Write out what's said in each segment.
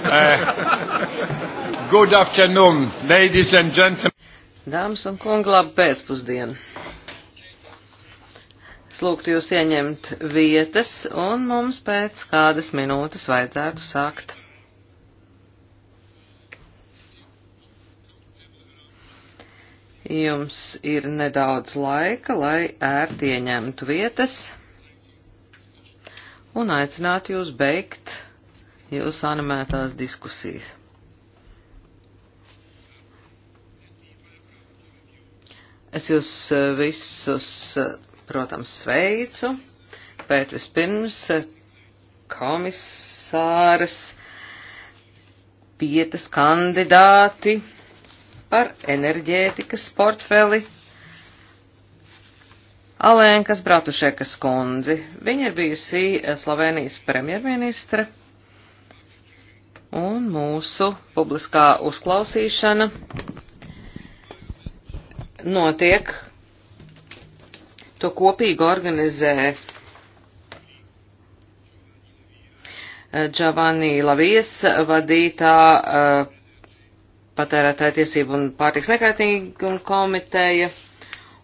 Eh. Good afternoon, ladies and gentlemen. Dāmas un kungi, labu pēcpusdienu. Es lūgtu jūs ieņemt vietas, un mums pēc kādas minūtes vajadzētu sākt. Jums ir nedaudz laika, lai ērti ieņemtu vietas un aicinātu jūs beigt jūsu animētās diskusijas. Es jūs eh, visus, eh, protams, sveicu, bet vispirms eh, komisāras pietas kandidāti par enerģētikas portfeli Alēnkas Bratušekas kundzi. Viņa ir bijusi Slovenijas premjerministra un mūsu publiskā uzklausīšana notiek. To kopīgi organizē eh, Giovanni Lavijas vadītā eh, patērētāja tiesību un pārtiks nekaitīguma komiteja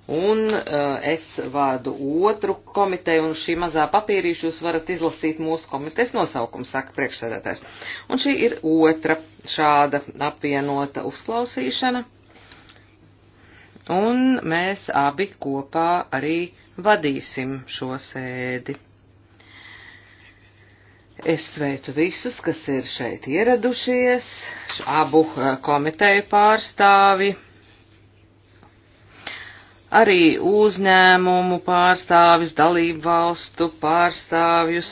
un uh, es vādu otru komiteju, un šī mazā papīrīša jūs varat izlasīt mūsu komitejas nosaukumu, saka priekšsēdētājs. Un šī ir otra šāda apvienota uzklausīšana, un mēs abi kopā arī vadīsim šo sēdi. Es sveicu visus, kas ir šeit ieradušies, abu eh, komiteju pārstāvi arī uzņēmumu pārstāvis, dalību valstu pārstāvjus.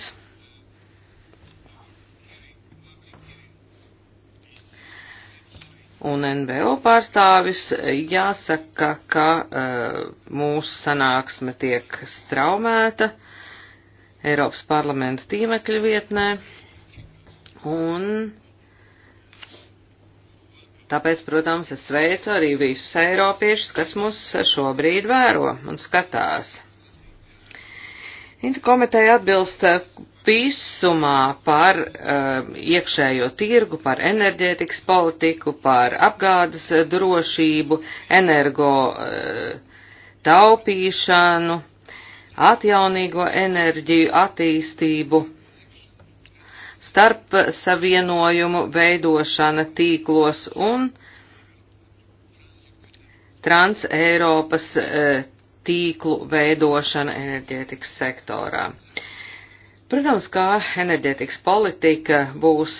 Un NVO pārstāvis jāsaka, ka uh, mūsu sanāksme tiek straumēta Eiropas parlamenta tīmekļa vietnē, un uh, Tāpēc, protams, es sveicu arī visus eiropiešus, kas mūs šobrīd vēro un skatās. Interkomiteja atbilst eh, visumā par uh, iekšējo tirgu, par enerģētikas politiku, par apgādes drošību, energo uh, taupīšanu, atjaunīgo enerģiju attīstību starp savienojumu veidošana tīklos un Trans-Eiropas e, tīklu veidošana enerģētikas sektorā. Protams, kā enerģētikas politika būs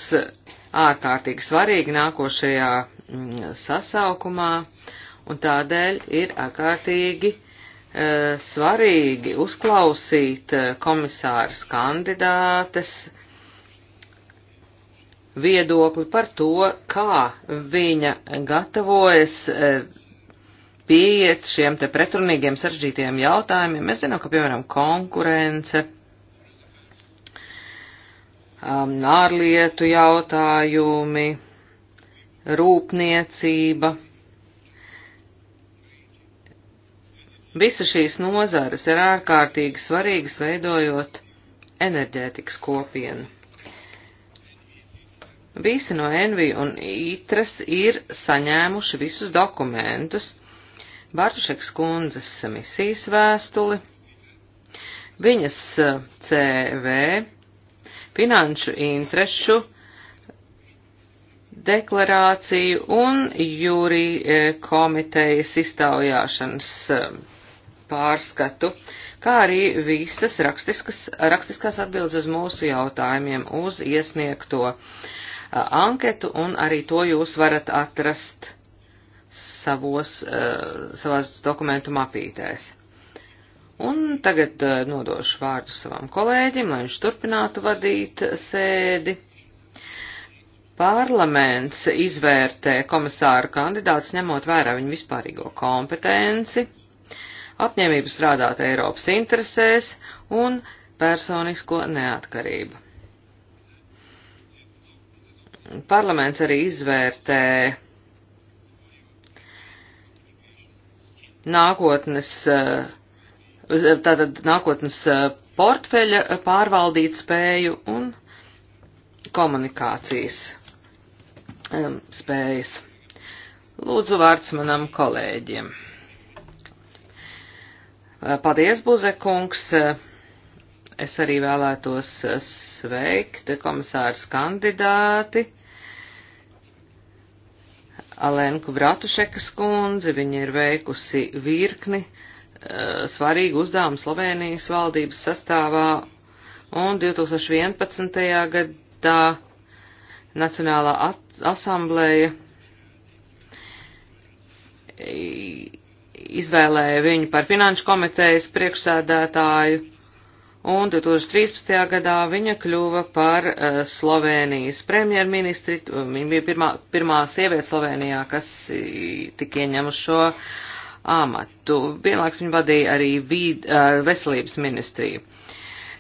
ārkārtīgi svarīga nākošajā mm, sasaukumā, un tādēļ ir ārkārtīgi e, svarīgi uzklausīt e, komisāras kandidātes viedokli par to, kā viņa gatavojas e, pieiet šiem te pretrunīgiem saržģītiem jautājumiem. Mēs zinām, ka, piemēram, konkurence, um, ārlietu jautājumi, rūpniecība, visa šīs nozares ir ārkārtīgi svarīgas veidojot enerģētikas kopienu. Visi no Envi un Itras ir saņēmuši visus dokumentus. Bartušeks kundzes misijas vēstuli, viņas eh, CV, finanšu interešu deklarāciju un jūri eh, komitejas iztaujāšanas eh, pārskatu, kā arī visas rakstiskas, rakstiskās atbildes uz mūsu jautājumiem uz iesniegto uh, anketu, un arī to jūs varat atrast savos, savās dokumentu mapītēs. Un tagad nodošu vārdu savam kolēģim, lai viņš turpinātu vadīt sēdi. Parlaments izvērtē komisāru kandidātus, ņemot vērā viņu vispārīgo kompetenci, apņēmību strādāt Eiropas interesēs un personisko neatkarību. Parlaments arī izvērtē nākotnes, eh, tātad nākotnes eh, portfeļa pārvaldīt spēju un komunikācijas spējas. Lūdzu vārds manam kolēģiem. Eh, paldies, Buzekungs. Es arī vēlētos sveikt komisārs kandidāti. Alenku Bratušekas kundzi, viņa ir veikusi virkni e, svarīgu uzdevumu Slovenijas valdības sastāvā, un 2011. gadā Nacionālā asamblēja izvēlēja viņu par finanšu komitejas priekšsēdētāju un 2013. gadā viņa kļuva par uh, Slovenijas premjerministri. Viņa bija pirmā, pirmā sieviete Slovenijā, kas tika ieņem šo amatu. Vienlaiks viņa vadīja arī vid, uh, eh, veselības ministriju.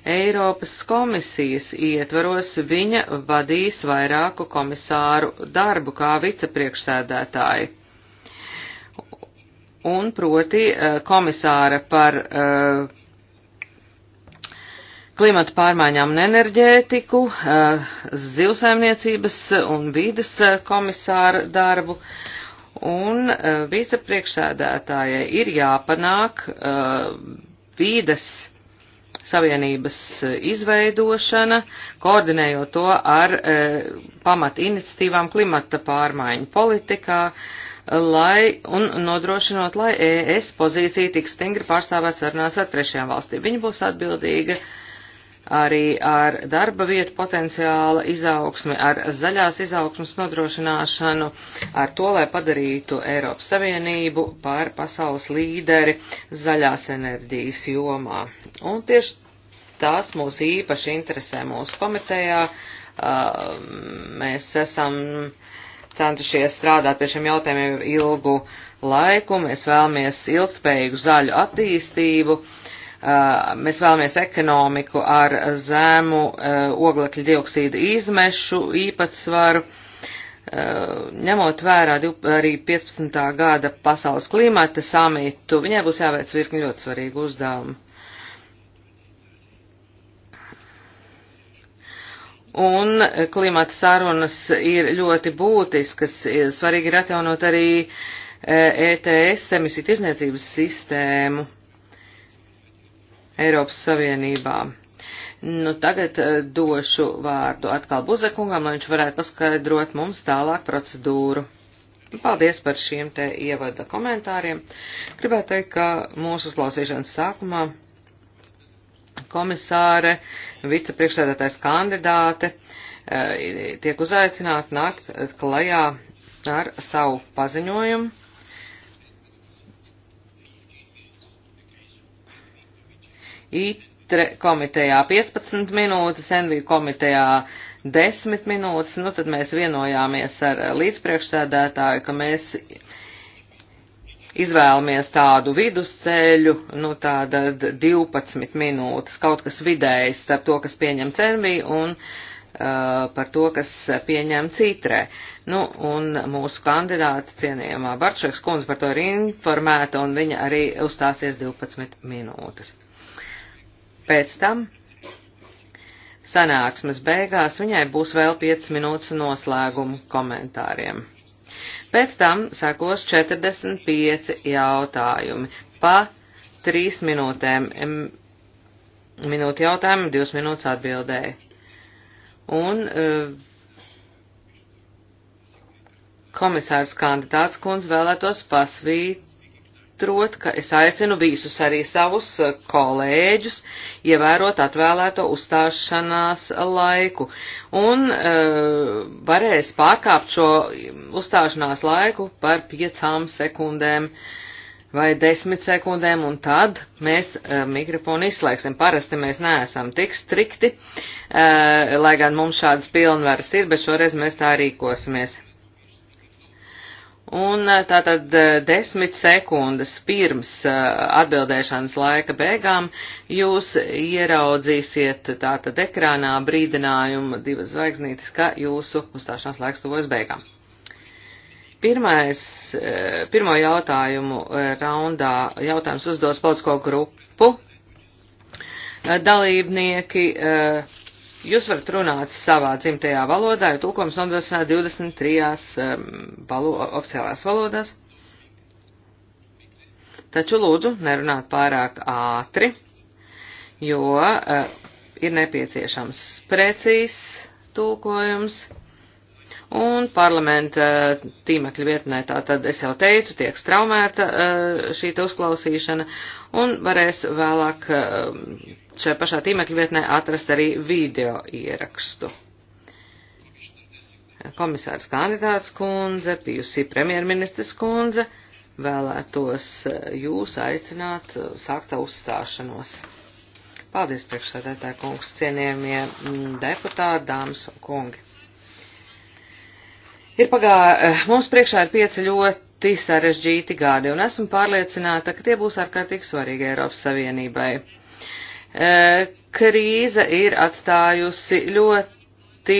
Eiropas komisijas ietvaros viņa vadīs vairāku komisāru darbu kā vicepriekšsēdētāji un proti eh, komisāra par uh, klimata pārmaiņām un enerģētiku, eh, zivsaimniecības un vīdes eh, komisāra darbu. Un eh, vicepriekšsēdētājai ir jāpanāk vīdes savienības izveidošana, koordinējot to ar pamat iniciatīvām klimata pārmaiņu politikā, lai un nodrošinot, lai ES pozīcija tik stingri pārstāvēt sarunās ar trešajām valstīm. Viņa būs atbildīga uh, arī ar darba vietu potenciāla izaugsmi, ar zaļās izaugsmas nodrošināšanu, ar to, lai padarītu Eiropas Savienību par pasaules līderi zaļās enerģijas jomā. Un tieši tās mūs īpaši interesē mūsu komitejā. Mēs esam centušies strādāt pie šiem jautājumiem ilgu laiku, mēs vēlamies ilgspējīgu zaļu attīstību. Uh, Uh, mēs vēlamies ekonomiku ar zēmu uh, oglekļa dioksīda izmešu īpatsvaru, uh, ņemot vērā arī 15. gada pasaules klimata samitu, viņai būs jāveic virkni ļoti svarīgu uzdevumu. Un klimata sarunas ir ļoti būtiskas, svarīgi ir atjaunot arī ETS emisiju tirzniecības sistēmu. Eiropas Savienībā. Nu, tagad eh, došu vārdu atkal Buzekungam, lai viņš varētu paskaidrot mums tālāk procedūru. Paldies par šiem te ievada komentāriem. Gribētu teikt, ka mūsu uzklausīšanas sākumā komisāre, vicepriekšsēdētājs kandidāte eh, tiek uzaicināti nākt klajā ar savu paziņojumu ITRE komitejā 15 minūtes, NV komitejā 10 minūtes, nu tad mēs vienojāmies ar līdzpriekšsēdētāju, ka mēs izvēlamies tādu vidusceļu, nu tāda 12 minūtes, kaut kas vidējs starp to, kas pieņem cenvī un uh, par to, kas pieņem citrē. Nu, un mūsu kandidāta cienījamā Barčeks kundze par to ir informēta, un viņa arī uzstāsies 12 minūtes. Pēc tam sanāksmes beigās viņai būs vēl 5 minūtes noslēgumu komentāriem. Pēc tam sekos 45 jautājumi pa 3 minūtēm. Minūte jautājumu, 2 minūtes atbildēja. Un eh, komisārs kandidāts kundze vēlētos pasvīt pasvītrot, ka es aicinu visus arī savus eh, kolēģus ievērot atvēlēto uzstāšanās laiku un e, varēs pārkāpt šo uzstāšanās laiku par piecām sekundēm vai desmit sekundēm, un tad mēs e, mikrofonu izslēgsim. Parasti mēs neesam tik strikti, e, lai gan mums šādas pilnvaras ir, bet šoreiz mēs tā rīkosimies. Un eh, tātad eh, desmit sekundes pirms eh, atbildēšanas laika beigām jūs ieraudzīsiet tātad ekrānā brīdinājumu divas zvaigznītes, ka jūsu uzstāšanās laiks tuvojas beigām. Pirmais, pirmo jautājumu raundā jautājums uzdos politisko grupu dalībnieki. Uh, Jūs varat runāt savā dzimtajā valodā, jo tulkojums nodrošinā 23 valo, oficiālās valodās. Taču lūdzu nerunāt pārāk ātri, jo uh, ir nepieciešams precīzs tulkojums. Un parlamenta e, tīmekļa vietnē, tā tad es jau teicu, tiek straumēta e, šī uzklausīšana un varēs vēlāk šajā pašā tīmekļa vietnē atrast arī video ierakstu. Komisārs kandidāts kundze, bijusī premjerministras kundze, vēlētos eh, jūs aicināt eh, sākt savu uzstāšanos. Paldies, priekšsēdētāji kungs, cienījamie mm, deputāti, dāmas un kungi. Ir pagā, eh, mums priekšā ir pieci ļoti sarežģīti gadi, un esmu pārliecināta, ka tie būs ārkārtīgi svarīgi Eiropas Savienībai Krīze ir atstājusi ļoti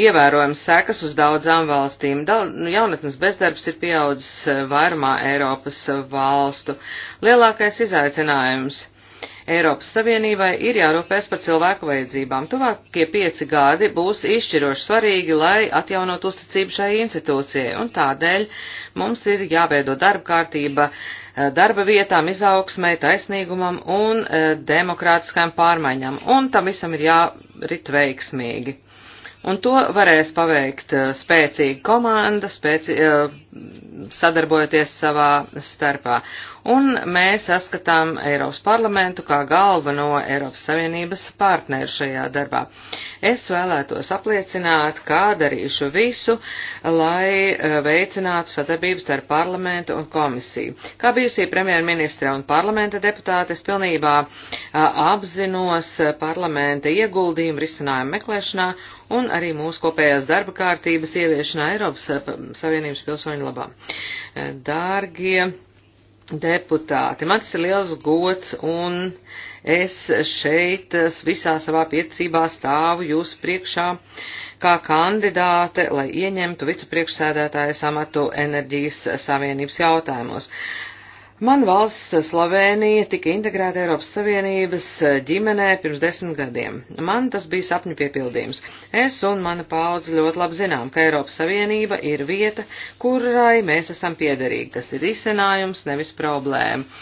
ievērojams sekas uz daudzām valstīm. Da, nu, jaunatnes bezdarbs ir pieaudzis vairumā Eiropas valstu. Lielākais izaicinājums Eiropas Savienībai ir jārūpēs par cilvēku vajadzībām. Tuvākie pieci gadi būs izšķiroši svarīgi, lai atjaunot uzticību šai institūcijai, un tādēļ mums ir jāveido darba kārtība Eh, darba vietām, izaugsmai, taisnīgumam un eh, demokrātiskām pārmaiņām, un tam visam ir jārit veiksmīgi. Un to varēs paveikt eh, spēcīga komanda, spēci, eh, sadarbojoties savā starpā. Un mēs saskatām Eiropas parlamentu kā galveno Eiropas Savienības partneru šajā darbā. Es vēlētos apliecināt, kā darīšu visu, lai eh, veicinātu sadarbības starp parlamentu un komisiju. Kā bijusī premjerministra un parlamenta deputāte, es pilnībā apzinos parlamenta ieguldījumu risinājumu meklēšanā un arī mūsu kopējās darba kārtības ieviešanā Eiropas eh, Savienības pilsoņu labā. Eh, dārgie deputāti, man tas ir liels gods un es šeit eh, visā savā piecībā stāvu jūs priekšā kā kandidāte, lai ieņemtu vicepriekšsēdētāja samatu enerģijas savienības jautājumos. Man valsts Slovenija tika integrēta Eiropas Savienības ģimenē pirms desmit gadiem. Man tas bija sapņu piepildījums. Es un mana paudze ļoti labi zinām, ka Eiropas Savienība ir vieta, kurai mēs esam piederīgi. Tas ir risinājums, nevis problēma.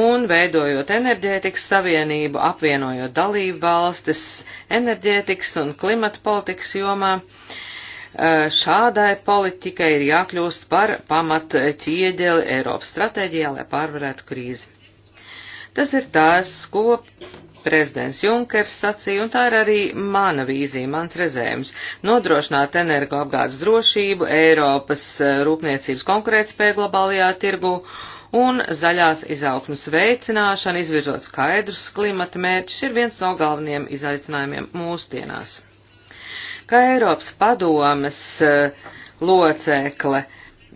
Un veidojot enerģētikas savienību, apvienojot dalību valstis enerģētikas un klimata politikas jomā, uh, Eh, šādai politikai ir jākļūst par pamat ķiedeli Eiropas stratēģijā, lai pārvarētu krīzi. Tas ir tās, ko prezidents Junkers sacīja, un tā ir arī mana vīzija, mans rezējums - nodrošināt energoapgādes drošību, Eiropas eh, rūpniecības konkurētspēju globālajā tirgu un zaļās izaugsmas veicināšana, izvirzot skaidrus klimata mērķus, ir viens no galvenajiem izaicinājumiem mūsdienās. Kā Eiropas padomes eh, locekle,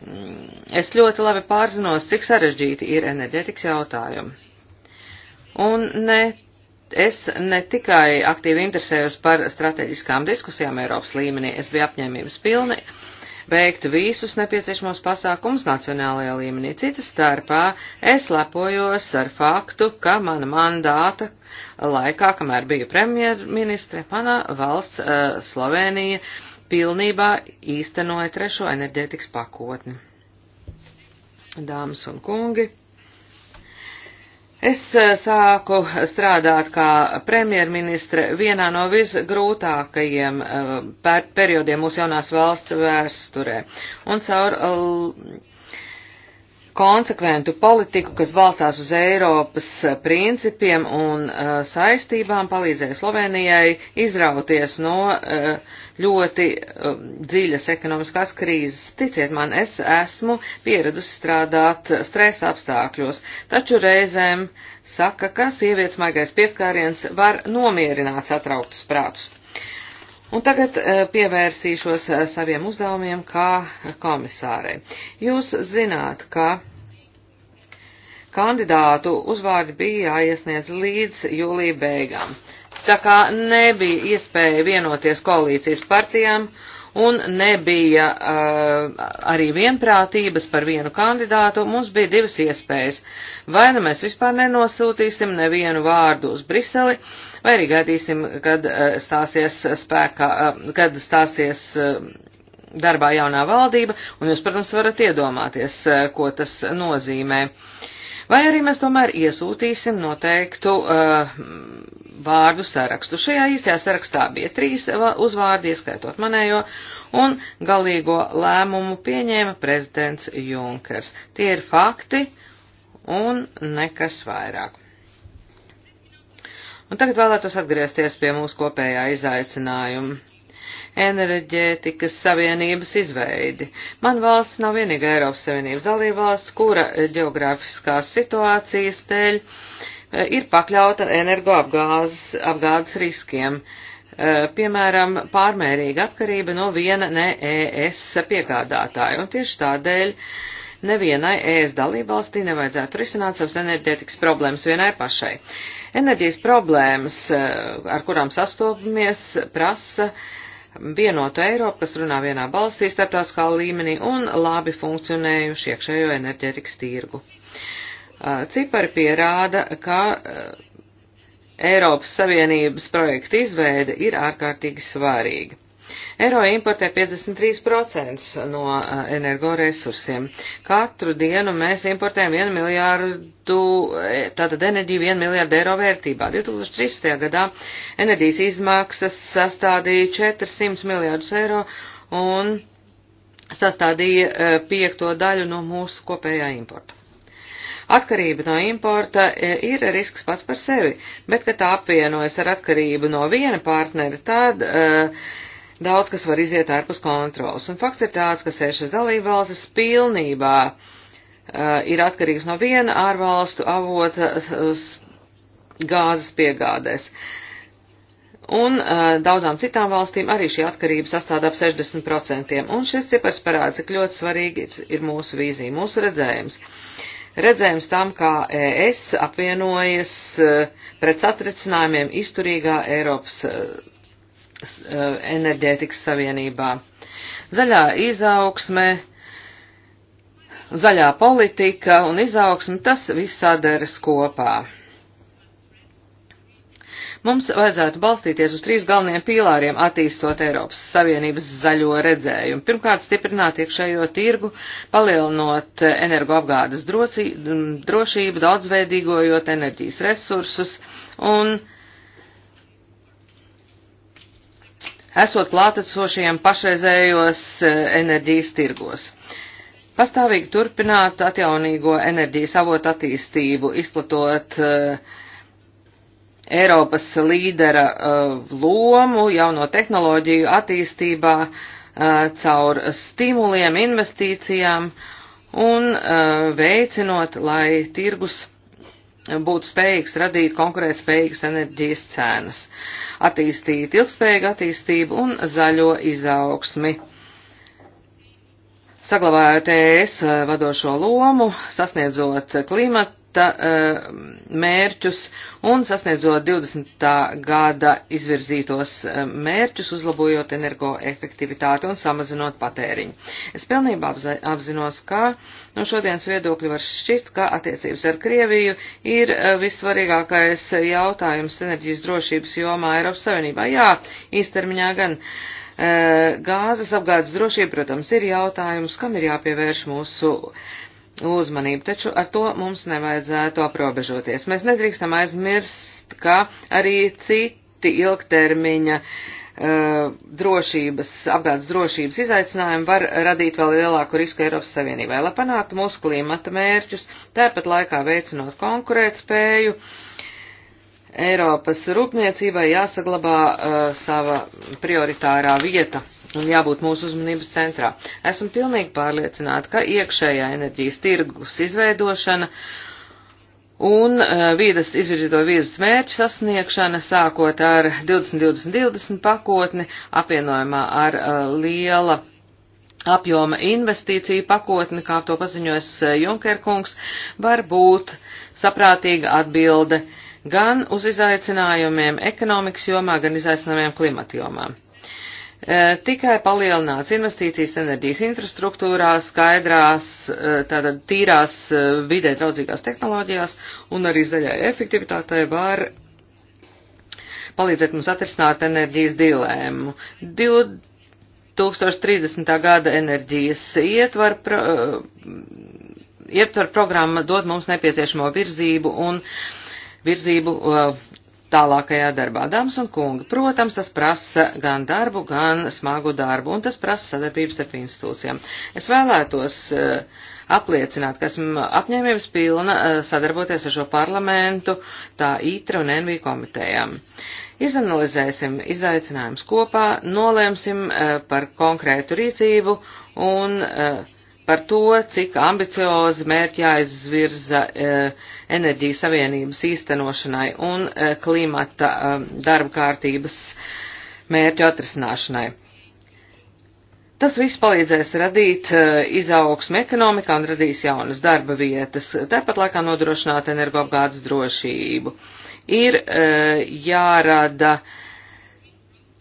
mm, es ļoti labi pārzinos, cik sarežģīti ir enerģetikas jautājumi. Un ne, es ne tikai aktīvi interesējos par strateģiskām diskusijām Eiropas līmenī, es biju apņēmības pilni veikt visus nepieciešamos pasākumus nacionālajā līmenī. Cita starpā es lepojos ar faktu, ka mana mandāta laikā, kamēr biju premjerministre, mana valsts uh, Slovenija pilnībā īstenoja trešo enerģētikas pakotni. Dāmas un kungi! Es eh, sāku strādāt kā premjerministre vienā no visgrūtākajiem eh, periodiem mūsu jaunās valsts vēsturē. Un caur eh, konsekventu politiku, kas balstās uz Eiropas principiem un saistībām, palīdzēja Slovenijai izrauties no uh, ļoti um, dziļas ekonomiskās krīzes. Ticiet man, es esmu pieradusi strādāt stresa apstākļos, taču reizēm saka, ka sievietes maigais pieskāriens var nomierināt satrauktus prātus. Un tagad e, pievērsīšos e, saviem uzdevumiem kā komisārei. Jūs zināt, ka kandidātu uzvārdi bija jāiesniedz līdz jūlija beigām. Tā kā nebija iespēja vienoties koalīcijas partijām un nebija uh, arī vienprātības par vienu kandidātu, mums bija divas iespējas. Vai nu mēs vispār nenosūtīsim nevienu vārdu uz Briseli, vai arī gaidīsim, kad uh, stāsies spēkā, uh, kad stāsies. Uh, darbā jaunā valdība, un jūs, protams, varat iedomāties, uh, ko tas nozīmē. Vai arī mēs tomēr iesūtīsim noteiktu uh, vārdu sarakstu. Šajā īstajā sarakstā bija trīs uzvārdi, ieskaitot manējo, un galīgo lēmumu pieņēma prezidents Junkers. Tie ir fakti un nekas vairāk. Un tagad vēlētos atgriezties pie mūsu kopējā izaicinājuma enerģētikas savienības izveidi. Man valsts nav vienīga Eiropas Savienības dalībvalsts, kura geogrāfiskās situācijas dēļ ir pakļauta energoapgādes riskiem, e, piemēram, pārmērīga atkarība no viena ne ES piegādātāja, un tieši tādēļ nevienai ES dalībvalstī nevajadzētu risināt savas enerģētikas problēmas vienai pašai. Enerģijas problēmas, e, ar kurām sastopamies, prasa vienotu Eiropu, kas runā vienā balsī starptautiskā līmenī un labi funkcionējuši iekšējo enerģētikas tirgu. Cipari pierāda, ka Eiropas Savienības projekta izveide ir ārkārtīgi svarīga. Eiro importē 53% no energoresursiem. Katru dienu mēs importējam 1 miljārdu, tātad enerģiju 1 miljārdu eiro vērtībā. 2013. gadā enerģijas izmaksas sastādīja 400 miljārdus eiro un sastādīja piekto daļu no mūsu kopējā importa. Atkarība no importa e, ir risks pats par sevi, bet, kad tā apvienojas ar atkarību no viena partnera, tad uh, daudz kas var iziet ārpus kontrols. Un fakts ir tāds, ka sešas dalībvalstis pilnībā uh, ir atkarīgs no viena ārvalstu avota uh, gāzes piegādēs. Un uh, daudzām citām valstīm arī šī atkarība sastāv ap 60%, un šis cipars parāda, cik ļoti svarīgi ir, ir mūsu vīzija, mūsu redzējums. Uh, Redzējums tam, kā ES apvienojas eh, pret satricinājumiem izturīgā Eiropas eh, eh, enerģētikas savienībā. Zaļā izaugsme, zaļā politika un izaugsme, tas viss sadaras kopā. Mums vajadzētu balstīties uz trīs galvenajiem pīlāriem attīstot Eiropas Savienības zaļo redzējumu. Pirmkārt, stiprināt iekšējo tirgu, palielinot energoapgādes drošību, daudzveidīgojot enerģijas resursus un esot klātesošiem pašreizējos e, enerģijas tirgos. Pastāvīgi turpināt atjaunīgo enerģijas avotu attīstību, izplatot uh, Eiropas līdera uh, lomu jauno tehnoloģiju attīstībā uh, caur stimuliem, investīcijām un uh, veicinot, lai tirgus būtu spējīgs radīt konkurētspējīgas enerģijas cenas, attīstīt ilgspējīgu attīstību un zaļo izaugsmi. Saglabājot ES vadošo lomu, sasniedzot klimata budžeta uh, mērķus un sasniedzot 20. gada izvirzītos uh, mērķus, uzlabojot energoefektivitāti un samazinot patēriņu. Es pilnībā apzinos, ka no šodienas viedokļa var šķist, ka attiecības ar Krieviju ir uh, vissvarīgākais jautājums enerģijas drošības jomā Eiropas Savienībā. Jā, īstermiņā gan. Gāzes apgādes drošība, protams, ir jautājums, kam ir jāpievērš mūsu uh, uzmanību, taču ar to mums nevajadzētu aprobežoties. Mēs nedrīkstam aizmirst, ka arī citi ilgtermiņa uh, drošības, apgādes drošības izaicinājumi var radīt vēl lielāku risku Eiropas Savienībai, lai panāktu mūsu klimata mērķus, tāpat laikā veicinot konkurētspēju. Eiropas rūpniecībai jāsaglabā uh, sava prioritārā vieta un jābūt mūsu uzmanības centrā. Esmu pilnīgi pārliecināta, ka iekšējā enerģijas tirgus izveidošana un eh, vīdas izvirzīto vīzas mērķu sasniegšana, sākot ar 20-20-20 pakotni, apvienojumā ar eh, liela apjoma investīciju pakotni, kā to paziņojas eh, Junkerkungs, var būt saprātīga atbilde gan uz izaicinājumiem ekonomikas jomā, gan izaicinājumiem klimata jomā. Eh, tikai palielināts investīcijas enerģijas infrastruktūrā, skaidrās, eh, tātad tīrās eh, vidē draudzīgās tehnoloģijās un arī zaļai efektivitātei var palīdzēt mums atrisināt enerģijas dilēmu. 2030. gada enerģijas ietvar, pro, ietvar programma dod mums nepieciešamo virzību un virzību tālākajā darbā. Dāmas un kungi, protams, tas prasa gan darbu, gan smagu darbu, un tas prasa sadarbības starp institūcijām. Es vēlētos uh, apliecināt, ka esmu apņēmības pilna uh, sadarboties ar šo parlamentu, tā ITRA un NV komitejām. Izanalizēsim izaicinājumus kopā, nolēmsim uh, par konkrētu rīcību un uh, par to, cik ambiciozi mērķi jāizvirza e, enerģijas savienības īstenošanai un e, klimata e, darba kārtības mērķu atrisināšanai. Tas viss palīdzēs radīt izaugsmu ekonomikā un radīs jaunas darba vietas, tāpat laikā nodrošināt energoapgādes drošību. Ir jārada uh,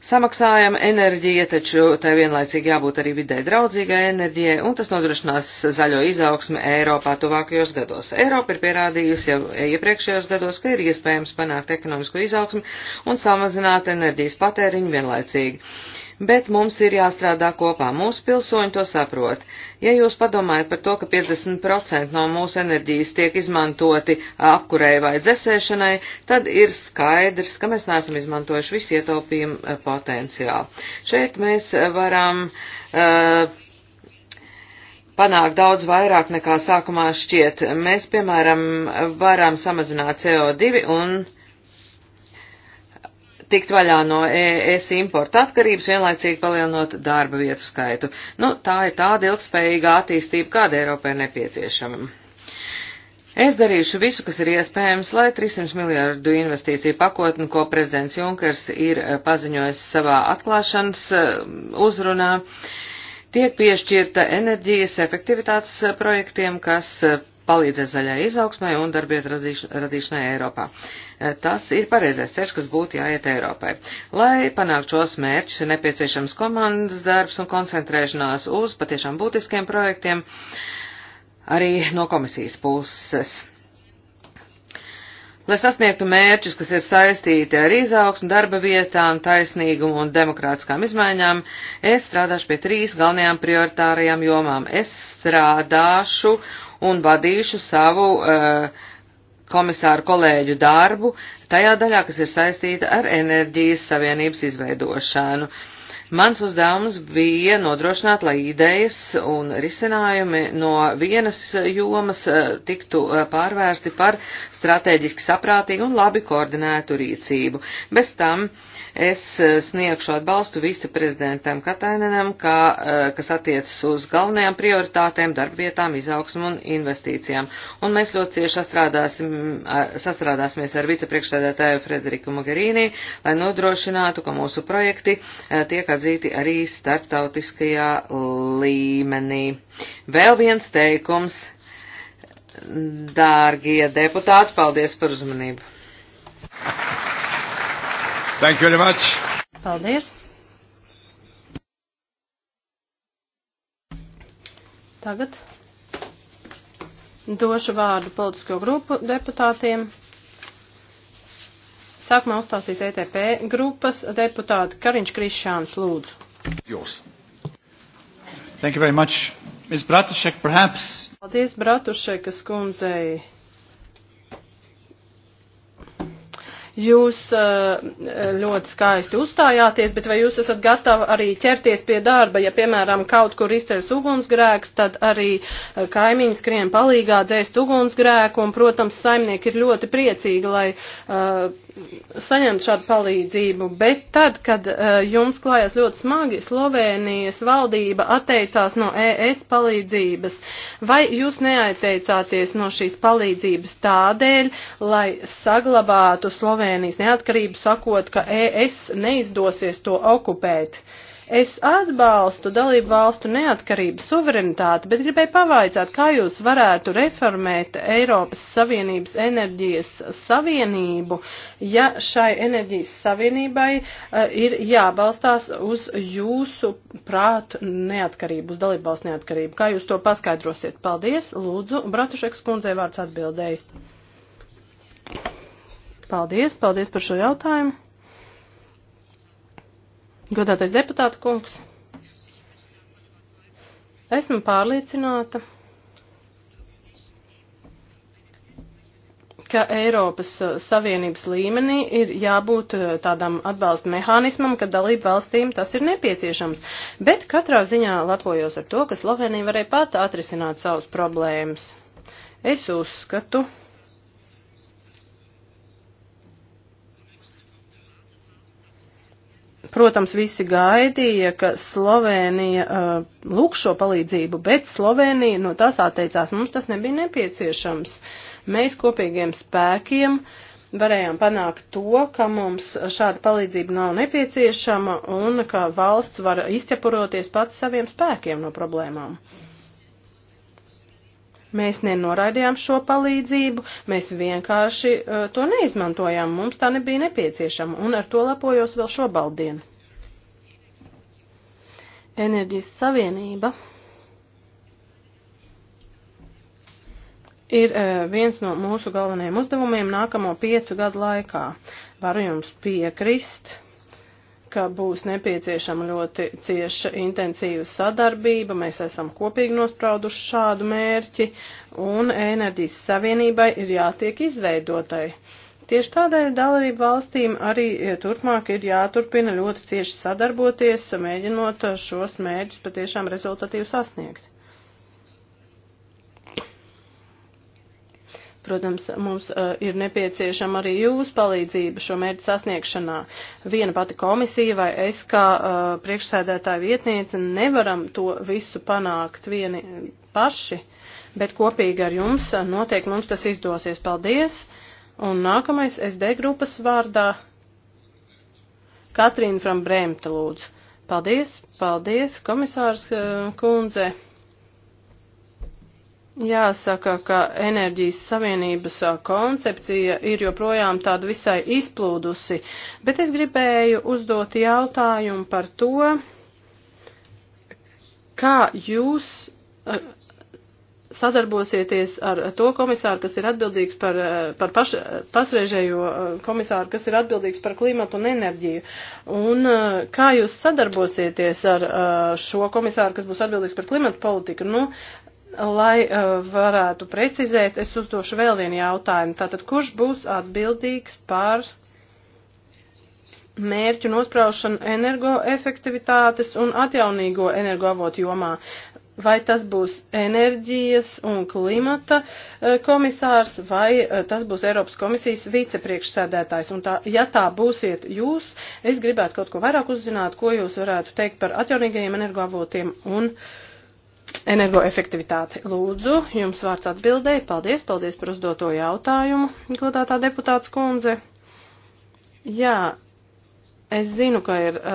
Samaksājam enerģija, taču tai vienlaicīgi jābūt arī vidē draudzīgai enerģijai, un tas nodrošinās zaļo izaugsmi Eiropā tuvākajos gados. Eiropa ir pierādījusi jau iepriekšējos gados, ka ir iespējams panākt ekonomisko izaugsmi un samazināt enerģijas patēriņu vienlaicīgi. Uh, bet mums ir jāstrādā kopā. Mūsu pilsoņi to saprot. Ja jūs padomājat par to, ka 50% no mūsu enerģijas tiek izmantoti apkurei vai dzesēšanai, tad ir skaidrs, ka mēs neesam izmantojuši visu ietaupījumu eh, potenciālu. Šeit mēs eh, varam uh, panākt daudz vairāk nekā sākumā šķiet. Mēs, piemēram, varam samazināt CO2 un uh, tikt vaļā no ES importa atkarības, vienlaicīgi palielinot darba vietu skaitu. Nu, tā ir tāda ilgspējīga attīstība, kāda Eiropai nepieciešama. Es darīšu visu, kas ir iespējams, lai 300 miljārdu investīciju pakotni, ko prezidents Junkers ir eh, paziņojis savā atklāšanas eh, uzrunā, tiek piešķirta enerģijas efektivitātes eh, projektiem, kas palīdzēs zaļai izaugsmai un darbiet radīšanai Eiropā. E, tas ir pareizais ceļš, kas būtu jāiet Eiropai. Lai panāktu šos mērķus, ir nepieciešams komandas darbs un koncentrēšanās uz patiešām būtiskiem projektiem arī no komisijas puses. Lai sasniegtu mērķus, kas ir saistīti ar izaugsmu, darba vietām, taisnīgumu un demokrātiskām izmaiņām, es strādāšu pie trīs galvenajām prioritārajām jomām. Es strādāšu un vadīšu savu uh, komisāru kolēģu darbu tajā daļā, kas ir saistīta ar enerģijas savienības izveidošanu. Uh, Mans uzdevums bija nodrošināt, lai idejas un risinājumi no vienas jomas eh, tiktu eh, pārvērsti par strateģiski saprātīgu un labi koordinētu rīcību. Bez tam es eh, sniegšu atbalstu viceprezidentam Katainenam, kā, kas attiecas uz galvenajām prioritātēm, darbvietām, izaugsmu un investīcijām. Un mēs ļoti cieši sastrādāsim, sastrādāsimies ar vicepriekšsēdētāju Frederiku Mogherīni, lai nodrošinātu, ka mūsu projekti tiek atzīmēti aizsardzīti arī starptautiskajā līmenī. Vēl viens teikums. Dārgie deputāti, paldies par uzmanību. Thank you very much. Paldies. Tagad došu vārdu politisko grupu deputātiem. Sākumā uzstāsīs ETP grupas deputāti Kariņš Krišāns lūdzu. Jūs. Thank you very much. Ms. Bratušek, perhaps. Paldies, Bratušekas kundzei. jūs uh, ļoti skaisti uzstājāties, bet vai jūs esat gatavi arī ķerties pie darba, ja, piemēram, kaut kur izceļas ugunsgrēks, tad arī uh, kaimiņi skrien palīgā dzēst ugunsgrēku, un, protams, saimnieki ir ļoti priecīgi, lai uh, saņemt šādu palīdzību, bet tad, kad uh, jums klājās ļoti smagi, Slovēnijas valdība atteicās no ES palīdzības. Vai jūs neatteicāties no šīs palīdzības tādēļ, lai saglabātu Slovēnijas neatkarību, sakot, ka ES neizdosies to okupēt? Uh, Es atbalstu dalību valstu neatkarību, suverenitāti, bet gribēju pavaicāt, kā jūs varētu reformēt Eiropas Savienības enerģijas savienību, ja šai enerģijas savienībai uh, ir jābalstās uz jūsu prātu neatkarību, uz dalību valstu neatkarību. Kā jūs to paskaidrosiet? Paldies, lūdzu, Bratušeks kundzei vārds atbildēja. Paldies, paldies par šo jautājumu. Godātais deputāta kungs, esmu pārliecināta, ka Eiropas uh, Savienības līmenī ir jābūt uh, tādam atbalsta mehānismam, ka dalību valstīm tas ir nepieciešams. Bet katrā ziņā lepojos ar to, ka Slovenija varēja pat atrisināt savus problēmas. Es uzskatu. Protams, visi gaidīja, ka Slovēnija uh, lūk šo palīdzību, bet Slovēnija no nu, tās atteicās. Mums tas nebija nepieciešams. Mēs kopīgiem spēkiem uh, varējām panākt to, ka mums šāda palīdzība nav nepieciešama un ka valsts var izķepuroties pats saviem spēkiem no problēmām. Mēs nenoraidījām šo palīdzību, mēs vienkārši uh, to neizmantojām, mums tā nebija nepieciešama, un ar to lepojos vēl šobaldienu. Enerģijas savienība ir uh, viens no mūsu galvenajiem uzdevumiem nākamo piecu gadu laikā. Varu jums piekrist ka būs nepieciešama ļoti cieša intensīva sadarbība. Mēs esam kopīgi nosprauduši šādu mērķi, un enerģijas savienībai ir jātiek izveidotai. Tieši tādēļ dalību valstīm arī e, turpmāk ir jāturpina ļoti cieši sadarboties, mēģinot e, šos mērķus patiešām rezultatīvi sasniegt. Protams, mums uh, ir nepieciešama arī jūsu palīdzība šo mērķu sasniegšanā. Viena pati komisija vai es kā uh, priekšsēdētāja vietniece nevaram to visu panākt vieni paši, bet kopīgi ar jums uh, noteikti mums tas izdosies. Paldies! Un nākamais SD grupas vārdā Katrīna Frambrēmta lūdzu. Paldies, paldies, komisārs uh, kundze! Jāsaka, ka enerģijas savienības koncepcija ir joprojām tāda visai izplūdusi, bet es gribēju uzdot jautājumu par to, kā jūs sadarbosieties ar to komisāru, kas ir atbildīgs par, par paš, pasrežējo komisāru, kas ir atbildīgs par klimatu un enerģiju. Un kā jūs sadarbosieties ar šo komisāru, kas būs atbildīgs par klimatu politiku? Nu, Lai uh, varētu precizēt, es uzdošu vēl vienu jautājumu. Tātad, kurš būs atbildīgs par mērķu nospraušanu energoefektivitātes un atjaunīgo energoavotu jomā? Vai tas būs enerģijas un klimata uh, komisārs, vai uh, tas būs Eiropas komisijas vicepriekšsēdētājs? Un tā, ja tā būsiet jūs, es gribētu kaut ko vairāk uzzināt, ko jūs varētu teikt par atjaunīgajiem energoavotiem un uh, energoefektivitāti. Lūdzu, jums vārds atbildēja. Paldies, paldies par uzdoto jautājumu, godātā deputāts kundze. Jā, es zinu, ka ir uh,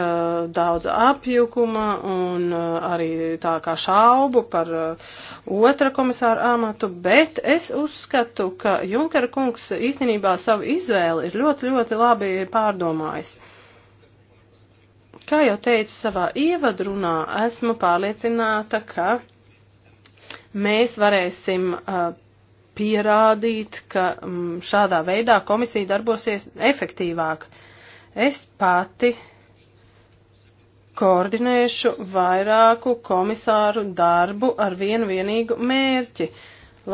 daudz apjukuma un uh, arī tā kā šaubu par uh, otra komisāra amatu, bet es uzskatu, ka Junkera kungs īstenībā savu izvēli ir ļoti, ļoti labi pārdomājis. Uh, Kā jau teicu savā ievadrunā, esmu pārliecināta, ka mēs varēsim uh, pierādīt, ka um, šādā veidā komisija darbosies efektīvāk. Es pati koordinēšu vairāku komisāru darbu ar vienu vienīgu mērķi,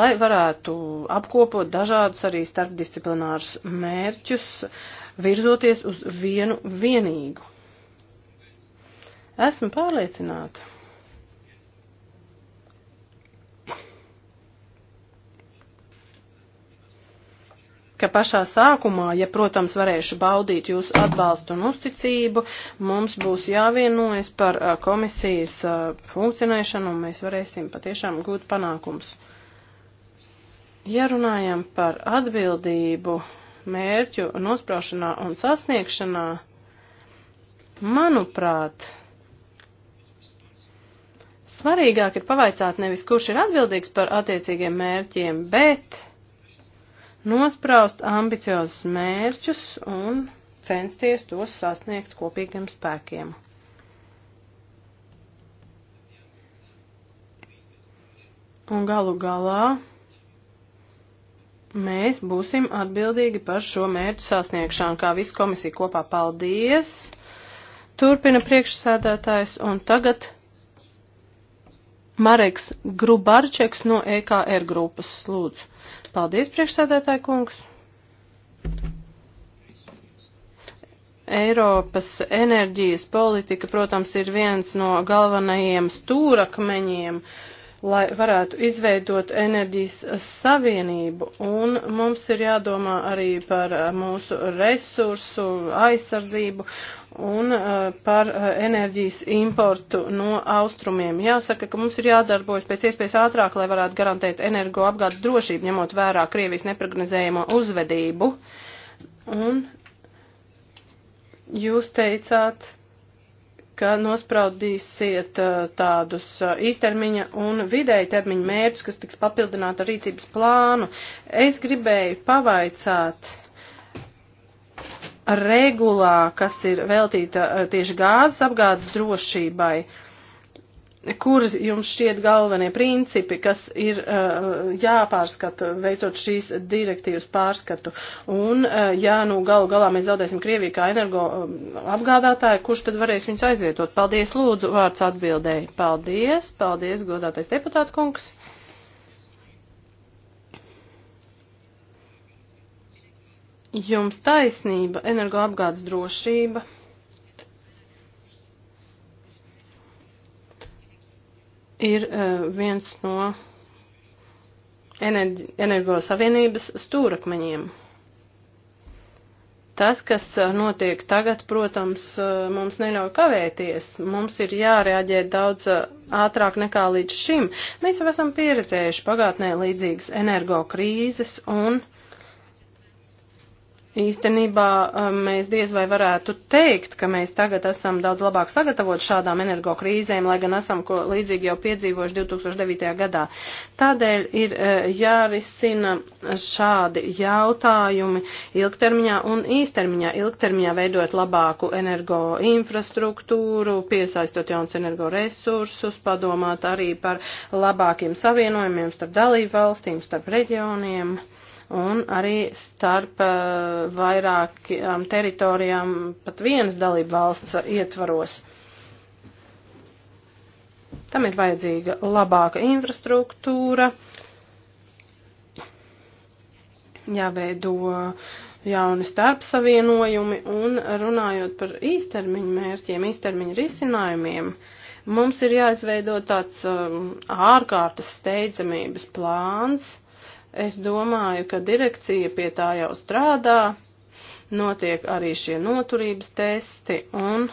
lai varētu apkopot dažādus arī starpdisciplinārus mērķus, virzoties uz vienu vienīgu. Esmu pārliecināta. ka pašā sākumā, ja, protams, varēšu baudīt jūsu atbalstu un uzticību, mums būs jāvienojas par komisijas funkcionēšanu un mēs varēsim patiešām gūt panākums. Ja runājam par atbildību, mērķu nospraušanā un sasniegšanā, manuprāt, Svarīgāk ir pavaicāt nevis, kurš ir atbildīgs par attiecīgiem mērķiem, bet nospraust ambiciozus mērķus un censties tos sasniegt kopīgiem spēkiem. Un galu galā mēs būsim atbildīgi par šo mērķu sasniegšanu, kā visu komisiju kopā. Paldies! Turpina priekšsēdētājs un tagad Mareks Grubarčeks no EKR grupas. Lūdzu. Paldies, priekšsēdētāji kungs. Eiropas enerģijas politika, protams, ir viens no galvenajiem stūrakmeņiem uh, lai varētu izveidot enerģijas savienību. Un mums ir jādomā arī par eh, mūsu resursu aizsardzību un eh, par eh, enerģijas importu no austrumiem. Jāsaka, ka mums ir jādarbojas pēc iespējas ātrāk, lai varētu garantēt energo apgādes drošību, ņemot vērā Krievijas neprognozējamo uzvedību. Un jūs teicāt, ka nospraudīsiet uh, tādus uh, īstermiņa un vidēja termiņa mērķus, kas tiks papildināti ar rīcības plānu. Es gribēju pavaicāt regulā, kas ir veltīta uh, tieši gāzes apgādes drošībai. Uh, kuras jums šķiet galvenie principi, kas ir uh, eh, jāpārskata, veicot šīs direktīvas pārskatu. Un, uh, ja nu galu galā mēs zaudēsim Krieviju kā energo uh, apgādātāju, kurš tad varēs viņus aizvietot? Paldies, lūdzu, vārds atbildēji. Paldies, paldies, godātais deputāta kungs. Jums taisnība, energoapgādes drošība. ir uh, viens no enerģi, energo savienības stūrakmeņiem. Tas, kas e, notiek tagad, protams, e, mums neļauj kavēties. Mums ir jārēģē daudz ātrāk nekā līdz šim. Mēs jau esam pieredzējuši pagātnē līdzīgas energo krīzes un uh, Īstenībā um, mēs diez vai varētu teikt, ka mēs tagad esam daudz labāk sagatavot šādām energokrīzēm, lai gan esam ko līdzīgi jau piedzīvojuši 2009. gadā. Tādēļ ir uh, jārisina šādi jautājumi ilgtermiņā un īstermiņā. Ilgtermiņā veidot labāku energo infrastruktūru, piesaistot jauns energoresursus, padomāt arī par labākiem savienojumiem starp dalību valstīm, starp reģioniem un arī starp uh, eh, vairākām teritorijām pat vienas dalība valsts ietvaros. Tam ir vajadzīga labāka infrastruktūra, jāveido jauni starpsavienojumi un runājot par īstermiņu mērķiem, īstermiņu risinājumiem, mums ir jāizveido tāds um, ārkārtas steidzamības plāns, Es domāju, ka direkcija pie tā jau strādā, notiek arī šie noturības testi un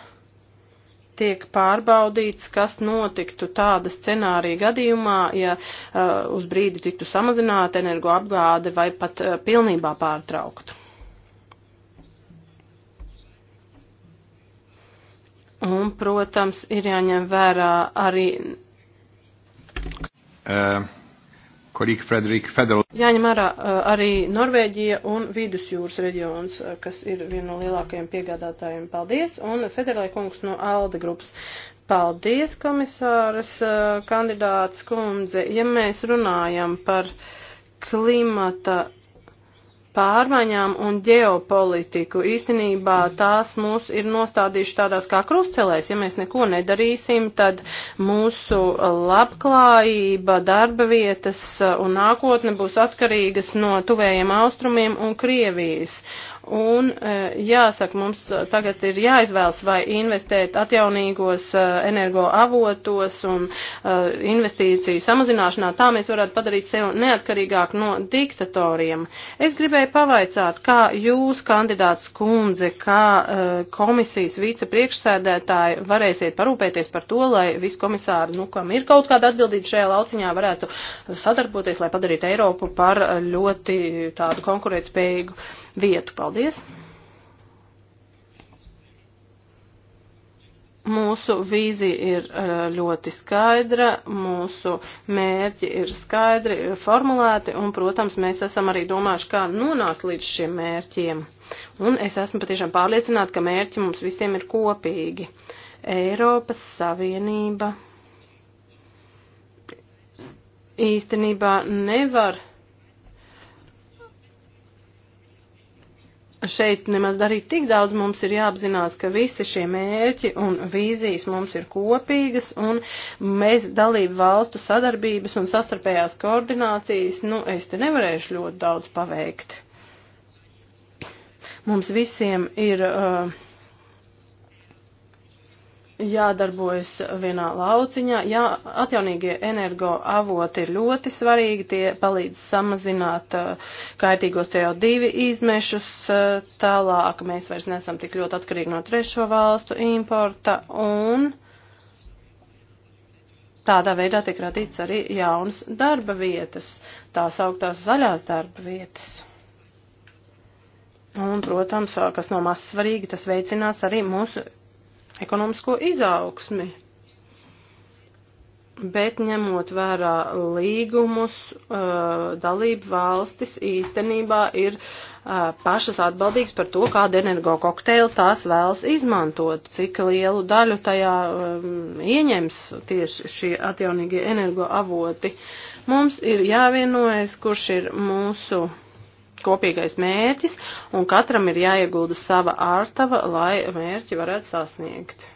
tiek pārbaudīts, kas notiktu tāda scenārija gadījumā, ja uh, uz brīdi tiktu samazināta energoapgāde vai pat uh, pilnībā pārtraukta. Un, protams, ir jāņem vērā arī. Uh kolēģi Frederika Federal. Jāņem ārā arī Norvēģija un Vidusjūras reģions, kas ir viena no lielākajiem piegādātājiem. Paldies! Un Federālai kungs no Alde grupas. Paldies, komisāras kandidāts kundze. Ja mēs runājam par klimata pārmaiņām un ģeopolitiku. Īstenībā tās mūs ir nostādījuši tādās kā krustcelēs. Ja mēs neko nedarīsim, tad mūsu labklājība, darba vietas un nākotne būs atkarīgas no tuvējiem austrumiem un Krievijas. Un e, jāsaka, mums tagad ir jāizvēlas, vai investēt atjaunīgos e, energoavotos un e, investīciju samazināšanā. Tā mēs varētu padarīt sevi neatkarīgāk no diktatoriem. Es gribēju pavaicāt, kā jūs, kandidāts kundze, kā komisijas vicepriekšsēdētāji varēsiet parūpēties par to, lai viskomisāri, nu, kam ir kaut kāda atbildība šajā lauciņā, varētu sadarboties, lai padarītu Eiropu par ļoti tādu konkurētspējīgu vietu. Paldies! Mūsu vīzija ir uh, ļoti skaidra, mūsu mērķi ir skaidri ir formulēti, un, protams, mēs esam arī domājuši, kā nonākt līdz šiem mērķiem. Un es esmu patiešām pārliecināta, ka mērķi mums visiem ir kopīgi. Eiropas Savienība īstenībā nevar šeit nemaz darīt tik daudz, mums ir jāapzinās, ka visi šie mērķi un vīzijas mums ir kopīgas, un mēs dalību valstu sadarbības un sastarpējās koordinācijas, nu, es te nevarēšu ļoti daudz paveikt. Mums visiem ir. Uh, jādarbojas vienā lauciņā. Jā, atjaunīgie energoavoti ir ļoti svarīgi, tie palīdz samazināt uh, kaitīgos CO2 izmešus, uh, tālāk mēs vairs nesam tik ļoti atkarīgi no trešo valstu importa un tādā veidā tiek radīts arī jaunas darba vietas, tās augtās zaļās darba vietas. Un, protams, kas no maz svarīgi, tas veicinās arī mūsu ekonomisko izaugsmi. Bet ņemot vērā līgumus, uh, dalību valstis īstenībā ir uh, pašas atbildīgas par to, kādu energo kokteili tās vēlas izmantot, cik lielu daļu tajā um, ieņems tieši šie atjaunīgie energo avoti. Mums ir jāvienojas, kurš ir mūsu kopīgais mērķis, un katram ir jāiegulda sava ārtava, lai mērķi varētu sasniegt.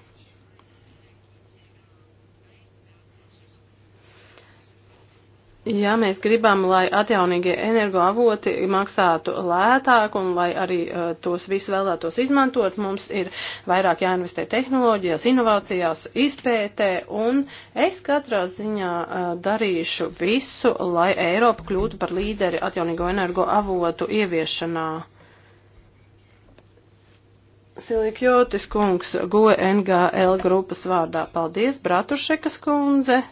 Ja mēs gribam, lai atjaunīgie energoavoti maksātu lētāk un lai arī uh, tos visi vēlētos izmantot, mums ir vairāk jāinvestē tehnoloģijās, inovācijās, izpētē, un es katrā ziņā uh, darīšu visu, lai Eiropa kļūtu par līderi atjaunīgo energoavotu ieviešanā. Silikjotis kungs, GoNGL grupas vārdā, paldies, Bratušekas kundze.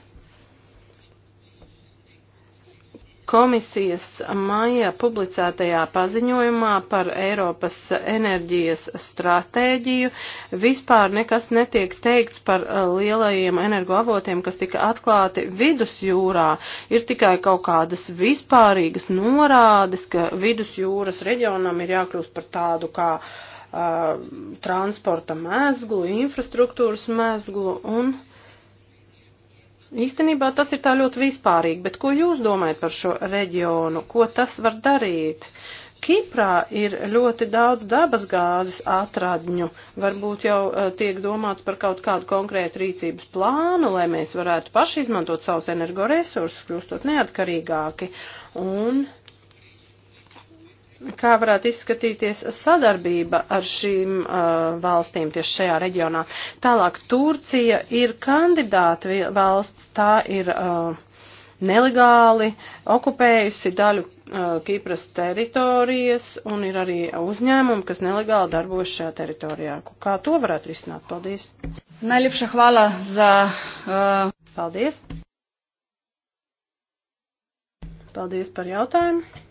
Komisijas maijā publicētajā paziņojumā par Eiropas enerģijas stratēģiju vispār nekas netiek teikts par uh, lielajiem energoavotiem, kas tika atklāti vidusjūrā. Ir tikai kaut kādas vispārīgas norādes, ka vidusjūras reģionam ir jākļūst par tādu kā uh, transporta mēzglu, infrastruktūras mēzglu un. Uh, Īstenībā tas ir tā ļoti vispārīgi, bet ko jūs domājat par šo reģionu? Ko tas var darīt? Kiprā ir ļoti daudz dabas gāzes atradņu. Varbūt jau uh, tiek domāts par kaut kādu konkrētu rīcības plānu, lai mēs varētu paši izmantot savus energoresursus, kļūstot neatkarīgāki. Un uh, kā varētu izskatīties sadarbība ar šīm uh, valstīm tieši šajā reģionā. Tālāk Turcija ir kandidāta valsts, tā ir uh, nelegāli okupējusi daļu uh, Kīpras teritorijas un ir arī uzņēmumi, kas nelegāli darbojas šajā teritorijā. Kā to varētu risināt? Paldies! Najlipša hvala za. Uh... Paldies! Paldies par jautājumu!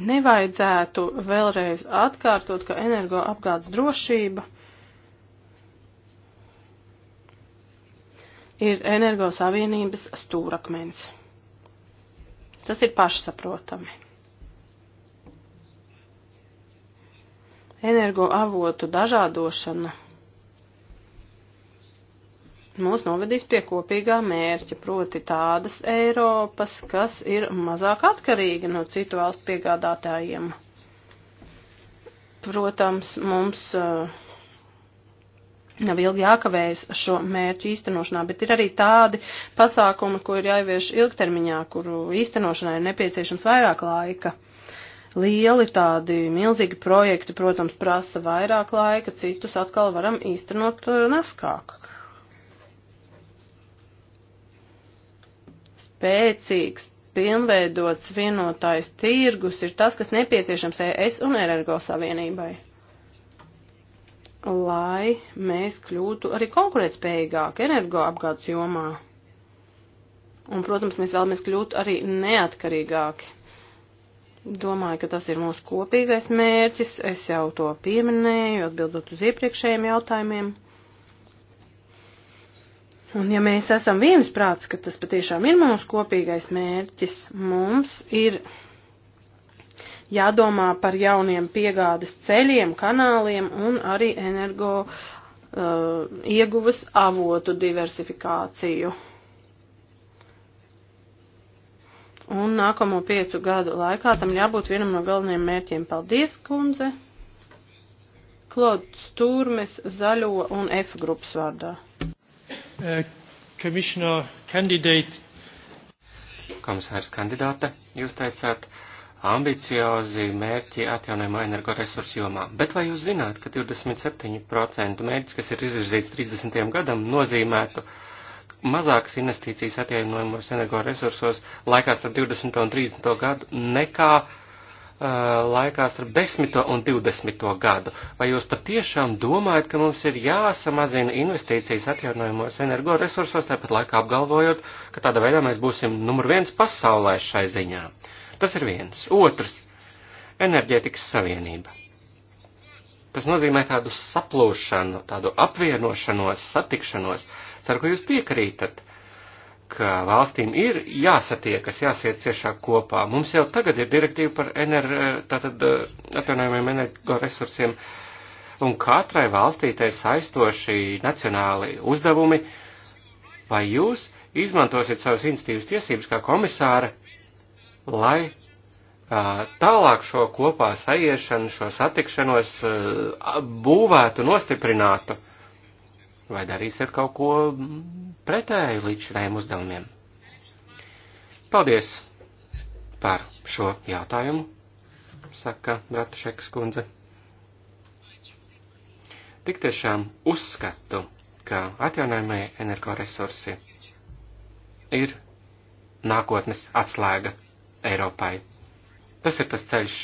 nevajadzētu vēlreiz atkārtot, ka energoapgādes drošība ir energosavienības stūrakmens. Tas ir pašsaprotami. Energoavotu dažādošana mūs novedīs pie kopīgā mērķa, proti tādas Eiropas, kas ir mazāk atkarīga no citu valstu piegādātājiem. Protams, mums uh, nav ilgi jākavējas šo mērķu īstenošanā, bet ir arī tādi pasākumi, ko ir jāievieš ilgtermiņā, kuru īstenošanai ir nepieciešams vairāk laika lieli tādi milzīgi projekti, protams, prasa vairāk laika, citus atkal varam īstenot uh, neskāk. spēcīgs, pilnveidots vienotais tirgus ir tas, kas nepieciešams ES un Energo Savienībai, lai mēs kļūtu arī konkurētspējīgāki energoapgādes jomā. Un, protams, mēs vēlamies kļūt arī neatkarīgāki. Domāju, ka tas ir mūsu kopīgais mērķis, es jau to pieminēju, atbildot uz iepriekšējiem jautājumiem. Un ja mēs esam viensprāts, ka tas patiešām ir mūsu kopīgais mērķis, mums ir jādomā par jauniem piegādes ceļiem, kanāliem un arī energo uh, ieguvas avotu diversifikāciju. Un nākamo piecu gadu laikā tam jābūt vienam no galvenajiem mērķiem. Paldies, kundze! Klods Tūrmes zaļo un F grupas vārdā. Uh, Commissioner candidate. Komisārs kandidāte, jūs teicāt, ambiciozi mērķi atjaunojamo energoresursu jomā. Bet vai jūs zināt, ka 27% mērķis, kas ir izvirzīts 30. gadam, nozīmētu mazākas investīcijas atjaunojamos energoresursos laikā starp 20. un 30. gadu nekā uh, laikā starp 10. un 20. gadu. Vai jūs patiešām domājat, ka mums ir jāsamazina investīcijas atjaunojumos energoresursos, tāpat laikā apgalvojot, ka tādā veidā mēs būsim numur viens pasaulē šai ziņā? Tas ir viens. Otrs - enerģētikas savienība. Tas nozīmē tādu saplūšanu, tādu apvienošanos, satikšanos. Ceru, ka jūs piekrītat. Uh, ka valstīm ir jāsatiekas, jāsiet ciešāk kopā. Mums jau tagad ir direktīva par ener, eh, tātad, eh, atjaunojumiem energoresursiem, un katrai valstī tai saistoši nacionāli uzdevumi. Vai jūs izmantosiet savas institīvas tiesības kā komisāra, lai eh, tālāk šo kopā saiešanu, šo satikšanos būvētu, nostiprinātu? vai darīsiet kaut ko pretēji līdz šiem uzdevumiem. Paldies par šo jautājumu, saka Bratušekas kundze. Tik tiešām uzskatu, ka atjaunojumie energoresursi ir nākotnes atslēga Eiropai. Tas ir tas ceļš,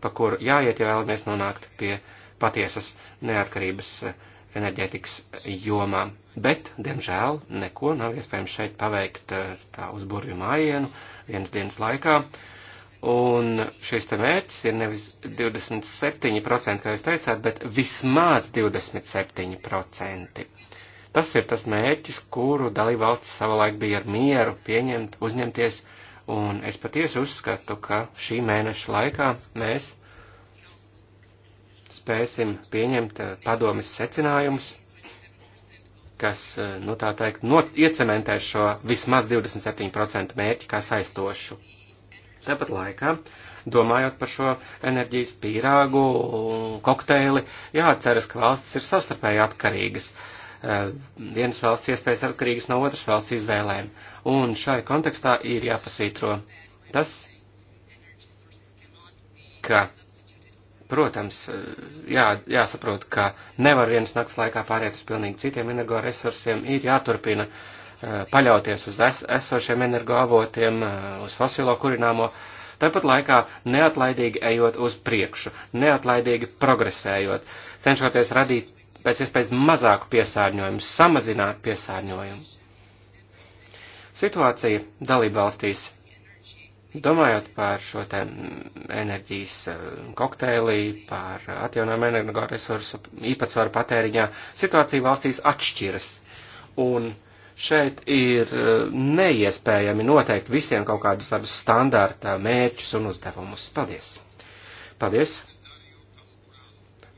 pa kuru jāiet, ja vēlamies nonākt pie patiesas neatkarības enerģētikas jomā. Bet, diemžēl, neko nav iespējams šeit paveikt eh, tā uz burvju mājienu vienas dienas laikā. Un šis te mērķis ir nevis 27%, kā jūs teicāt, bet vismaz 27%. Tas ir tas mērķis, kuru dalībvalsts savulaik bija ar mieru pieņemt, uzņemties, un es patiesi uzskatu, ka šī mēneša laikā mēs spēsim pieņemt eh, padomis secinājumus, kas, eh, nu tā teikt, not, iecementē šo vismaz 27% mērķi kā saistošu. Tāpat laikā, domājot par šo enerģijas pīrāgu un kokteili, jāatceras, ka valstis ir savstarpēji atkarīgas. Eh, vienas valsts iespējas atkarīgas no otras valsts izvēlēm. Un šai kontekstā ir jāpasvītro tas, ka Protams, eh, jā, jāsaprot, ka nevar vienas nakts laikā pāriet uz pilnīgi citiem energoresursiem, ir jāturpina eh, paļauties uz es, esošiem energoavotiem, eh, uz fosilo kurināmo, tāpat laikā neatlaidīgi ejot uz priekšu, neatlaidīgi progresējot, cenšoties radīt pēc iespējas mazāku piesārņojumu, samazināt piesārņojumu. Situācija dalībvalstīs Domājot par šo te enerģijas eh, kokteili, par atjaunojumu energoresursu īpatsvaru patēriņā, situācija valstīs atšķiras. Un šeit ir eh, neiespējami noteikt visiem kaut kādus tādus standārta mērķus un uzdevumus. Paldies! Paldies!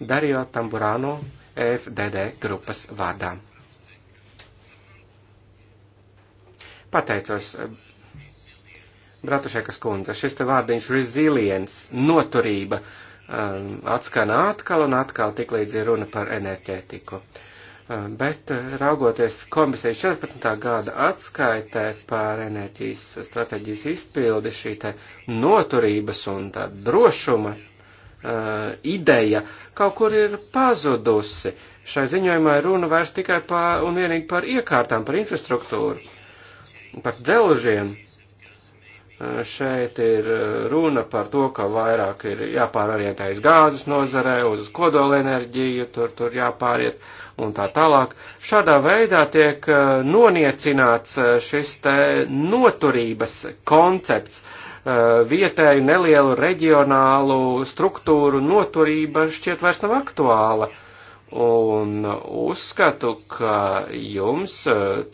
Dario Tamburano, FDD grupas vārdā. Pateicos eh, Bratušekas kundze, šis te vārdiņš resilience, noturība, um, atskan atkal un atkal tik līdz ir runa par enerģētiku. Um, bet uh, raugoties komisijas 14. gada atskaitē par enerģijas stratēģijas izpildi, šī te noturības un tā drošuma uh, ideja kaut kur ir pazudusi. Šai ziņojumā runa vairs tikai par, un vienīgi par iekārtām, par infrastruktūru, par dzelžiem Šeit ir eh, runa par to, ka vairāk ir jāpārorientējas gāzes nozarē, uz kodolenerģiju, tur, tur jāpāriet un tā tālāk. Šādā veidā tiek eh, noniecināts eh, šis te noturības koncepts, vietēju nelielu reģionālu struktūru noturība šķiet vairs nav aktuāla. Un uzskatu, ka jums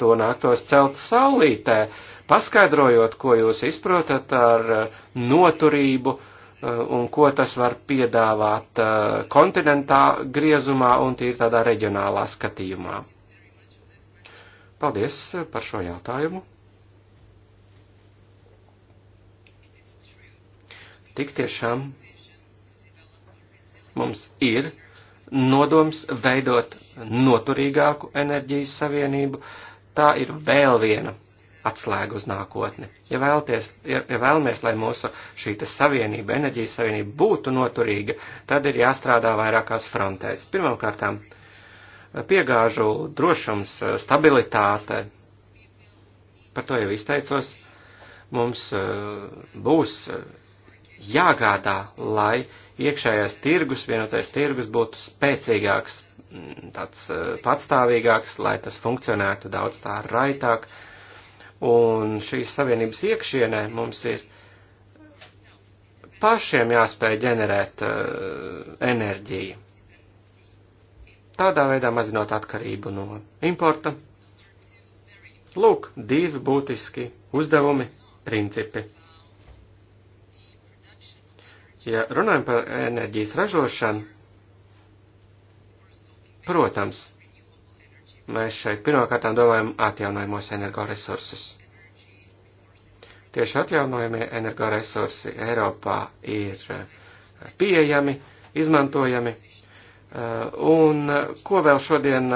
to nāktos celt saulītē, paskaidrojot, ko jūs izprotat ar eh, noturību eh, un ko tas var piedāvāt eh, kontinentā griezumā un tīri tādā reģionālā skatījumā. Paldies par šo jautājumu. Tik tiešām mums ir nodoms veidot noturīgāku enerģijas savienību. Tā ir vēl viena atslēga uz nākotni. Ja, vēlties, ja, ja vēlamies, lai mūsu šī savienība, enerģijas savienība būtu noturīga, tad ir jāstrādā vairākās frontēs. Pirmkārtām, piegāžu drošums, stabilitāte, par to jau izteicos, mums eh, būs eh, jāgādā, lai iekšējais tirgus, vienotais tirgus būtu spēcīgāks, mm, tāds eh, patstāvīgāks, lai tas funkcionētu daudz tā raitāk, uh, Un šīs savienības iekšienē mums ir pašiem jāspēj ģenerēt uh, enerģiju. Tādā veidā mazinot atkarību no importa. Lūk, divi būtiski uzdevumi, principi. Ja runājam par enerģijas ražošanu, protams, Mēs šeit pirmkārtām domājam atjaunojamos energoresursus. Tieši atjaunojamie energoresursi Eiropā ir eh, pieejami, izmantojami, eh, un eh, ko vēl šodien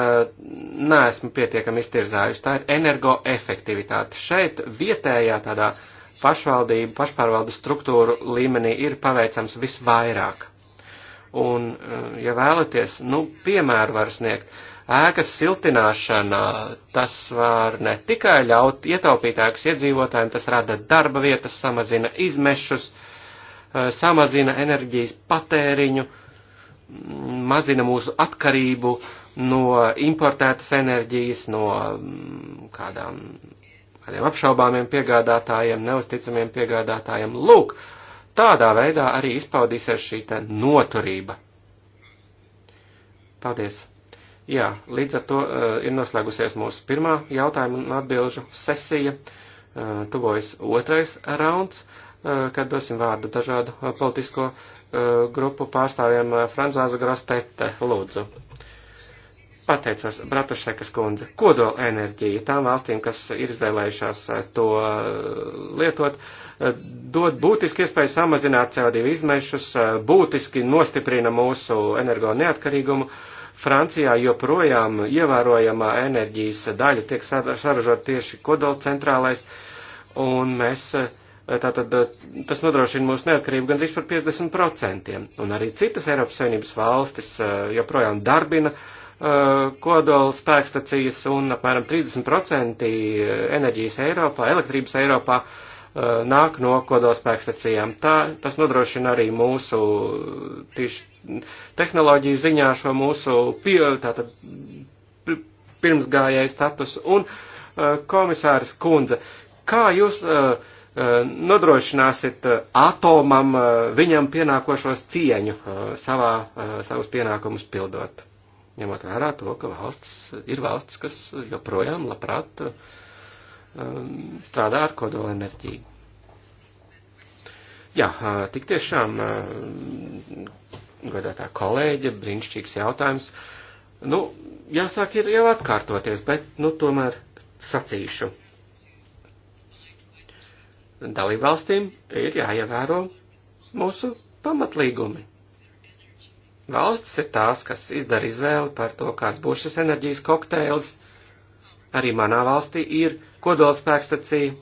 neesmu pietiekami iztirzājusi, tā ir energoefektivitāte. Šeit vietējā tādā pašvaldību, pašpārvaldu struktūru līmenī ir paveicams visvairāk. Un, ja vēlaties, nu, piemēru var sniegt, ēkas siltināšana, tas var ne tikai ļaut ietaupīt ēkas iedzīvotājiem, tas rada darba vietas, samazina izmešus, eh, samazina enerģijas patēriņu, mm, mazina mūsu atkarību no importētas enerģijas, no mm, kādām, kādiem apšaubāmiem piegādātājiem, neusticamiem piegādātājiem. Lūk, tādā veidā arī izpaudīsies šī noturība. Paldies! Jā, līdz ar to uh, ir noslēgusies mūsu pirmā jautājuma un atbilžu sesija. Uh, tuvojas otrais rauns, uh, kad dosim vārdu dažādu uh, politisko uh, grupu pārstāvjiem uh, Franzāza Grostete, lūdzu. Pateicos, Bratušekas kundze, kodola enerģija tām valstīm, kas ir izvēlējušās uh, to uh, lietot, uh, dod būtiski iespēju samazināt CO2 izmešus, uh, būtiski nostiprina mūsu energo neatkarīgumu. Uh, Francijā joprojām ievērojamā enerģijas daļa tiek saražot tieši kodola centrālais, un mēs, eh, tātad, eh, tas nodrošina mūsu neatkarību gandrīz par 50%, un arī citas Eiropas Savienības valstis eh, joprojām darbina kodola spēkstacijas, un apmēram 30% enerģijas Eiropā, elektrības Eiropā, nāk no kodolspēkstacijām. Tā, tas nodrošina arī mūsu tieši tehnoloģiju ziņā šo mūsu pie, tātad, pirmsgājēju status. Un uh, komisārs Kundze, kā jūs uh, uh, nodrošināsit atomam viņam pienākošos cieņu savā, savus pienākumus pildot? Ņemot vērā to, ka valsts, ir valsts, kas joprojām labprāt um, strādā ar kodolenerģiju. Jā, tik tiešām godātā kolēģe, brīnišķīgs jautājums. Nu, jāsāk ir jau atkārtoties, bet, nu, tomēr sacīšu. Dalībvalstīm ir jāievēro mūsu pamatlīgumi. Valsts ir tās, kas izdara izvēli par to, kāds būs šis enerģijas kokteils. Arī manā valstī ir kodolspēkstacija,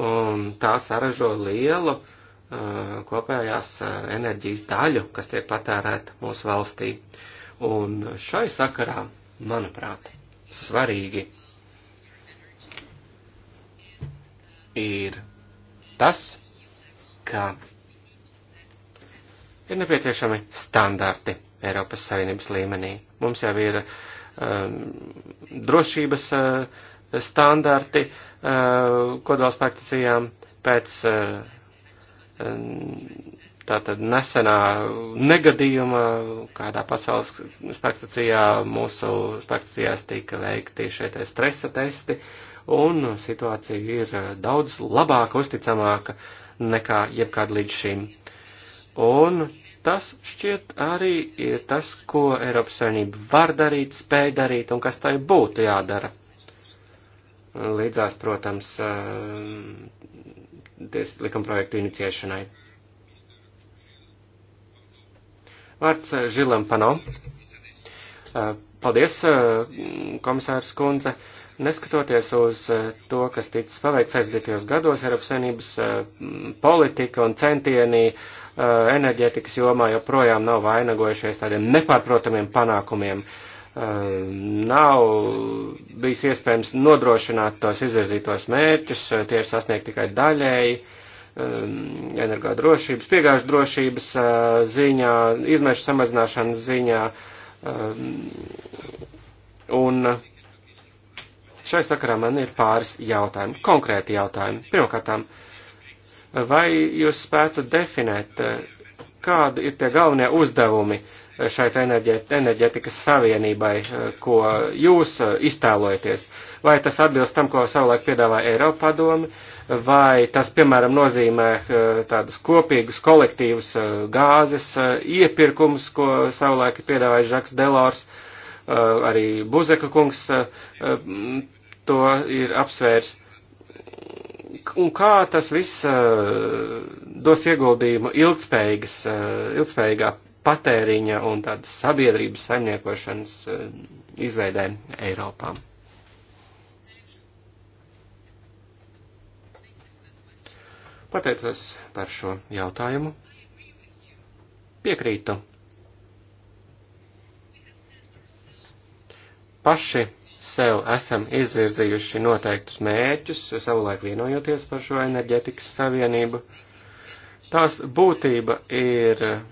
un tā saražo lielu uh, Uh, kopējās uh, enerģijas daļu, kas tiek patērēta mūsu valstī. Un šai sakarā, manuprāt, svarīgi ir tas, ka ir nepieciešami standarti Eiropas Savienības līmenī. Mums jau ir um, drošības uh, standarti uh, kodolspēktacijām pēc uh, tātad nesenā negadījuma kādā pasaules spēkstacijā mūsu spēkstacijās tika veikti šie te stresa testi, un situācija ir daudz labāka, uzticamāka nekā jebkād līdz šim. Un tas šķiet arī ir tas, ko Eiropas Savienība var darīt, spēj darīt un kas tai būtu jādara. Līdzās, protams, likumprojektu iniciēšanai. Vārds eh, Žilam Pano. Eh, paldies, eh, komisārs Kunze. Neskatoties uz to, kas ticis paveikts aizdītajos gados, Eiropas Savienības politika un centieni enerģētikas jomā joprojām nav vainagojušies tādiem nepārprotamiem panākumiem. Uh, Ehm, nav bijis iespējams nodrošināt tos izvirzītos mērķus, eh, tie ir sasniegti tikai daļēji, ehm, energodrošības, piegāžu drošības eh, ziņā, izmešu samazināšanas ziņā. Ehm, un šai sakarā man ir pāris jautājumi, konkrēti jautājumi. Pirmkārtām, vai jūs spētu definēt eh, kādi ir tie galvenie uzdevumi eh, šai enerģetikas savienībai, eh, ko jūs eh, iztēlojaties? Vai tas atbilst tam, ko savulaik piedāvāja Eiropa padomi, vai tas, piemēram, nozīmē tādus kopīgus kolektīvus gāzes iepirkums, ko savulaik piedāvāja Žaks Delors, arī Buzeka kungs to ir apsvērs un kā tas viss uh, dos ieguldījumu ilgspējīgas, uh, ilgspējīgā patēriņa un tādas sabiedrības saimniekošanas uh, izveidē Eiropā. Pateicos par šo jautājumu. Piekrītu. Paši sev esam izvirzījuši noteiktus mērķus, savulaik vienojoties par šo enerģetikas savienību. Tās būtība ir eh,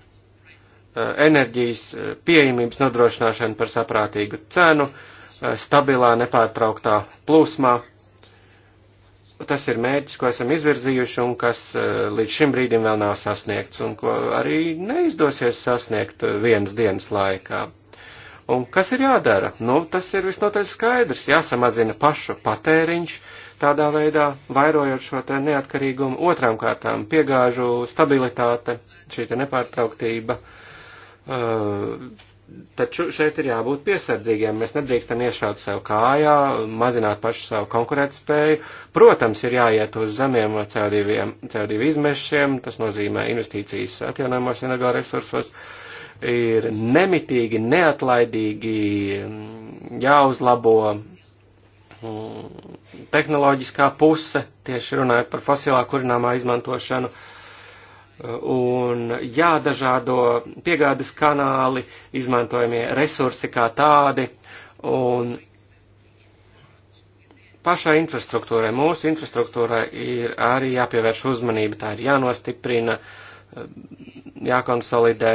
enerģijas eh, pieejamības nodrošināšana par saprātīgu cenu, eh, stabilā, nepārtrauktā plūsmā. Tas ir mērķis, ko esam izvirzījuši un kas līdz šim brīdim vēl nav sasniegts un ko arī neizdosies sasniegt vienas dienas laikā. Un kas ir jādara? Nu, tas ir visnotaļ skaidrs. Jāsamazina pašu patēriņš, tādā veidā vairojot šo te neatkarīgumu. Otrām kārtām piegāžu stabilitāte, šī te nepārtrauktība. Uh, taču šeit ir jābūt piesardzīgiem. Mēs nedrīkstam iešaut sev kājā, mazināt pašu savu konkurētspēju. Protams, ir jāiet uz zemiem CO2, CO2 izmešiem, tas nozīmē investīcijas atjaunojamos energoresursos. resursos ir nemitīgi, neatlaidīgi jāuzlabo mm, tehnoloģiskā puse, tieši runājot par fosilā kurināmā izmantošanu, un jādažādo piegādes kanāli, izmantojamie resursi kā tādi, un pašai infrastruktūrai, mūsu infrastruktūrai ir arī jāpievērš uzmanība, tā ir jānostiprina, jākonsolidē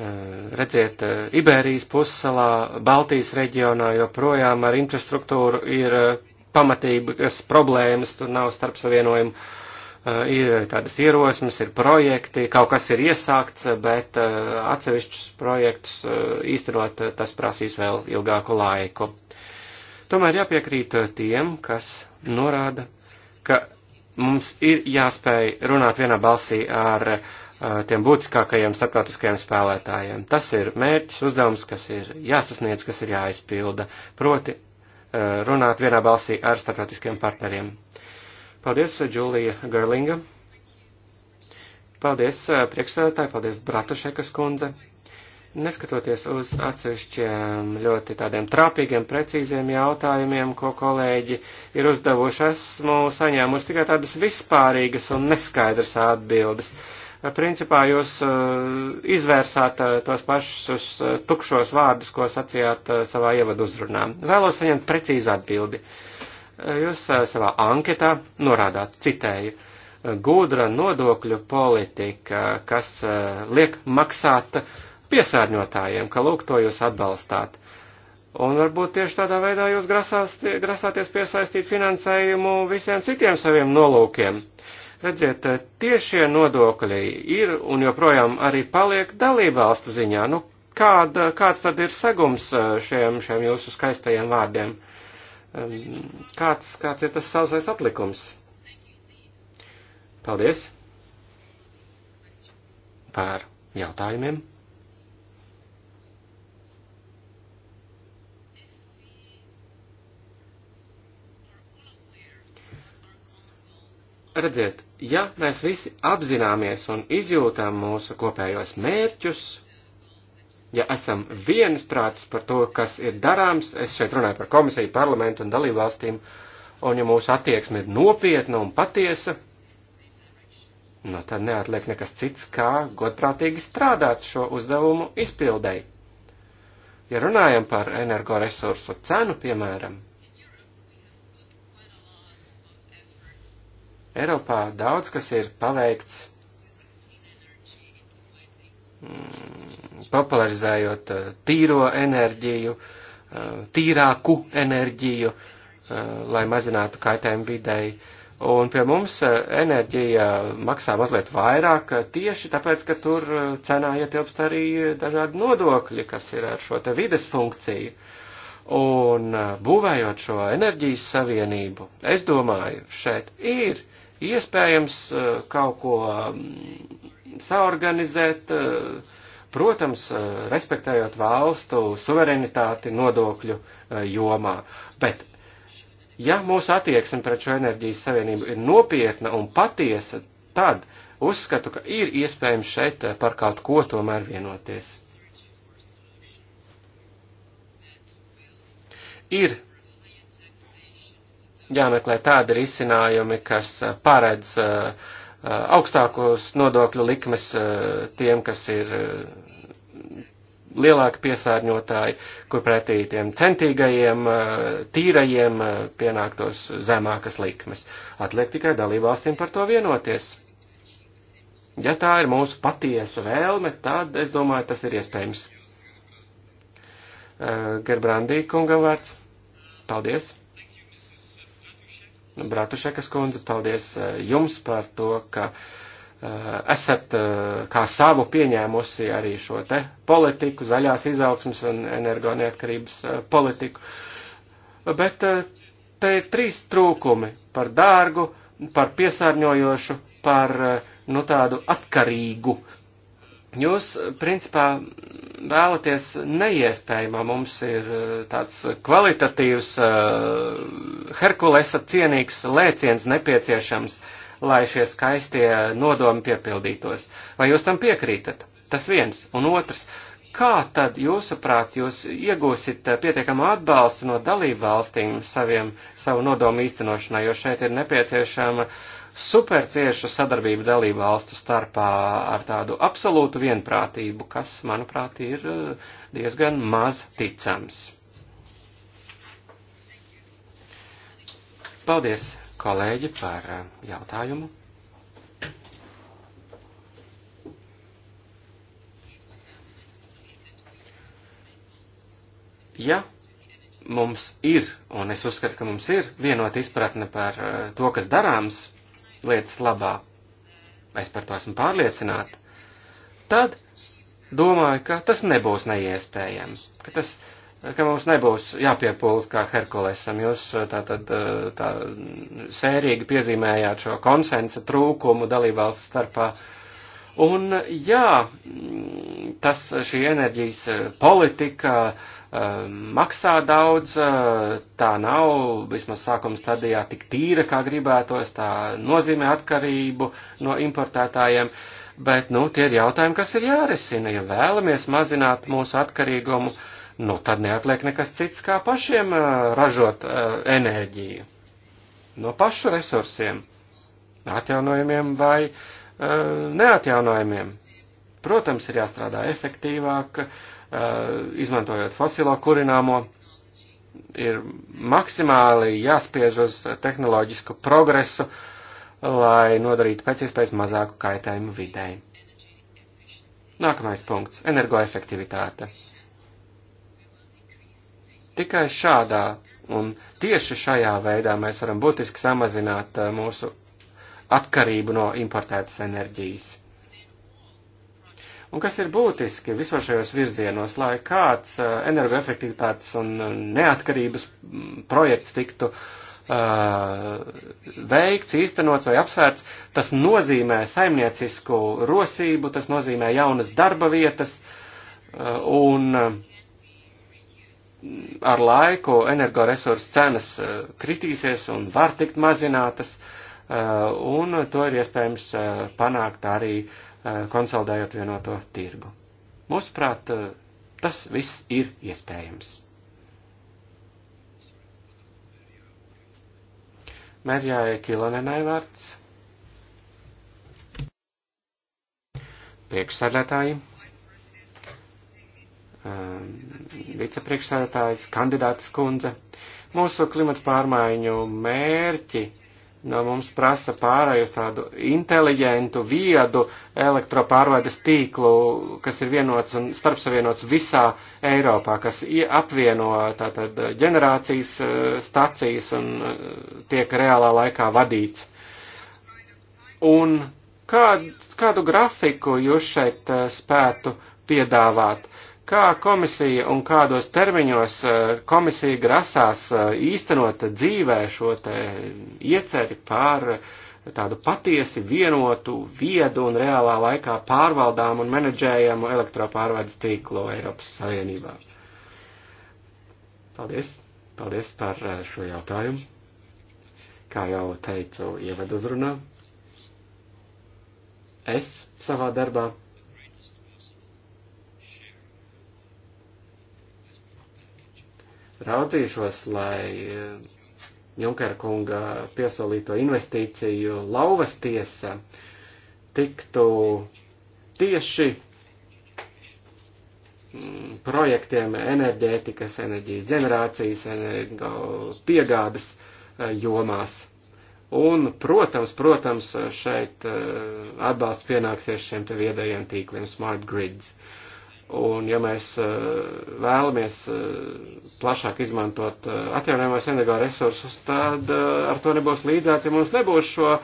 Eh, redziet, eh, Iberijas pussalā, Baltijas reģionā joprojām ar infrastruktūru ir eh, pamatības problēmas, tur nav starpsavienojumu, ir tādas ierosmes, ir projekti, kaut kas ir iesākts, bet atsevišķus projektus īstenot tas prasīs vēl ilgāku laiku. Tomēr jāpiekrīt tiem, kas norāda, ka mums ir jāspēj runāt vienā balsī ar uh, tiem būtiskākajiem starptautiskajiem spēlētājiem. Tas ir mērķis, uzdevums, kas ir jāsasniedz, kas ir jāizpilda, proti runāt vienā balsī ar starptautiskiem partneriem. Paldies, Džulija Gerlinga. Paldies, priekšsēdētāji, paldies, Bratušekas kundze. Neskatoties uz atsevišķiem ļoti tādiem trāpīgiem, precīziem jautājumiem, ko kolēģi ir uzdevuši, esmu saņēmusi tikai tādas vispārīgas un neskaidras atbildes. Uh, Principā jūs uh, izvērsāt uh, tos pašus uh, tukšos vārdus, ko sacījāt savā ievadu uzrunā. Vēlos saņemt precīzu atbildi. Jūs savā anketā norādāt, citēju, gudra nodokļu politika, kas liek maksāt piesārņotājiem, ka lūk to jūs atbalstāt. Un varbūt tieši tādā veidā jūs grasās, grasāties piesaistīt finansējumu visiem citiem saviem nolūkiem. Redziet, eh, tiešie nodokļi ir un joprojām arī paliek dalībvalstu ziņā. Nu, kāda, kāds tad ir segums eh, šiem, šiem jūsu skaistajiem vārdiem? Kāds, kāds ir tas sausais atlikums? Paldies par jautājumiem. redziet, ja mēs visi apzināmies un izjūtām mūsu kopējos mērķus, ja esam viensprāts par to, kas ir darāms, es šeit runāju par komisiju, parlamentu un dalībvalstīm, un ja mūsu attieksme ir nopietna un patiesa, nu tad neatliek nekas cits, kā godprātīgi strādāt šo uzdevumu izpildēji. Ja runājam par energoresursu cenu, piemēram, Eiropā daudz kas ir paveikts, mm, popularizējot eh, tīro enerģiju, eh, tīrāku enerģiju, eh, lai mazinātu kaitējumu videi. Un pie mums enerģija maksā mazliet vairāk tieši tāpēc, ka tur cenā ietilpst arī dažādi nodokļi, kas ir ar šo te vides funkciju. Un būvējot šo enerģijas savienību, es domāju, šeit ir uh, iespējams eh, kaut ko mm, saorganizēt, eh, protams, eh, respektējot valstu suverenitāti nodokļu jomā. Bet, ja mūsu attieksme pret šo enerģijas savienību ir nopietna un patiesa, tad uzskatu, ka ir iespējams šeit par kaut ko tomēr vienoties. Ir jāmeklē tādi risinājumi, kas uh, paredz uh, uh, augstākos nodokļu likmes tiem, kas ir lielāki piesārņotāji, kur pretī tiem centīgajiem, tīrajiem pienāktos zemākas likmes. Atliek tikai dalībvalstīm par to vienoties. Ja tā ir mūsu patiesa vēlme, tad es domāju, tas ir iespējams. Gerbrandī kungam vārds. Paldies! Bratušekas kundze, paldies e, jums par to, ka e, esat e, kā savu pieņēmusi arī šo te politiku, zaļās izaugsmas un energoneatkarības politiku. Bet te ir trīs trūkumi - par dārgu, par piesārņojošu, par nu tādu atkarīgu Jūs, principā, vēlaties neiespējamo. Mums ir e, tāds kvalitatīvs, e, Herkulesa cienīgs lēciens nepieciešams, lai šie skaistie nodomi piepildītos. Vai jūs tam piekrītat? Tas viens. Un otrs, kā tad jūsuprāt jūs iegūsit e, pietiekamu atbalstu no dalību valstīm saviem, savu nodomu īstenošanai, jo šeit ir nepieciešama uh, superciešu sadarbību dalību valstu starpā ar tādu absolūtu vienprātību, kas, manuprāt, ir eh, diezgan maz ticams. Paldies, kolēģi, par eh, jautājumu. Ja mums ir, un es uzskatu, ka mums ir vienota izpratne par eh, to, kas darāms lietas labā, es par to esmu pārliecināta, tad domāju, ka tas nebūs neiespējami, ka tas, ka mums nebūs jāpiepūlis kā Herkulesam. Jūs eh, tā tad eh, tā sērīgi piezīmējāt šo konsensa trūkumu dalībvalsts starpā. Uh, Un jā, tas šī enerģijas eh, politika eh, maksā daudz, eh, tā nav vismaz sākuma stadijā tik tīra, kā gribētos, tā nozīmē atkarību no importētājiem, bet, nu, tie ir jautājumi, kas ir jārisina, ja vēlamies mazināt mūsu atkarīgumu, nu, tad neatliek nekas cits, kā pašiem ražot enerģiju no pašu resursiem, atjaunojumiem vai uh, Eh, neatjaunojumiem. Protams, ir jāstrādā efektīvāk, eh, izmantojot fosilo kurināmo, ir maksimāli jāspiež uz tehnoloģisku progresu, lai nodarītu pēc iespējas mazāku kaitējumu videi. Nākamais punkts - energoefektivitāte. Tikai šādā un tieši šajā veidā mēs varam būtiski samazināt eh, mūsu atkarību no importētas enerģijas. Un kas ir būtiski visos šajos virzienos, lai kāds uh, energoefektivitātes un uh, neatkarības mm, projekts tiktu uh, veikts, īstenots vai apsvērts, tas nozīmē saimniecisku rosību, tas nozīmē jaunas darba vietas uh, un uh, ar laiku energoresursu cenas kritīsies un var tikt mazinātas. Uh, Eh, un to ir iespējams eh, panākt arī eh, konsolidējot vienoto tirgu. Mūsuprāt, tas viss ir iespējams. Merjāja Kilonenai vārds. Priekšsēdētāji, vicepriekšsēdētājs, kandidātas kundze. Mūsu klimata pārmaiņu mērķi no mums prasa pārēju uz tādu inteliģentu, viedu elektropārvades tīklu, kas ir vienots un starpsavienots visā Eiropā, kas apvieno tātad ģenerācijas eh, stacijas un eh, tiek reālā laikā vadīts. Un kād, kādu grafiku jūs šeit eh, spētu piedāvāt? Kā komisija un kādos termiņos eh, komisija grasās eh, īstenot dzīvē šo te ieceri par eh, tādu patiesi vienotu, viedu un reālā laikā pārvaldām un menedžējumu elektropārvades tīklo Eiropas Savienībā? Paldies! Paldies par šo jautājumu! Kā jau teicu, ievedu uzrunā. Es savā darbā raudzīšos, lai eh, Junkera kunga piesolīto investīciju lauvas tiesa tiktu tieši mm, projektiem enerģētikas, enerģijas ģenerācijas, energo piegādes eh, jomās. Un, protams, protams, šeit eh, atbalsts pienāksies šiem te viedajiem tīkliem, smart grids. Uh, Un ja mēs eh, vēlamies eh, plašāk izmantot eh, atjaunojamos energoresursus, tad ar to nebūs līdzēts, ja mums nebūs šo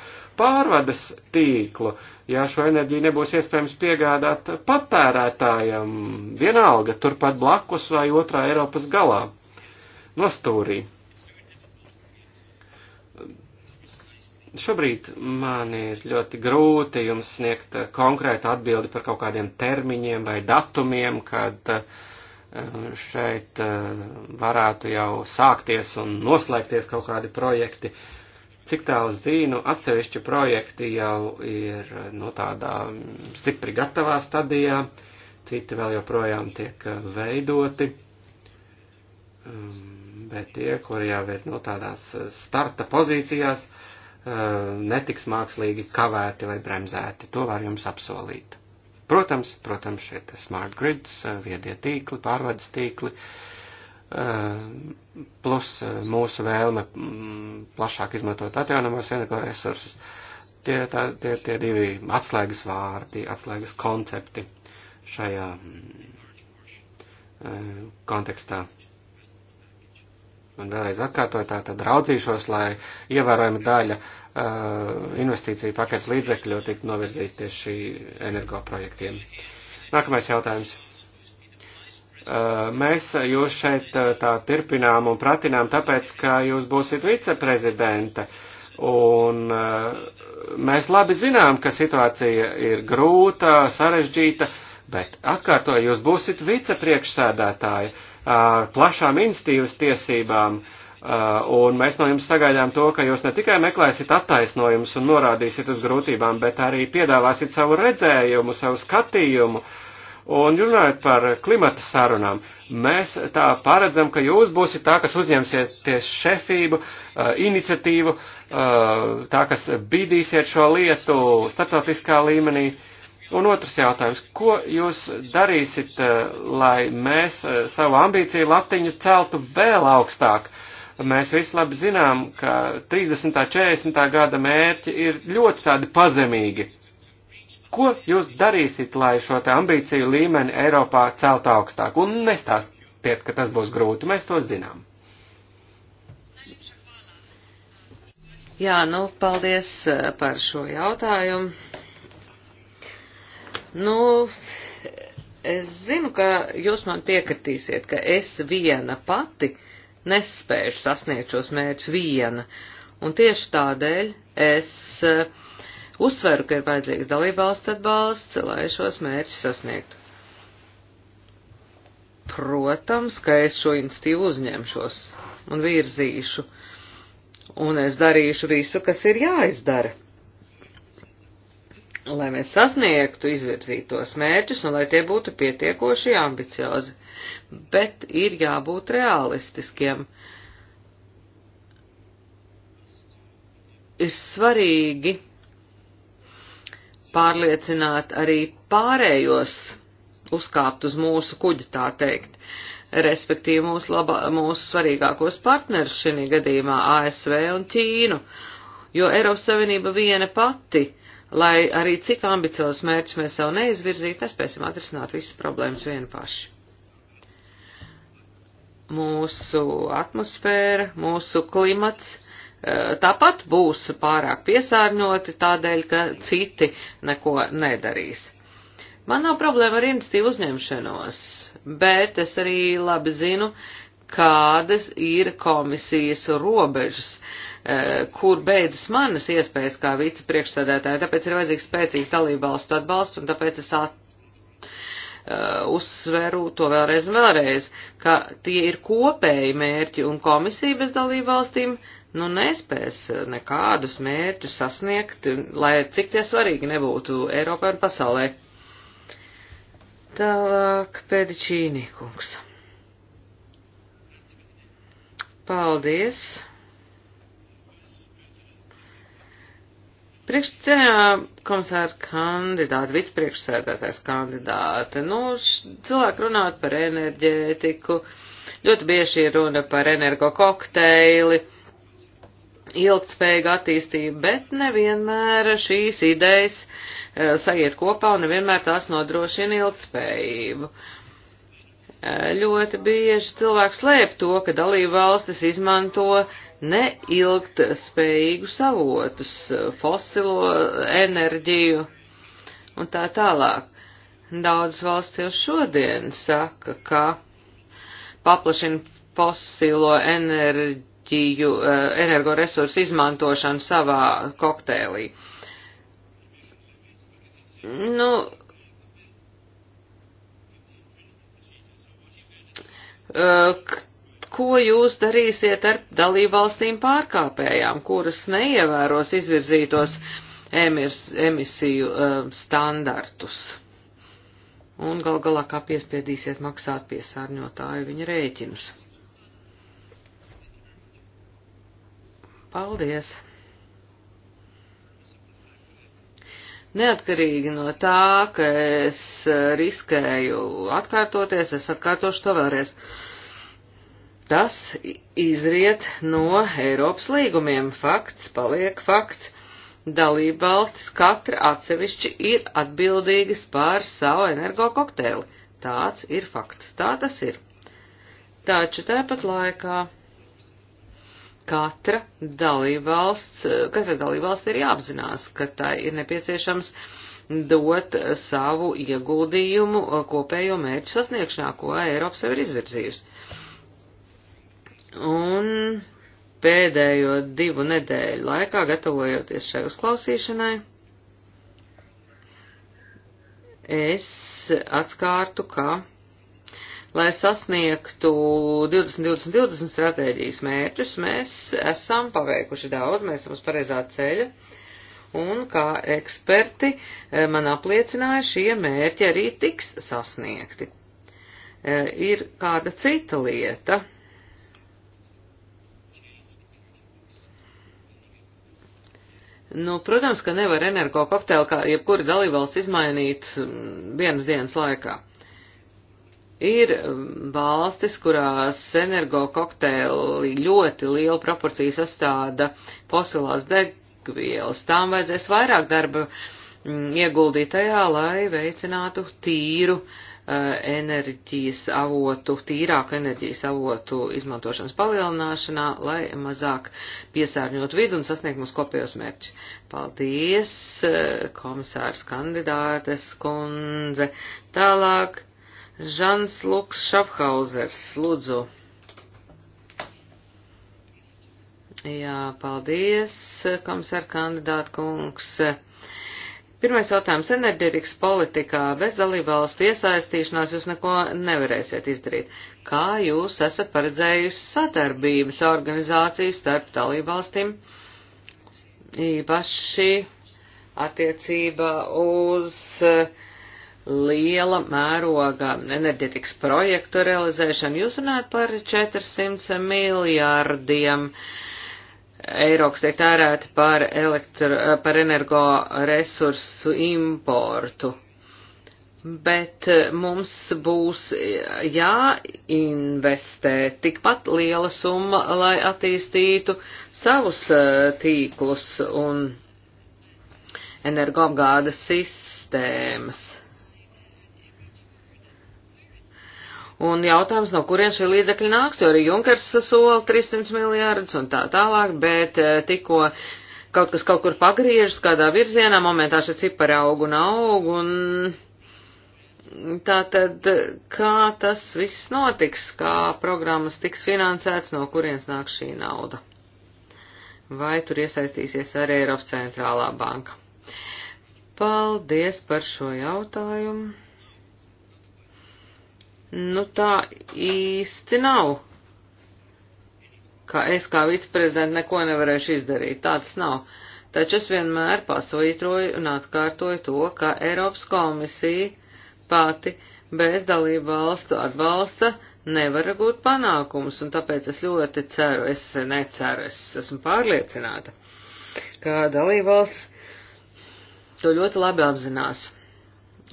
pārvades tīklu, ja šo enerģiju nebūs iespējams piegādāt patērētājam vienalga turpat blakus vai otrā Eiropas galā nostūrī. Šobrīd man ir ļoti grūti jums sniegt eh, konkrētu atbildi par kaut kādiem termiņiem vai datumiem, kad eh, šeit eh, varētu jau sākties un noslēgties kaut kādi projekti. Cik tālu zinu, atsevišķi projekti jau ir no nu, tādā mm, stipri gatavā stadijā, citi vēl joprojām tiek veidoti, ehm, bet tie, kuri jau ir no nu, tādās starta pozīcijās, uh, Uh, netiks mākslīgi kavēti vai bremzēti. To var jums apsolīt. Protams, protams, šeit smart grids, uh, viedie tīkli, pārvades tīkli, uh, plus mūsu vēlme mm, plašāk izmantot atjaunamos energoresursus. Tie, tā, tie, tie divi atslēgas vārdi, atslēgas koncepti šajā mm, kontekstā. Un vēlreiz atkārtoju, tā tad raudzīšos, lai ievērojama daļa uh, investīciju paketes līdzekļu tiktu novirzīti tieši šī energoprojektiem. Nākamais jautājums. Uh, mēs jūs šeit uh, tā tirpinām un pratinām, tāpēc, ka jūs būsiet viceprezidente. Un uh, mēs labi zinām, ka situācija ir grūta, sarežģīta, bet atkārtoju, jūs būsiet vicepriekšsēdētāja. Uh, plašām institīvas tiesībām, uh, un mēs no jums sagaidām to, ka jūs ne tikai meklēsiet attaisnojumus un norādīsiet uz grūtībām, bet arī piedāvāsiet savu redzējumu, savu skatījumu. Un runājot par klimata sarunām, mēs tā paredzam, ka jūs būsiet tā, kas uzņemsieties šefību, uh, iniciatīvu, uh, tā, kas bīdīsiet šo lietu starptautiskā līmenī. Uh, Un otrs jautājums, ko jūs darīsit, eh, lai mēs eh, savu ambīciju latiņu celtu vēl augstāk? Mēs visi labi zinām, ka 30. 40. gada mērķi ir ļoti tādi pazemīgi. Ko jūs darīsit, lai šo te ambīciju līmeni Eiropā celtu augstāk? Un nestāstiet, ka tas būs grūti, mēs to zinām. Jā, nu, paldies eh, par šo jautājumu. Nu, es zinu, ka jūs man piekritīsiet, ka es viena pati nespēju sasniegt šos mērķus viena. Un tieši tādēļ es eh, uzsveru, ka ir vajadzīgs dalībvalsts atbalsts, lai šos mērķus sasniegtu. Protams, ka es šo institīvu uzņemšos un virzīšu, un es darīšu visu, kas ir jāizdara lai mēs sasniegtu izvirzītos mērķus un lai tie būtu pietiekoši ambiciozi, bet ir jābūt realistiskiem. Ir svarīgi pārliecināt arī pārējos uzkāpt uz mūsu kuģi, tā teikt, respektīvi mūsu, laba, mūsu svarīgākos partnerus šī gadījumā ASV un Ķīnu, jo Eiropas Savienība viena pati uh, lai arī cik ambiciozus mērķus mēs sev neizvirzītu, nespēsim atrisināt visas problēmas vien paši. Mūsu atmosfēra, mūsu klimats eh, tāpat būs pārāk piesārņoti tādēļ, ka citi neko nedarīs. Man nav problēma ar inicitīvu uzņemšanos, bet es arī labi zinu, uh, kādas ir komisijas robežas, eh, kur beidzas manas iespējas kā vicepriekšsēdētāja, tāpēc ir vajadzīgs spēcīgs dalībvalstu atbalsts, un tāpēc es at, eh, uzsveru to vēlreiz un vēlreiz, ka tie ir kopēji mērķi, un komisija bez dalībvalstīm nu nespēs nekādus mērķus sasniegt, lai cik tie svarīgi nebūtu Eiropā un pasaulē. Tālāk pēdiķīnī, kungs. Paldies! Priekšsēdētājā komisāra kandidāta, vicepriekšsēdētājs kandidāta, nu, cilvēki runāt par enerģētiku, ļoti bieži ir runa par energo kokteili, ilgtspējīgu attīstību, bet nevienmēr šīs idejas uh, sajiet kopā un nevienmēr tās nodrošina ilgtspējību. Uh, Ļoti bieži cilvēks slēp to, ka dalība valstis izmanto neilgt spējīgu savotus, fosilo enerģiju un tā tālāk. Daudz valsts jau šodien saka, ka paplašina fosilo enerģiju, eh, energoresursu izmantošanu savā kokteilī. Nu, Eh, ko jūs darīsiet ar dalībvalstīm pārkāpējām, kuras neievēros izvirzītos emis, emisiju eh, standartus? Un gal galā kā piespiedīsiet maksāt piesārņotāju viņa rēķinus? Paldies! Neatkarīgi no tā, ka es eh, riskēju atkārtoties, es atkārtošu to vēlreiz. Tas izriet no Eiropas līgumiem. Fakts paliek fakts. Dalība valstis katra atsevišķi ir atbildīgas pār savu energo kokteili. Tāds ir fakts. Tā tas ir. Taču tāpat laikā katra dalībvalsts, eh, katra dalībvalsts ir jāapzinās, ka tai ir nepieciešams dot savu ieguldījumu eh, kopējo mērķu sasniegšanā, ko Eiropa sev ir izvirzījusi. Un pēdējo divu nedēļu laikā, gatavojoties šai uzklausīšanai, es atskārtu, ka Lai sasniegtu 2020-2020 stratēģijas mērķus, mēs esam paveikuši daudz, mēs esam uz pareizā ceļa, un kā eksperti eh, man apliecināja, šie mērķi arī tiks sasniegti. Eh, ir kāda cita lieta. Nu, protams, ka nevar energo kokteili, kā jebkura dalībvalsts, izmainīt mm, vienas dienas laikā. Ir um, valstis, kurās energo kokteili ļoti lielu proporciju sastāda fosilās degvielas. Tām vajadzēs vairāk darba mm, ieguldīt tajā, lai veicinātu tīru uh, enerģijas avotu, tīrāku enerģijas avotu izmantošanas palielināšanā, lai mazāk piesārņot vidu un sasniegt mūsu kopējos mērķus. Paldies, uh, komisārs kandidātes kundze. Tālāk Žans Luks Šafhauzers, lūdzu. Jā, paldies, komisāra kandidāta kungs. Pirmais jautājums - enerģētikas politikā bez dalībvalstu iesaistīšanās jūs neko nevarēsiet izdarīt. Kā jūs esat paredzējusi sadarbības organizāciju starp dalībvalstīm, īpaši attiecībā uz uh, liela mēroga enerģetikas projektu realizēšanu. Jūs runājat par 400 miljārdiem eiro, kas tiek tērēti par, elektro, par energoresursu importu. Bet mums būs jāinvestē tikpat liela summa, lai attīstītu savus eh, tīklus un energoapgādes sistēmas. Un jautājums, no kurien šie līdzekļi nāks, jo arī Junkers sola 300 miljārdus un tā tālāk, bet eh, tikko kaut kas kaut kur pagriežas kādā virzienā, momentā šie cipari aug un aug, un tā tad, kā tas viss notiks, kā programmas tiks finansēts, no kurienes nāk šī nauda. Vai tur iesaistīsies arī Eiropas centrālā banka? Paldies par šo jautājumu. Nu tā īsti nav. Kā es kā viceprezidents neko nevarēšu izdarīt, tā tas nav. Taču es vienmēr pasvītroju un atkārtoju to, ka Eiropas komisija pati bez dalību valstu atbalsta nevar gūt panākumus, un tāpēc es ļoti ceru, es neceru, es esmu pārliecināta, ka dalību valsts to ļoti labi apzinās.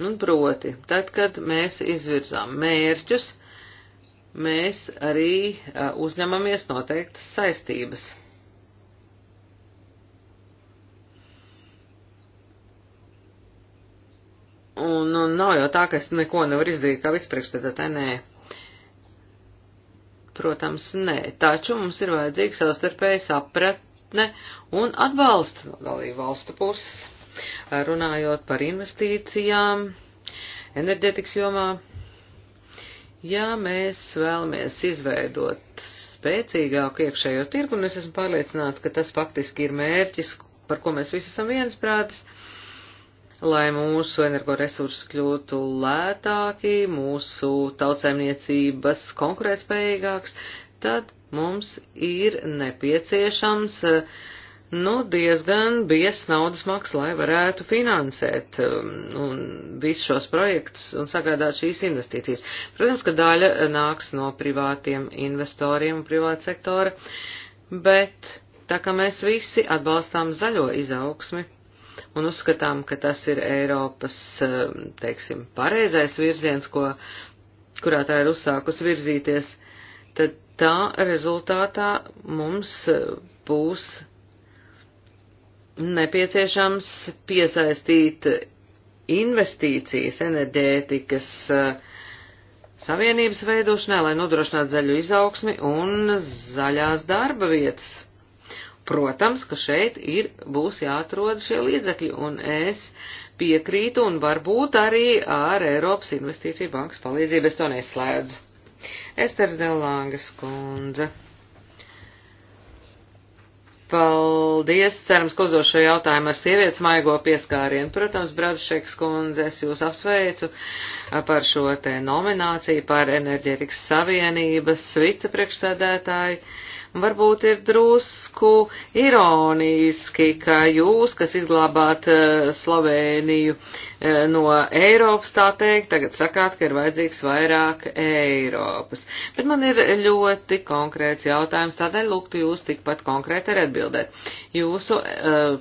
Un proti, tad, kad mēs izvirzām mērķus, mēs arī uh, uzņemamies noteiktas saistības. Un, un nu, nav jau tā, ka es neko nevaru izdarīt kā vicepriekšstādātāji, nē. Protams, nē. Taču mums ir vajadzīga savstarpēja sapratne un atbalsta no dalību valstu puses. Runājot par investīcijām, enerģetikas jomā, ja mēs vēlamies izveidot spēcīgāku iekšējo tirgu, un es esmu pārliecināts, ka tas faktiski ir mērķis, par ko mēs visi esam viensprātis, lai mūsu energoresursi kļūtu lētāki, mūsu tautsēmniecības konkurētspējīgāks, tad mums ir nepieciešams uh, nu, diezgan biezs naudas maks, lai varētu finansēt um, visus šos projektus un sagādāt šīs investīcijas. Protams, ka daļa nāks no privātiem investoriem un privāta sektora, bet tā kā mēs visi atbalstām zaļo izaugsmi un uzskatām, ka tas ir Eiropas, um, teiksim, pareizais virziens, ko, kurā tā ir uzsākus virzīties, tad tā rezultātā mums uh, būs nepieciešams piesaistīt investīcijas enerģētikas eh, savienības veidošanā, lai nodrošinātu zaļu izaugsmi un zaļās darba vietas. Protams, ka šeit ir, būs jāatrod šie līdzekļi, un es piekrītu, un varbūt arī ar Eiropas Investīciju bankas palīdzību es to neslēdzu. Esters Delāngas kundze. Paldies, cerams, ka uzdošu šo jautājumu ar sievietes maigo pieskārienu. Protams, Bradšeks kundze, es jūs apsveicu par šo te nomināciju par enerģētikas savienības vicepriekšsēdētāju. Varbūt ir drusku ironiski, ka jūs, kas izglābāt eh, Sloveniju eh, no Eiropas, tā teikt, tagad sakāt, ka ir vajadzīgs vairāk Eiropas. Bet man ir ļoti konkrēts jautājums, tādēļ lūgtu jūs tikpat konkrēti arī atbildēt. Jūsu uh, eh,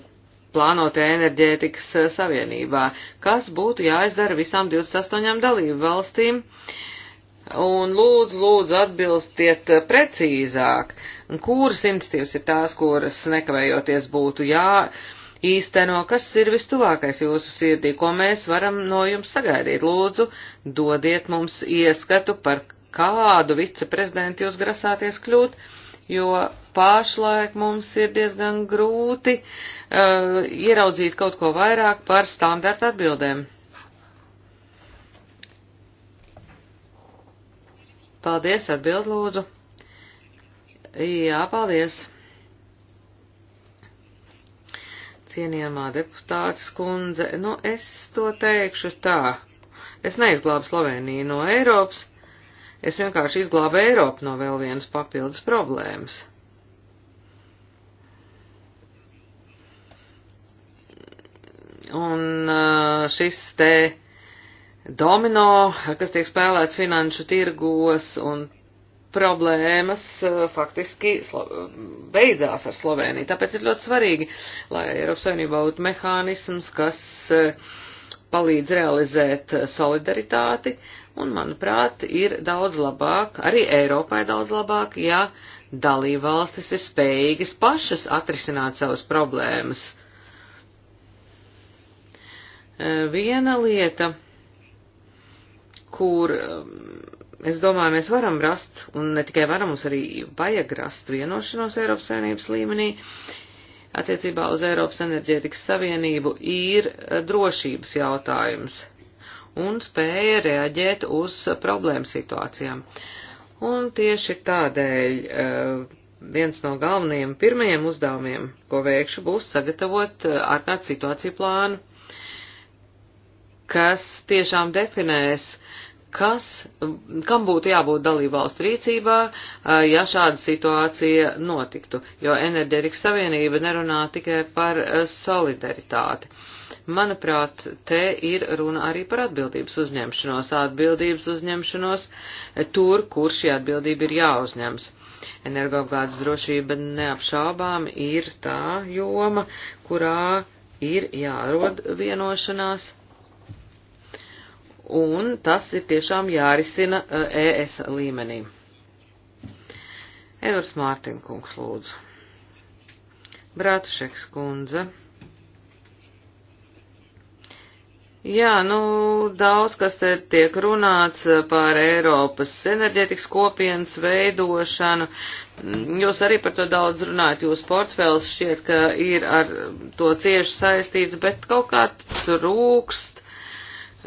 plānotē enerģētikas savienībā, kas būtu jāizdara visām 28 dalību valstīm? Uh, un lūdzu, lūdzu atbilstiet precīzāk, kuras institīvas ir tās, kuras nekavējoties būtu jā īsteno, kas ir vistuvākais jūsu sirdī, ko mēs varam no jums sagaidīt. Lūdzu, dodiet mums ieskatu par kādu viceprezidentu jūs grasāties kļūt, jo pašlaik mums ir diezgan grūti uh, ieraudzīt kaut ko vairāk par standarta atbildēm. Paldies, atbild lūdzu. Jā, paldies. Cienījamā deputātes kundze, nu es to teikšu tā. Es neizglābu Sloveniju no Eiropas, es vienkārši izglābu Eiropu no vēl vienas papildus problēmas. Un uh, šis te domino, kas tiek spēlēts finanšu tirgos un problēmas eh, faktiski beidzās ar Sloveniju. Tāpēc ir ļoti svarīgi, lai Eiropas Savienībā būtu mehānisms, kas eh, palīdz realizēt eh, solidaritāti, un, manuprāt, ir daudz labāk, arī Eiropai daudz labāk, ja dalībvalstis ir spējīgas pašas atrisināt savas problēmas. Viena lieta kur, um, es domāju, mēs varam rast, un ne tikai varam, mums arī vajag rast vienošanos Eiropas Savienības līmenī, attiecībā uz Eiropas enerģētikas savienību ir uh, drošības jautājums un spēja reaģēt uz uh, problēmu situācijām. Un tieši tādēļ uh, viens no galvenajiem pirmajiem uzdevumiem, ko veikšu, būs sagatavot ārkārtas situāciju plānu kas tiešām definēs, kas, kam būtu jābūt dalībvalstu rīcībā, ja šāda situācija notiktu, jo enerģētikas savienība nerunā tikai par solidaritāti. Manuprāt, te ir runa arī par atbildības uzņemšanos, atbildības uzņemšanos tur, kur šī atbildība ir jāuzņems. Energoapgādes drošība neapšaubām ir tā joma, kurā ir jārod vienošanās un tas ir tiešām jārisina ES eh, e līmenī. Edvards Mārtiņkungs lūdzu. Bratušeks kundze. Jā, nu, daudz kas te tiek runāts par Eiropas enerģetikas kopienas veidošanu. Jūs arī par to daudz runājat, jūs portfēls šķiet, ka ir ar to cieši saistīts, bet kaut kā trūkst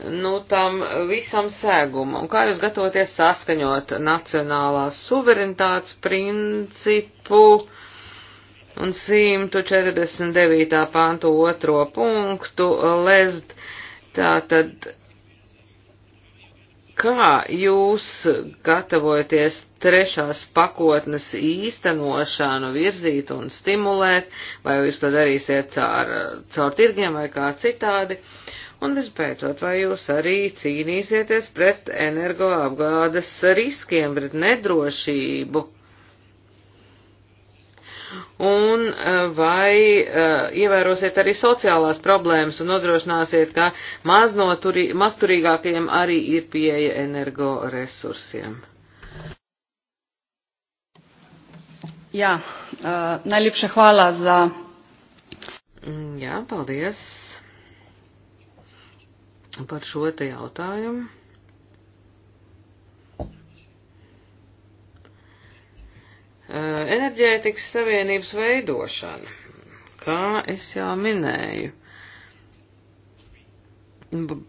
nu, tam visam sēgumu. Un kā jūs gatavoties saskaņot nacionālās suverenitātes principu un 149. pāntu otro punktu lezd, tātad, kā jūs gatavoties trešās pakotnes īstenošanu virzīt un stimulēt, vai jūs to darīsiet caur, caur tirgiem vai kā citādi? Uh, Un visbeidzot, vai jūs arī cīnīsieties pret energoapgādes riskiem, pret nedrošību? un eh, vai uh, ievērosiet arī sociālās problēmas un nodrošināsiet, ka maznoturi, masturīgākajiem arī ir pieeja energoresursiem. Jā, uh, eh, najlipša hvala za. Mm, jā, paldies par šo te jautājumu. Enerģētikas savienības veidošana, kā es jau minēju,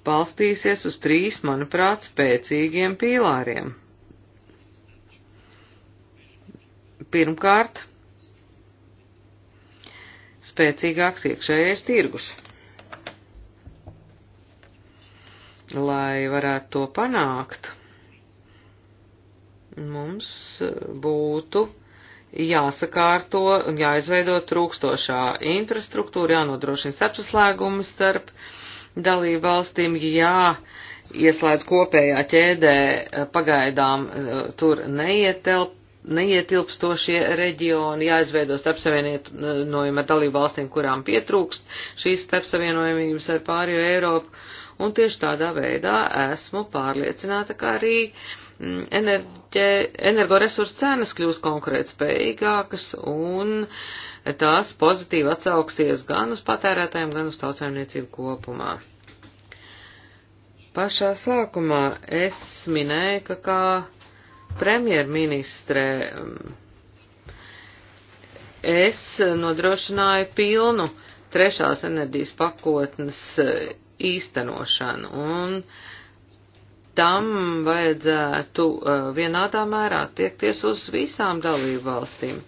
balstīsies uz trīs, manuprāt, spēcīgiem pīlāriem. Pirmkārt, spēcīgāks iekšējais tirgus. lai varētu to panākt, mums būtu jāsakārto un jāizveido trūkstošā infrastruktūra, jānodrošina sapslēgumu starp dalību valstīm, jā, ieslēdz kopējā ķēdē pagaidām eh, tur neietelp, neietilpstošie reģioni, jāizveido starpsavienojumi ar dalību valstīm, kurām pietrūkst šīs starpsavienojumības ar pārējo Eiropu un tieši tādā veidā esmu pārliecināta, ka arī mm, enerģē, energoresursu cenas kļūs konkurētspējīgākas un tās pozitīvi atsauksies gan uz patērētājiem, gan uz tautsēmniecību kopumā. Pašā sākumā es minēju, ka kā premjerministrē mm, es nodrošināju pilnu trešās enerģijas pakotnes īstenošanu, un tam vajadzētu eh, vienādā mērā tiekties uz visām dalību valstīm.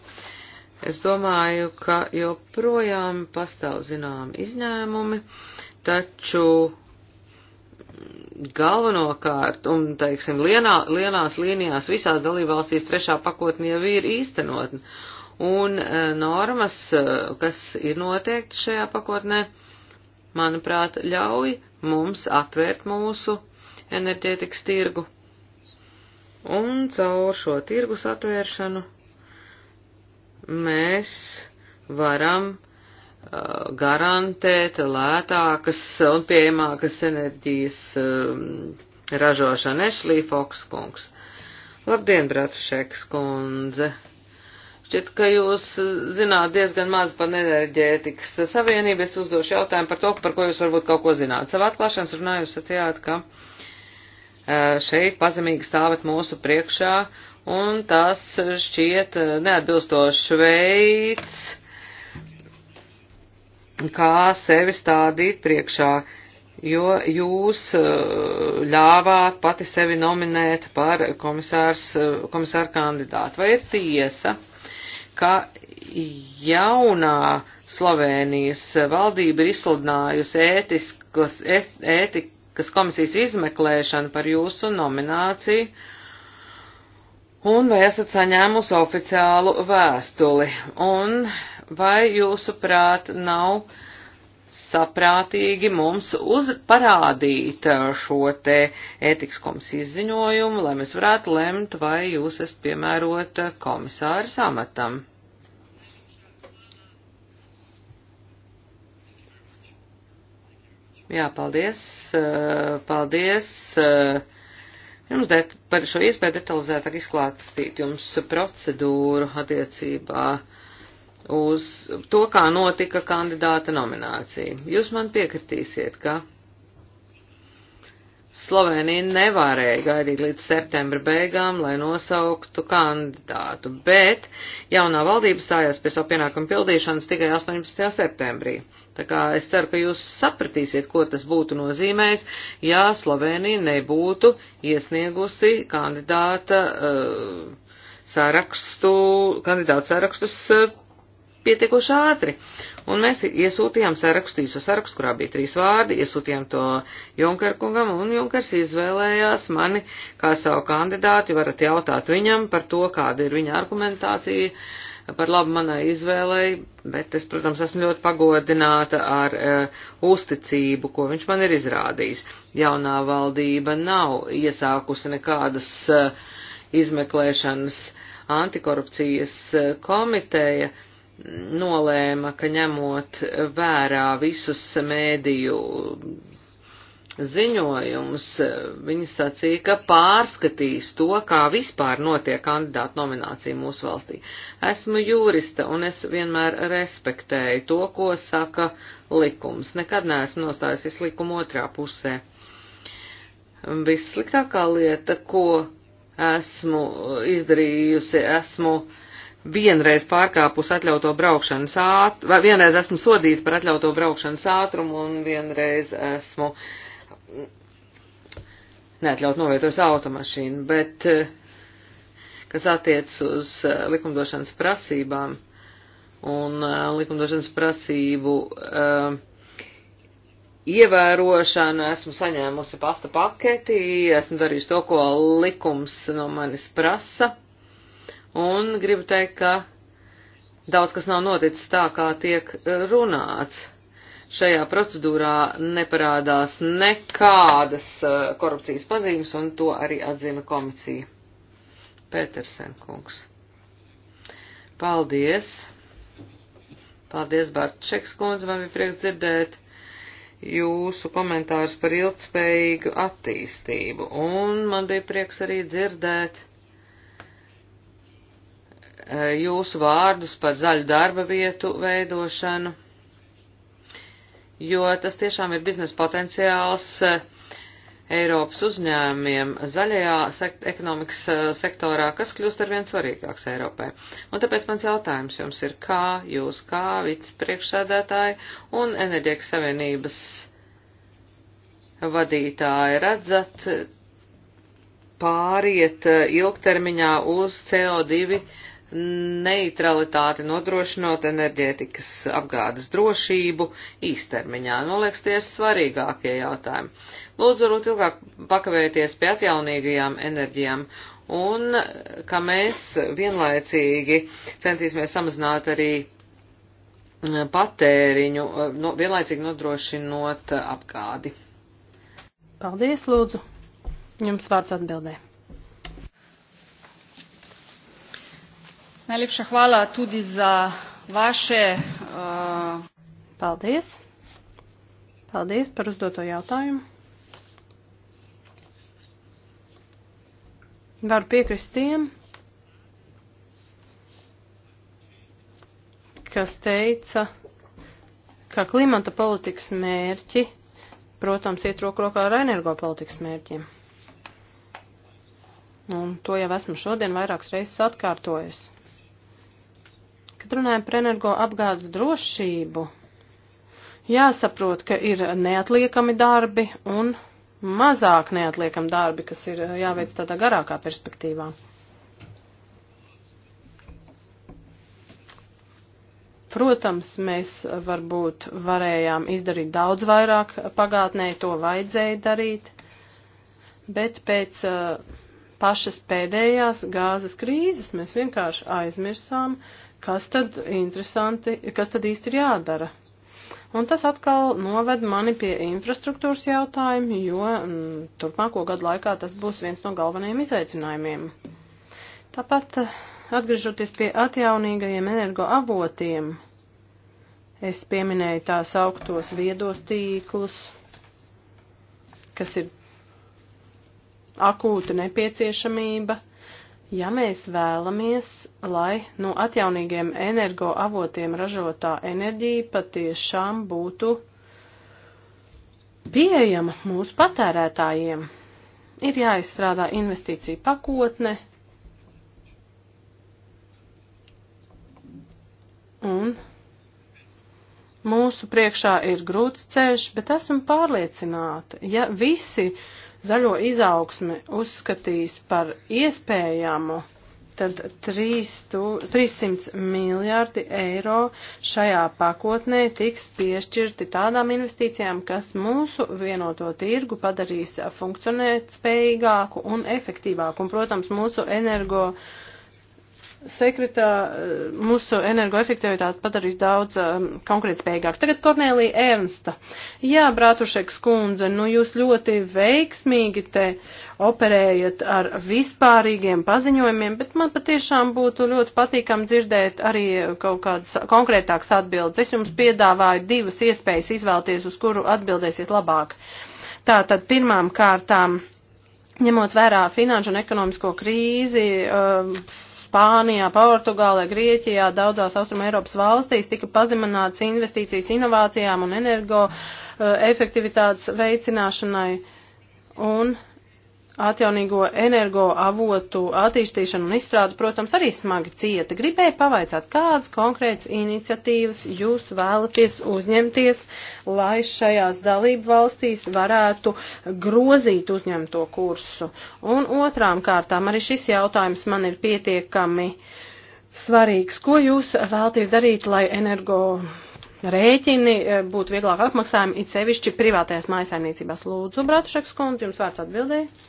Es domāju, ka joprojām pastāv zinām izņēmumi, taču galvenokārt, un, teiksim, lienā, lienās līnijās visās dalībvalstīs trešā pakotnie jau ir īstenotni un eh, normas, eh, kas ir noteikti šajā pakotnē, manuprāt, ļauj mums atvērt mūsu enerģētikas tirgu. Un caur šo tirgus atvēršanu mēs varam uh, garantēt lētākas un pieejamākas enerģijas uh, ražošanu. Ešlī Fokskungs. Labdien, Bratušeks kundze! Šķiet, ka jūs e, zināt diezgan maz par enerģētikas savienību. Es uzdošu jautājumu par to, par ko jūs varbūt kaut ko zināt. Savā atklāšanas runā jūs sacījāt, ka e, šeit pazemīgi stāvat mūsu priekšā, un tas šķiet e, neatbilstošs veids, kā sevi stādīt priekšā, jo jūs ļāvāt pati sevi nominēt par komisāru kandidātu. Vai ir tiesa? ka jaunā Slovēnijas valdība ir izsludinājusi ētiskas, ētikas komisijas izmeklēšanu par jūsu nomināciju. Un vai esat saņēmusi oficiālu vēstuli? Un vai jūsuprāt nav uh, saprātīgi mums uz, parādīt uh, šo te ētikas komisijas ziņojumu, lai mēs varētu lemt, vai jūs esat piemērot uh, komisāra samatam. Jā, paldies, uh, paldies jums det, par šo iespēju detalizētāk izklāstīt jums procedūru attiecībā uz to, kā notika kandidāta nominācija. Jūs man piekritīsiet, ka Slovenija nevarēja gaidīt līdz septembra beigām, lai nosauktu kandidātu, bet jaunā valdība stājās pie savu pienākumu pildīšanas tikai 18. septembrī. Tā kā es ceru, ka jūs sapratīsiet, ko tas būtu nozīmējis, ja Slovenija nebūtu iesniegusi kandidāta uh, sarakstu, kandidātu sarakstus uh, pietiekoši ātri. Un mēs iesūtījām sarakstu, īso sarakstu, kurā bija trīs vārdi, iesūtījām to Junkerkungam, un Junkers izvēlējās mani kā savu kandidātu. Varat jautāt viņam par to, kāda ir viņa argumentācija par labu manai izvēlei, bet es, protams, esmu ļoti pagodināta ar uh, uzticību, ko viņš man ir izrādījis. Jaunā valdība nav iesākusi nekādas uh, izmeklēšanas antikorupcijas uh, komiteja. Uh, nolēma, ka ņemot vērā visus mēdīju ziņojumus, viņi sacīja, ka pārskatīs to, kā vispār notiek kandidātu nominācija mūsu valstī. Esmu jurista un es vienmēr respektēju to, ko saka likums. Nekad neesmu nostājusies likuma otrā pusē. Vissliktākā lieta, ko esmu izdarījusi, esmu uh, vienreiz pārkāpus atļauto braukšanas ātrumu, vai vienreiz esmu sodīta par atļauto braukšanas ātrumu un vienreiz esmu neatļaut novietojis automašīnu, bet eh, kas attiec uz eh, likumdošanas prasībām un eh, likumdošanas prasību uh, ievērošanu, esmu saņēmusi pasta paketi, esmu darījusi to, ko likums no manis prasa Un gribu teikt, ka daudz kas nav noticis tā, kā tiek runāts. Šajā procedūrā neparādās nekādas eh, korupcijas pazīmes, un to arī atzina komisija. Petersen kungs. Paldies! Paldies, Bartšeks kundze, man bija prieks dzirdēt jūsu komentārus par ilgtspējīgu attīstību, un man bija prieks arī dzirdēt Eh, jūsu vārdus par zaļu darba vietu veidošanu, jo tas tiešām ir biznesa potenciāls eh, Eiropas uzņēmumiem zaļajā sekt ekonomikas eh, sektorā, kas kļūst ar vien svarīgāks Eiropai. Un tāpēc mans jautājums jums ir, kā jūs, kā vicepriekšsēdētāji un enerģēkas savienības vadītāji redzat pāriet ilgtermiņā uz CO2 neutralitāti nodrošinot enerģētikas apgādes drošību īstermiņā. Noliekas nu, tie svarīgākie jautājumi. Lūdzu, varbūt ilgāk pakavēties pie atjaunīgajām enerģijām un ka mēs vienlaicīgi centīsimies samazināt arī eh, patēriņu, eh, no, vienlaicīgi nodrošinot eh, apgādi. Paldies, lūdzu. Jums vārds atbildēja. Najlepša hvala tudi za vaše. Uh... Paldies. Paldies par uzdoto jautājumu. Varu piekrist tiem, kas teica, ka klimata politikas mērķi, protams, iet roku rokā ar energo politikas mērķiem. Un to jau esmu šodien vairākas reizes atkārtojusi kad runājam par energo apgādes drošību, jāsaprot, ka ir neatliekami darbi un mazāk neatliekami darbi, kas ir jāveic tādā garākā perspektīvā. Protams, mēs varbūt varējām izdarīt daudz vairāk pagātnē, to vajadzēja darīt, bet pēc uh, pašas pēdējās gāzes krīzes mēs vienkārši aizmirsām, uh, kas tad interesanti, kas tad īsti ir jādara. Un tas atkal noved mani pie infrastruktūras jautājumu, jo m, mm, turpmāko gadu laikā tas būs viens no galvenajiem izaicinājumiem. Tāpat eh, atgriežoties pie atjaunīgajiem energoavotiem, es pieminēju tās augtos viedos tīklus, kas ir akūta nepieciešamība. Ja mēs vēlamies, lai no atjaunīgiem energoavotiem ražotā enerģija patiešām būtu pieejama mūsu patērētājiem, ir jāizstrādā investīcija pakotne un mūsu priekšā ir grūts ceļš, bet esmu pārliecināta, ja visi uh, zaļo izaugsmi uzskatīs par iespējamu, tad 300 miljārdi eiro šajā pakotnē tiks piešķirti tādām investīcijām, kas mūsu vienoto tirgu padarīs funkcionēt spējīgāku un efektīvāku. Un, protams, mūsu energo uh, sekretā eh, mūsu energoefektivitāti padarīs daudz um, eh, konkrētspējīgāk. Tagad Kornēlija Ernsta. Jā, Brātušeks kundze, nu jūs ļoti veiksmīgi te operējat ar vispārīgiem paziņojumiem, bet man patiešām būtu ļoti patīkam dzirdēt arī kaut kādas konkrētākas atbildes. Es jums piedāvāju divas iespējas izvēlties, uz kuru atbildēsiet labāk. Tātad pirmām kārtām ņemot vērā finanšu un ekonomisko krīzi, eh, Spānijā, Portugālē, Grieķijā, daudzās Austrum Eiropas valstīs tika pazeminātas investīcijas inovācijām un energo eh, efektivitātes veicināšanai. Un atjaunīgo energo avotu attīstīšana un izstrāde, protams, arī smagi cieta. Gribēju pavaicāt, kādas konkrētas iniciatīvas jūs vēlaties uzņemties, lai šajās dalību valstīs varētu grozīt uzņemto kursu. Un otrām kārtām arī šis jautājums man ir pietiekami svarīgs. Ko jūs vēlaties darīt, lai energo rēķini e, būtu vieglāk apmaksājumi, it sevišķi privātajās mājasaimniecībās. Lūdzu, Bratušeks kundze, jums vārds atbildēja.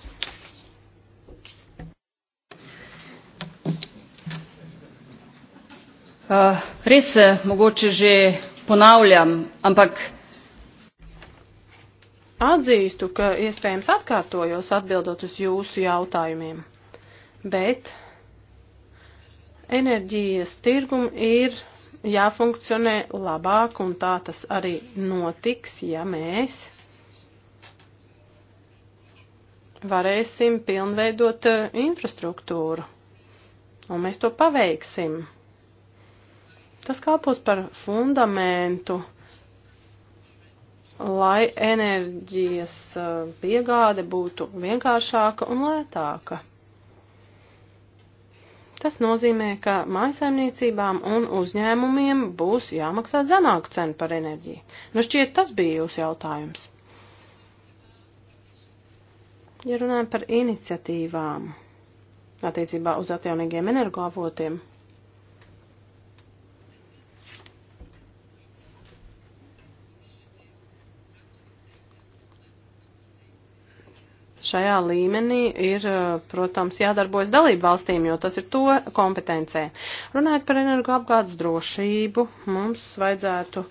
Uh, res se eh, mogoče že ponavljam, ampak. Atzīstu, ka iespējams atkārtojos atbildot uz jūsu jautājumiem, bet enerģijas tirgum ir jāfunkcionē labāk, un tā tas arī notiks, ja mēs varēsim pilnveidot eh, infrastruktūru. Un mēs to paveiksim. Tas kalpos par fundamentu, lai enerģijas uh, piegāde būtu vienkāršāka un lētāka. Tas nozīmē, ka mājasaimniecībām un uzņēmumiem būs jāmaksā zemāku cenu par enerģiju. Nu šķiet, tas bija jūsu jautājums. Ja runājam par iniciatīvām attiecībā uz atjaunīgiem energoavotiem, Šajā līmenī ir, eh, protams, jādarbojas dalību valstīm, jo tas ir to kompetencē. Runājot par energoapgādes drošību, mums vajadzētu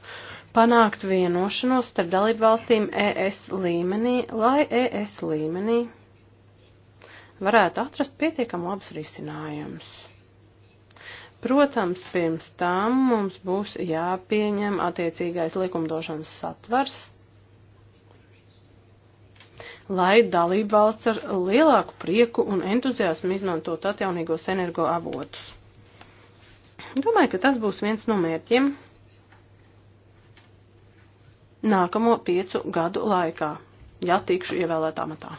panākt vienošanos starp dalību valstīm ES līmenī, lai ES līmenī varētu atrast pietiekam labs risinājums. Protams, pirms tam mums būs jāpieņem attiecīgais likumdošanas satvars lai dalība valsts ar lielāku prieku un entuziasmu izmantot atjaunīgos energoavotus. Domāju, ka tas būs viens no mērķiem nākamo piecu gadu laikā, ja tikšu ievēlētā matā.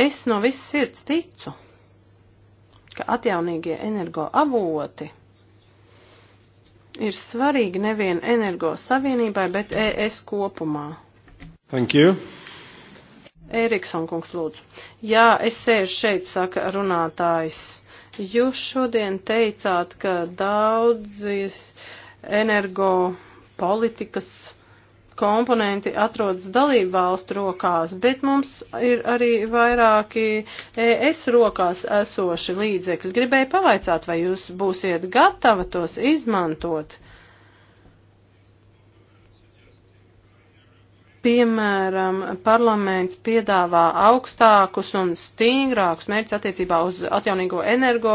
Es no visas sirds ticu, ka atjaunīgie energoavoti ir svarīgi nevien energo savienībai, bet ES kopumā. Thank you. Erikson kungs lūdzu. Jā, es sēžu šeit, saka runātājs. Jūs šodien teicāt, ka daudzi energo politikas komponenti atrodas dalību valstu rokās, bet mums ir arī vairāki ES rokās esoši līdzekļi. Gribēju pavaicāt, vai jūs būsiet gatava tos izmantot? Piemēram, parlaments piedāvā augstākus un stingrākus mērķus attiecībā uz atjaunīgo energo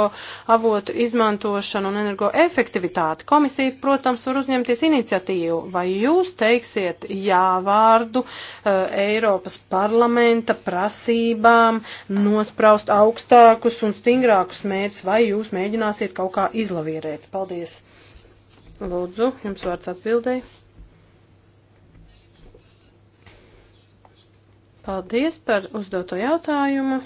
avotu izmantošanu un energoefektivitāti. Komisija, protams, var uzņemties iniciatīvu. Vai jūs teiksiet jāvārdu uh, Eiropas parlamenta prasībām nospraust augstākus un stingrākus mērķus, vai jūs mēģināsiet kaut kā izlavierēt? Paldies! Lūdzu, jums vārds atbildēji. Paldies par uzdoto jautājumu.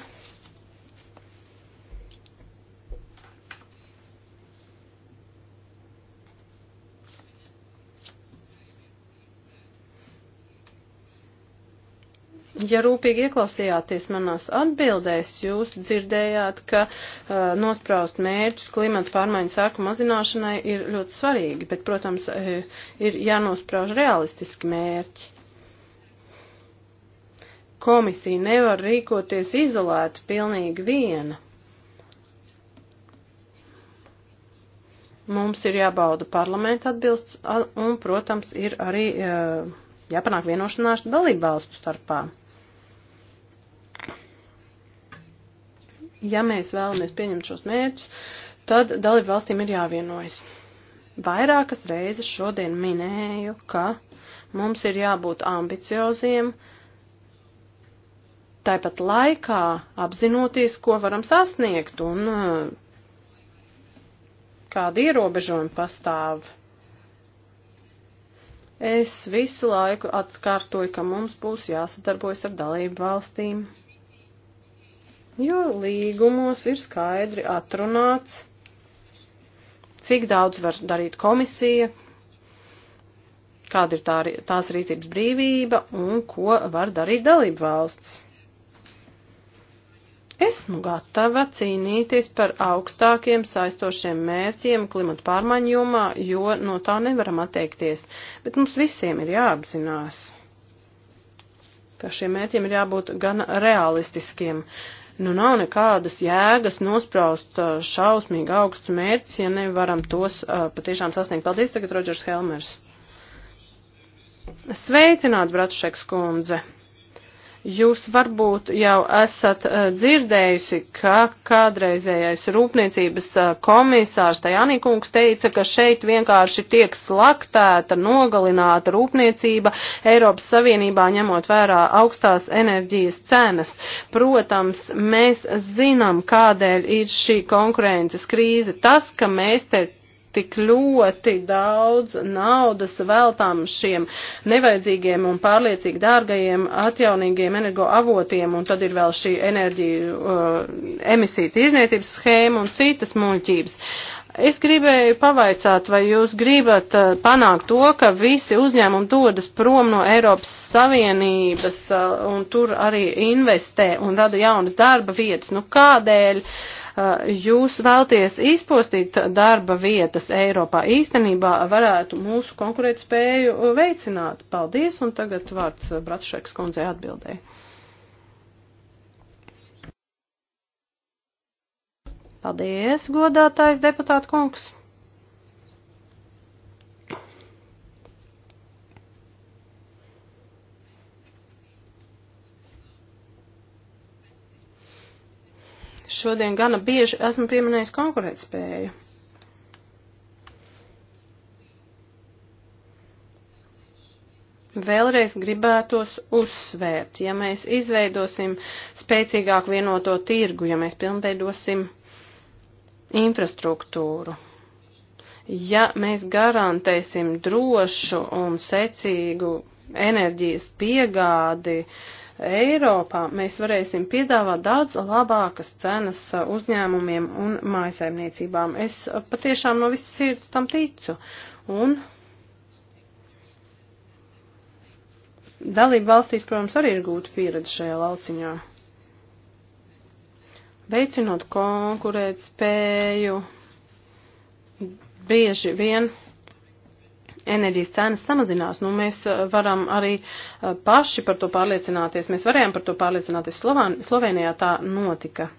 ja rūpīgi ieklausījāties manās atbildēs, jūs dzirdējāt, ka uh, nospraust mērķus klimata pārmaiņu sāku mazināšanai ir ļoti svarīgi, bet, protams, uh, ir jānosprauž realistiski mērķi. Komisija nevar rīkoties izolēti pilnīgi viena. Mums ir jābauda parlamenta atbilsts un, protams, ir arī e, jāpanāk vienošanās dalību valstu starpā. Ja mēs vēlamies pieņemt šos mērķus, tad dalību valstīm ir jāvienojas. Vairākas reizes šodien minēju, ka mums ir jābūt ambicioziem, uh, tāpat laikā apzinoties, ko varam sasniegt un eh, kādi ierobežojumi pastāv. Es visu laiku atkārtoju, ka mums būs jāsadarbojas ar dalību valstīm, jo līgumos ir skaidri atrunāts, cik daudz var darīt komisija, kāda ir tā, tās rīcības brīvība un ko var darīt dalību valsts. Esmu gatava cīnīties par augstākiem saistošiem mērķiem klimata pārmaiņu jomā, jo no tā nevaram atteikties, bet mums visiem ir jāapzinās, ka šiem mērķiem ir jābūt gan realistiskiem. Nu, nav nekādas jēgas nospraust uh, šausmīgi augstus mērķus, ja nevaram tos uh, patiešām sasniegt. Paldies tagad, Rodžers Helmers. Sveicināt, Bratšeks kundze! Jūs varbūt jau esat eh, dzirdējusi, ka kādreizējais rūpniecības eh, komisārs Tajānīkungs teica, ka šeit vienkārši tiek slaktēta, nogalināta rūpniecība Eiropas Savienībā ņemot vērā augstās enerģijas cenas. Protams, mēs zinām, kādēļ ir šī konkurences krīze. Tas, ka mēs te tik ļoti daudz naudas veltām šiem nevajadzīgiem un pārliecīgi dārgajiem atjaunīgiem energoavotiem, un tad ir vēl šī enerģija uh, emisija tirzniecības schēma un citas muļķības. Es gribēju pavaicāt, vai jūs gribat uh, panākt to, ka visi uzņēmumi dodas prom no Eiropas Savienības uh, un tur arī investē un rada jaunas darba vietas. Nu kādēļ? Uh, jūs vēlties izpostīt darba vietas Eiropā, īstenībā varētu mūsu konkurētspēju veicināt. Paldies, un tagad vārds Bratšeks kundzei atbildēja. Paldies, godātais deputāta kungs! Šodien gana bieži esmu pieminējis konkurētspēju. Vēlreiz gribētos uzsvērt, ja mēs izveidosim spēcīgāku vienoto tirgu, ja mēs pilnveidosim infrastruktūru, ja mēs garantēsim drošu un secīgu enerģijas piegādi, uh, Eiropā mēs varēsim piedāvāt daudz labākas cenas uzņēmumiem un mājasaimniecībām. Es patiešām no visas sirds tam ticu. Un dalība valstīs, protams, arī ir gūta pieredze šajā lauciņā. Veicinot konkurēt spēju, bieži vien enerģijas cenas samazinās. Nu, mēs uh, varam arī uh, paši par to pārliecināties. Mēs varējām par to pārliecināties. Slovāni, Slovenijā tā notika.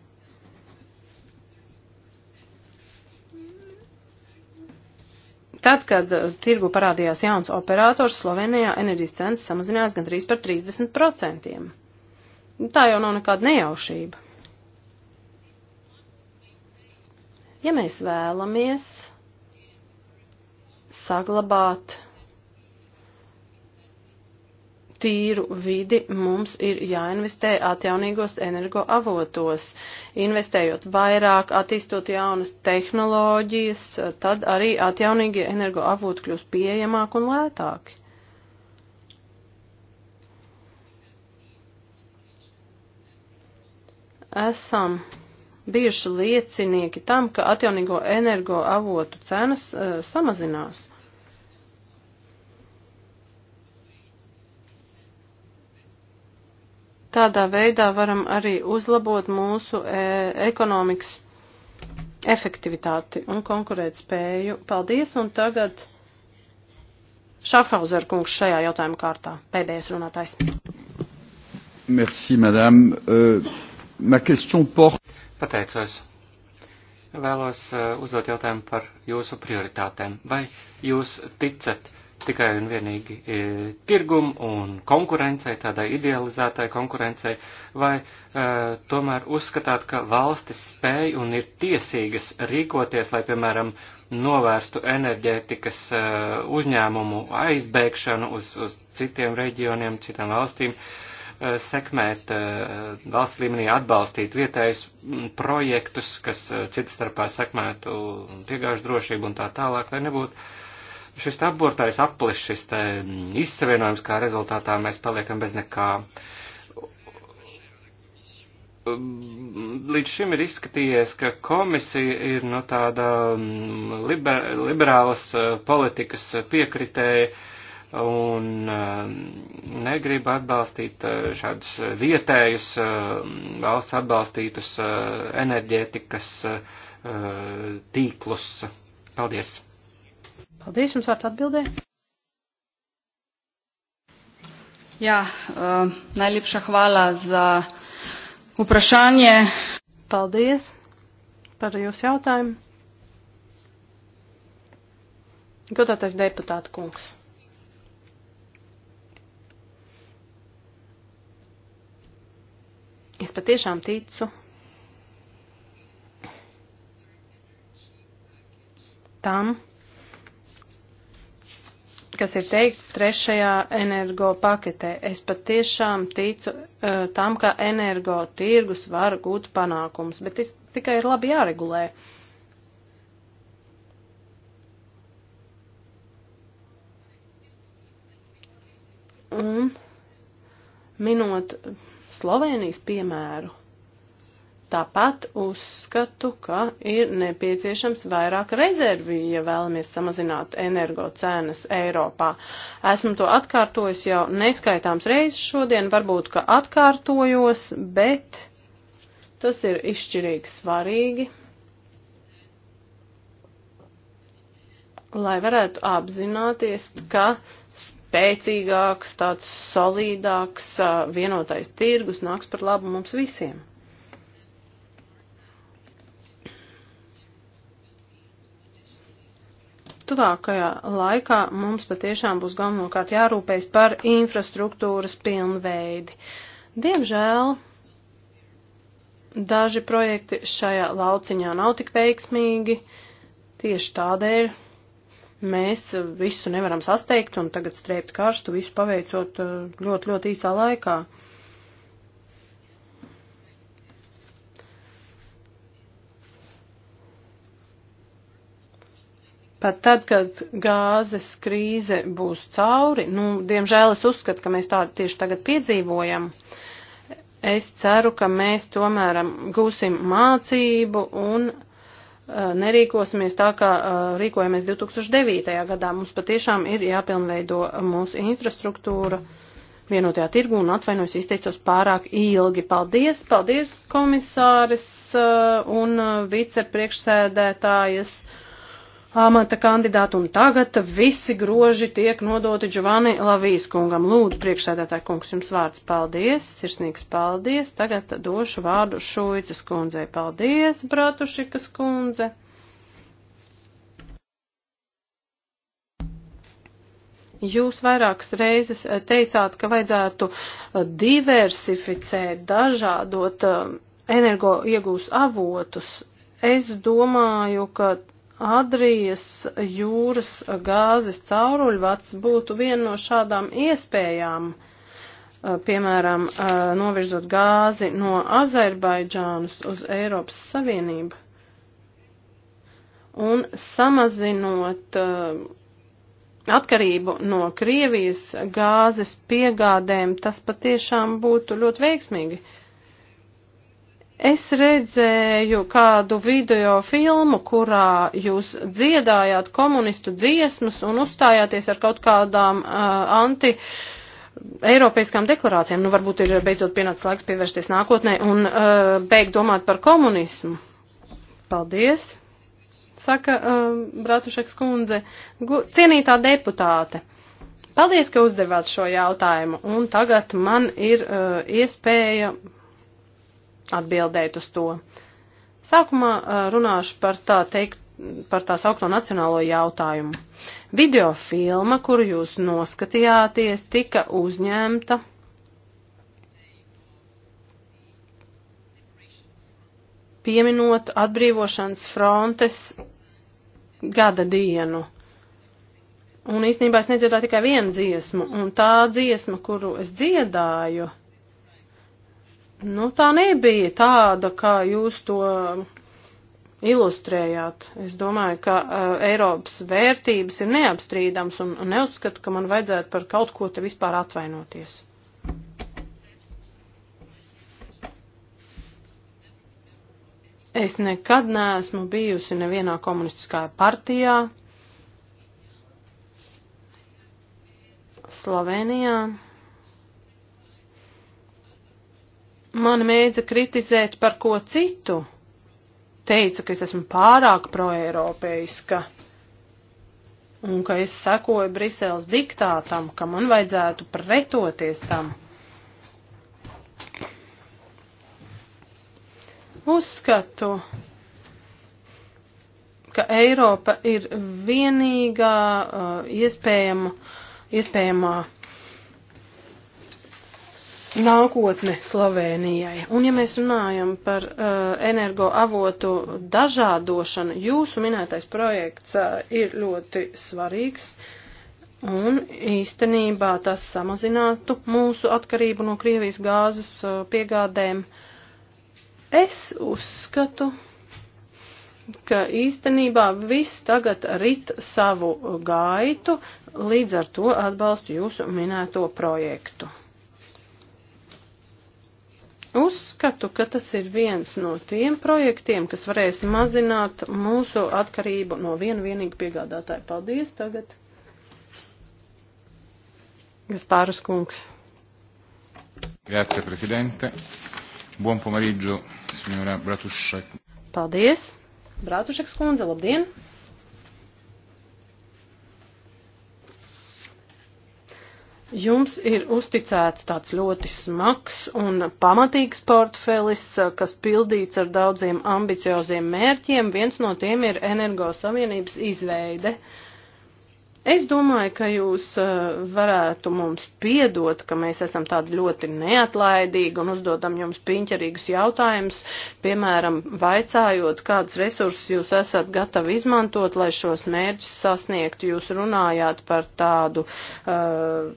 Tad, kad uh, tirgu parādījās jauns operators, Slovenijā enerģijas cenas samazinājās gandrīz par 30%. Nu, tā jau nav nekāda nejaušība. Ja mēs vēlamies saglabāt tīru vidi, mums ir jāinvestē atjaunīgos energoavotos. Investējot vairāk, attīstot jaunas tehnoloģijas, tad arī atjaunīgie energoavoti kļūs pieejamāk un lētāki. Esam bijuši liecinieki tam, ka atjaunīgo energoavotu cenas uh, samazinās. tādā veidā varam arī uzlabot mūsu e, ekonomikas efektivitāti un konkurēt spēju. Paldies, un tagad Šafhauser kungs šajā jautājuma kārtā, pēdējais runātājs. Merci, madame. Uh, ma question porte. Pateicos vēlos euh, uzdot jautājumu par jūsu prioritātēm. Vai jūs ticat tikai un vienīgi e, tirgumu un konkurencei, tādai idealizētai konkurencei, vai e, tomēr uzskatāt, ka valstis spēj un ir tiesīgas rīkoties, lai, piemēram, novērstu enerģētikas e, uzņēmumu aizbēgšanu uz, uz citiem reģioniem, citām valstīm, e, sekmēt e, valsts līmenī, atbalstīt vietējus projektus, kas e, citas starpā sekmētu piegāžu drošību un tā tālāk, lai nebūtu šis te apburtais aplis, šis te izsavienojums, kā rezultātā mēs paliekam bez nekā. Līdz šim ir izskatījies, ka komisija ir no nu, tāda mm, liber, liberālas eh, politikas piekritēja un eh, negrib atbalstīt eh, šādus vietējus valsts atbalstītus enerģētikas tīklus. Paldies! Paldies, jums vārds atbildē. Jā, uh, najlepša hvala za vprašanje. Paldies par jūsu jautājumu. Godātais deputāta kungs. Es patiešām ticu tam, kas ir teikt trešajā energo paketē. Es pat tiešām ticu uh, tam, ka energo tirgus var gūt panākums, bet tas tikai ir labi jāregulē. Un minot Slovenijas piemēru, Tāpat uzskatu, ka ir nepieciešams vairāk rezerviju, ja vēlamies samazināt energo cenas Eiropā. Esmu to atkārtojis jau neskaitāms reizes šodien, varbūt, ka atkārtojos, bet tas ir izšķirīgi svarīgi, lai varētu apzināties, ka spēcīgāks, tāds solīdāks vienotais tirgus nāks par labu mums visiem. Tuvākajā laikā mums patiešām būs galvenokārt jārūpējas par infrastruktūras pilnveidi. Diemžēl daži projekti šajā lauciņā nav tik veiksmīgi, tieši tādēļ mēs visu nevaram sasteigt un tagad strēpt karstu, visu paveicot eh, ļoti, ļoti īsā laikā. Pat tad, kad gāzes krīze būs cauri, nu, diemžēl es uzskatu, ka mēs tādu tieši tagad piedzīvojam, es ceru, ka mēs tomēr um, gūsim mācību un uh, nerīkosimies tā, kā uh, rīkojamies 2009. gadā. Mums patiešām ir jāpilnveido mūsu infrastruktūra vienotajā tirgu un atvainojos izteicos pārāk ilgi. Paldies, paldies komisāris uh, un vicepriekšsēdētājas amata kandidātu, un tagad visi groži tiek nodoti Giovanni Lavijas kungam. Lūdzu, priekšsēdētāji kungs, jums vārds paldies, sirsnīgs paldies. Tagad došu vārdu Šuicas kundzei. Paldies, Bratušikas kundze. Jūs vairākas reizes eh, teicāt, ka vajadzētu eh, diversificēt, dažādot eh, energo iegūs avotus. Es domāju, ka Adrijas jūras gāzes cauruļvats būtu viena no šādām iespējām, eh, piemēram, eh, novirzot gāzi no Azerbaidžānas uz Eiropas Savienību un samazinot eh, atkarību no Krievijas gāzes piegādēm, tas patiešām būtu ļoti veiksmīgi. Es redzēju kādu video filmu, kurā jūs dziedājāt komunistu dziesmas un uzstājāties ar kaut kādām uh, anti. Eiropeiskām deklarācijām, nu varbūt ir beidzot pienācis laiks pievērsties nākotnē un uh, beigt domāt par komunismu. Paldies, saka uh, Bratušeks kundze, Gu cienītā deputāte. Paldies, ka uzdevāt šo jautājumu, un tagad man ir uh, iespēja atbildēt uz to. Sākumā runāšu par tā teikt, par tās augto nacionālo jautājumu. Video filma, kuru jūs noskatījāties, tika uzņemta pieminot atbrīvošanas frontes gada dienu. Un īstenībā es nedziedāju tikai vienu dziesmu, un tā dziesma, kuru es dziedāju, Nu, tā nebija tāda, kā jūs to ilustrējāt. Es domāju, ka uh, Eiropas vērtības ir neapstrīdams un, un neuzskatu, ka man vajadzētu par kaut ko te vispār atvainoties. Es nekad neesmu bijusi nevienā komunistiskajā partijā. Slovenijā. mani mēdza kritizēt par ko citu. Teica, ka es esmu pārāk proeiropeiska un ka es sekoju Briseles diktātam, ka man vajadzētu pretoties tam. Uzskatu, ka Eiropa ir vienīgā uh, iespējama, iespējamā nākotne Slovenijai. Un ja mēs runājam par uh, energoavotu dažādošanu, jūsu minētais projekts uh, ir ļoti svarīgs. Un īstenībā tas samazinātu mūsu atkarību no Krievijas gāzes uh, piegādēm. Es uzskatu, ka īstenībā viss tagad rit savu gaitu, līdz ar to atbalstu jūsu minēto projektu. Uzskatu, ka tas ir viens no tiem projektiem, kas varēs mazināt mūsu atkarību no viena vienīga piegādātāja. Paldies tagad. Gaspāras kungs. Grazie, prezidente. Buon pomeriggio, signora Bratušek. Paldies. Bratušeks kundze, labdien. Jums ir uzticēts tāds ļoti smags un pamatīgs portfelis, kas pildīts ar daudziem ambicioziem mērķiem. Viens no tiem ir energosavienības izveide. Uh, Es domāju, ka jūs eh, varētu mums piedot, ka mēs esam tādi ļoti neatlaidīgi un uzdodam jums piņķerīgus jautājumus, piemēram, vaicājot, kādus resursus jūs esat gatavi izmantot, lai šos mērķus sasniegtu. Jūs runājāt par tādu uh,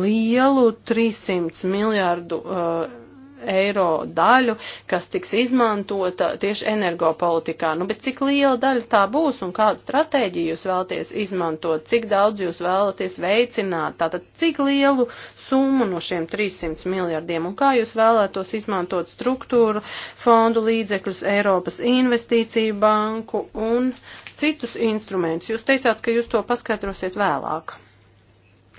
lielu 300 miljārdu. Uh, eiro daļu, kas tiks izmantota tieši energopolitikā. Nu, bet cik liela daļa tā būs un kādu stratēģiju jūs vēlaties izmantot, cik daudz jūs vēlaties veicināt, tātad cik lielu summu no šiem 300 miljardiem un kā jūs vēlētos izmantot struktūru, fondu līdzekļus, Eiropas investīciju banku un citus instrumentus. Jūs teicāt, ka jūs to paskaidrosiet vēlāk.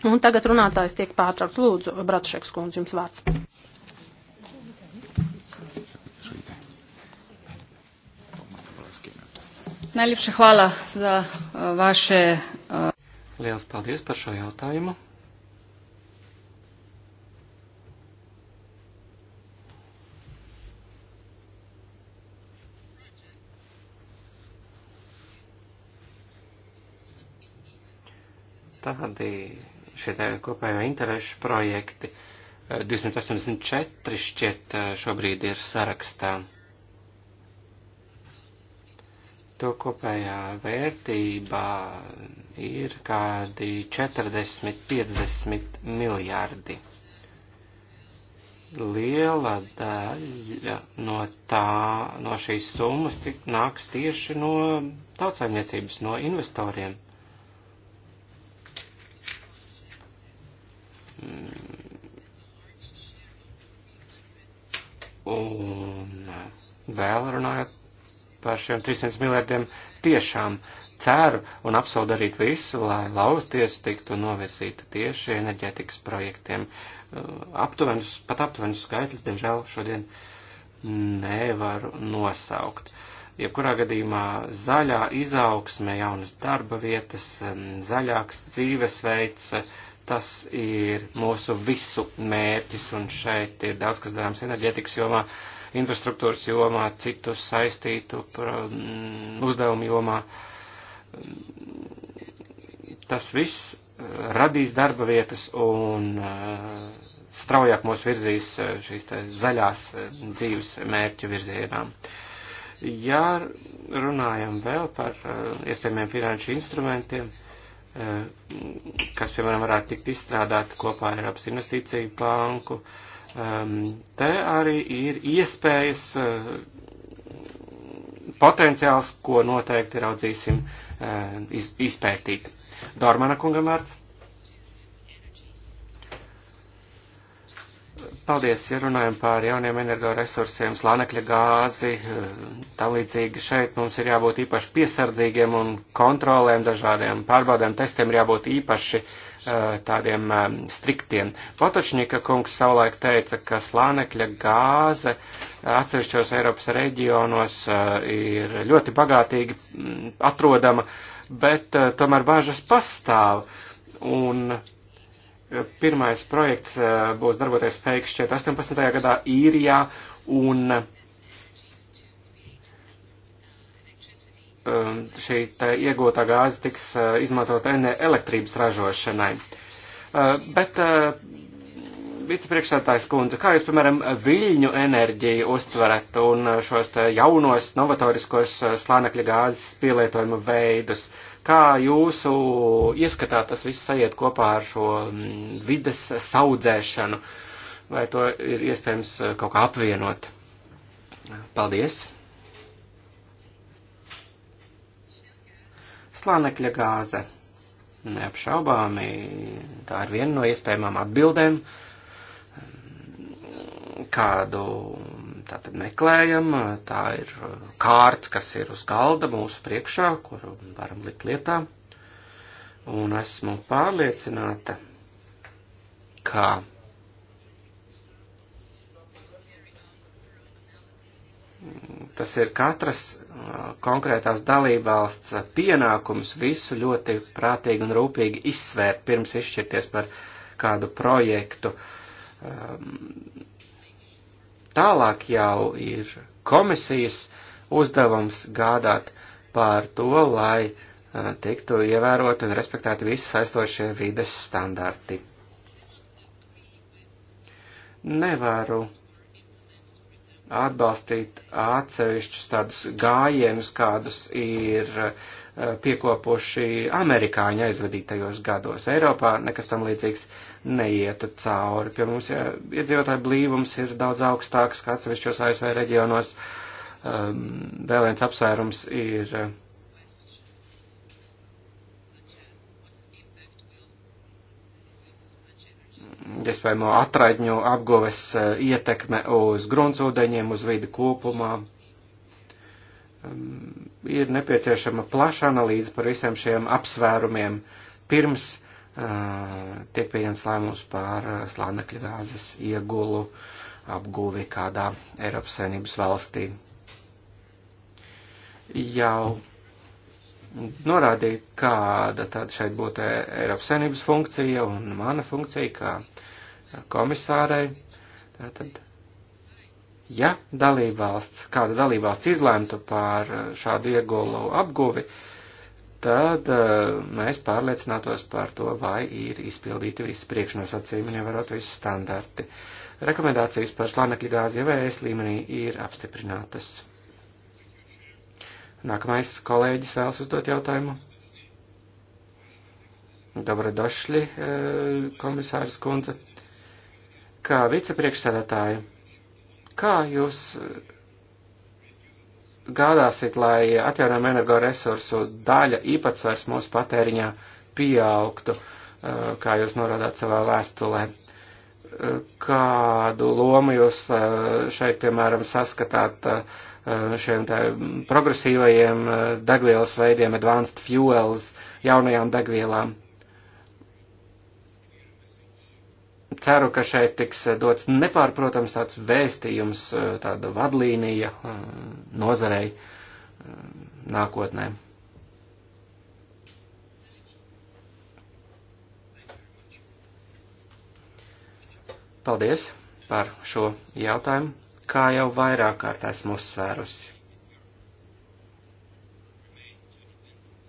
Un tagad runātājs tiek pārtraukts. Lūdzu, Bratšeks kundze, jums vārds. Najlepša hvala za eh, vaše. Eh, Liels paldies par šo jautājumu. Tādi šie kopējo interešu projekti eh, 284 šķiet šobrīd ir sarakstā to kopējā vērtībā ir kādi 40-50 miljardi. Liela daļa no, tā, no šīs summas tik, nāks tieši no tautsājumniecības, no investoriem. Un vēl runājot par šiem 300 miljardiem tiešām ceru un apsolu darīt visu, lai lauzties tiktu novirzīta tieši enerģētikas projektiem. Uh, aptuvenus, pat aptuvenus skaitļus, diemžēl, šodien nevaru nosaukt. Jebkurā gadījumā zaļā izaugsme, jaunas darba vietas, um, zaļāks dzīvesveids, tas ir mūsu visu mērķis, un šeit ir daudz, kas darāms enerģētikas jomā. Uh, infrastruktūras jomā, citu saistītu mm, uzdevumu jomā. Tas viss eh, radīs darba vietas un eh, straujāk mūs virzīs eh, šīs zaļās dzīves mērķu virzienām. Ja runājam vēl par iespējamiem finanšu instrumentiem, kas, piemēram, varētu tikt izstrādāti kopā ar Eiropas investīciju banku, uh, Um, te arī ir iespējas, uh, potenciāls, ko noteikti raudzīsim uh, iz, izpētīt. Dormana kungam vārds. Paldies, ja runājam par jauniem energoresursiem, slānekļa gāzi, eh, tālīdzīgi šeit mums ir jābūt īpaši piesardzīgiem un kontrolēm dažādiem pārbaudēm, testiem ir jābūt īpaši uh, Eh, tādiem eh, striktiem. Potočņika kungs savulaik teica, ka slānekļa gāze atsevišķos Eiropas reģionos eh, ir ļoti bagātīgi mm, atrodama, bet tomēr bažas pastāv. Un pirmais projekts būs darboties spējīgs šķiet 18. gadā īrijā, un Um, šī iegūtā gāze tiks uh, izmantot elektrības ražošanai. Uh, bet uh, vicepriekšsētājs kundze, kā jūs, piemēram, viļņu enerģiju uztverat un šos jaunos, novatoriskos slānekļa gāzes pielietojuma veidus? Kā jūsu ieskatā tas viss aiziet kopā ar šo mm, vides saudzēšanu? Vai to ir iespējams kaut kā apvienot? Paldies! slānekļa gāze. Neapšaubāmi tā ir viena no iespējamām atbildēm, kādu tātad meklējam, tā ir kārts, kas ir uz galda mūsu priekšā, kuru varam likt lietā. Un esmu pārliecināta, ka tas ir katras uh, konkrētās dalībvalsts uh, pienākums visu ļoti prātīgi un rūpīgi izsvērt pirms izšķirties par kādu projektu. Um, tālāk jau ir komisijas uzdevums gādāt par to, lai uh, tiktu ievērot un respektēti visi saistošie vides standarti. Nevaru atbalstīt atsevišķus tādus gājienus, kādus ir eh, piekopoši amerikāņi aizvadītajos gados. Eiropā nekas tam līdzīgs neietu cauri. Pie mums ja, iedzīvotāju blīvums ir daudz augstāks kā atsevišķos ASV reģionos. Um, vēl viens apsvērums ir. Uh, iespējamo atraidņu apgoves eh, ietekme uz gruntsūdeņiem, uz vidi kopumā. Um, ir nepieciešama plaša analīze par visiem šiem apsvērumiem pirms eh, tiek pieņemts lēmums par eh, slānekļa gāzes iegulu apguvi kādā Eiropas Savienības valstī. Jau norādīja, kāda tad šeit būtu Eiropas Savienības funkcija un mana funkcija, kā komisārei. Tātad, ja dalībvalsts, kāda dalībvalsts izlemtu pār eh, šādu iegulu apguvi, tad uh, mēs pārliecinātos par to, vai ir izpildīti visi priekšnosacījumi, nevarot visi standarti. Rekomendācijas par slānekļa gāzi EVS līmenī ir apstiprinātas. Nākamais kolēģis vēlas uzdot jautājumu. Dobra Došļi, eh, komisārs kundze kā vicepriekšsēdētāji, kā jūs eh, gādāsiet, lai atjaunojama energoresursu daļa īpatsvars mūsu patēriņā pieaugtu, eh, kā jūs norādāt savā vēstulē? Eh, kādu lomu jūs šeit, piemēram, saskatāt šiem tā progresīvajiem degvielas veidiem, advanced fuels, jaunajām degvielām? ceru, ka šeit tiks eh, dots nepārprotams tāds vēstījums, eh, tāda vadlīnija eh, nozarei nākotnē. Paldies par šo jautājumu, kā jau vairāk kārt esmu uzsvērusi.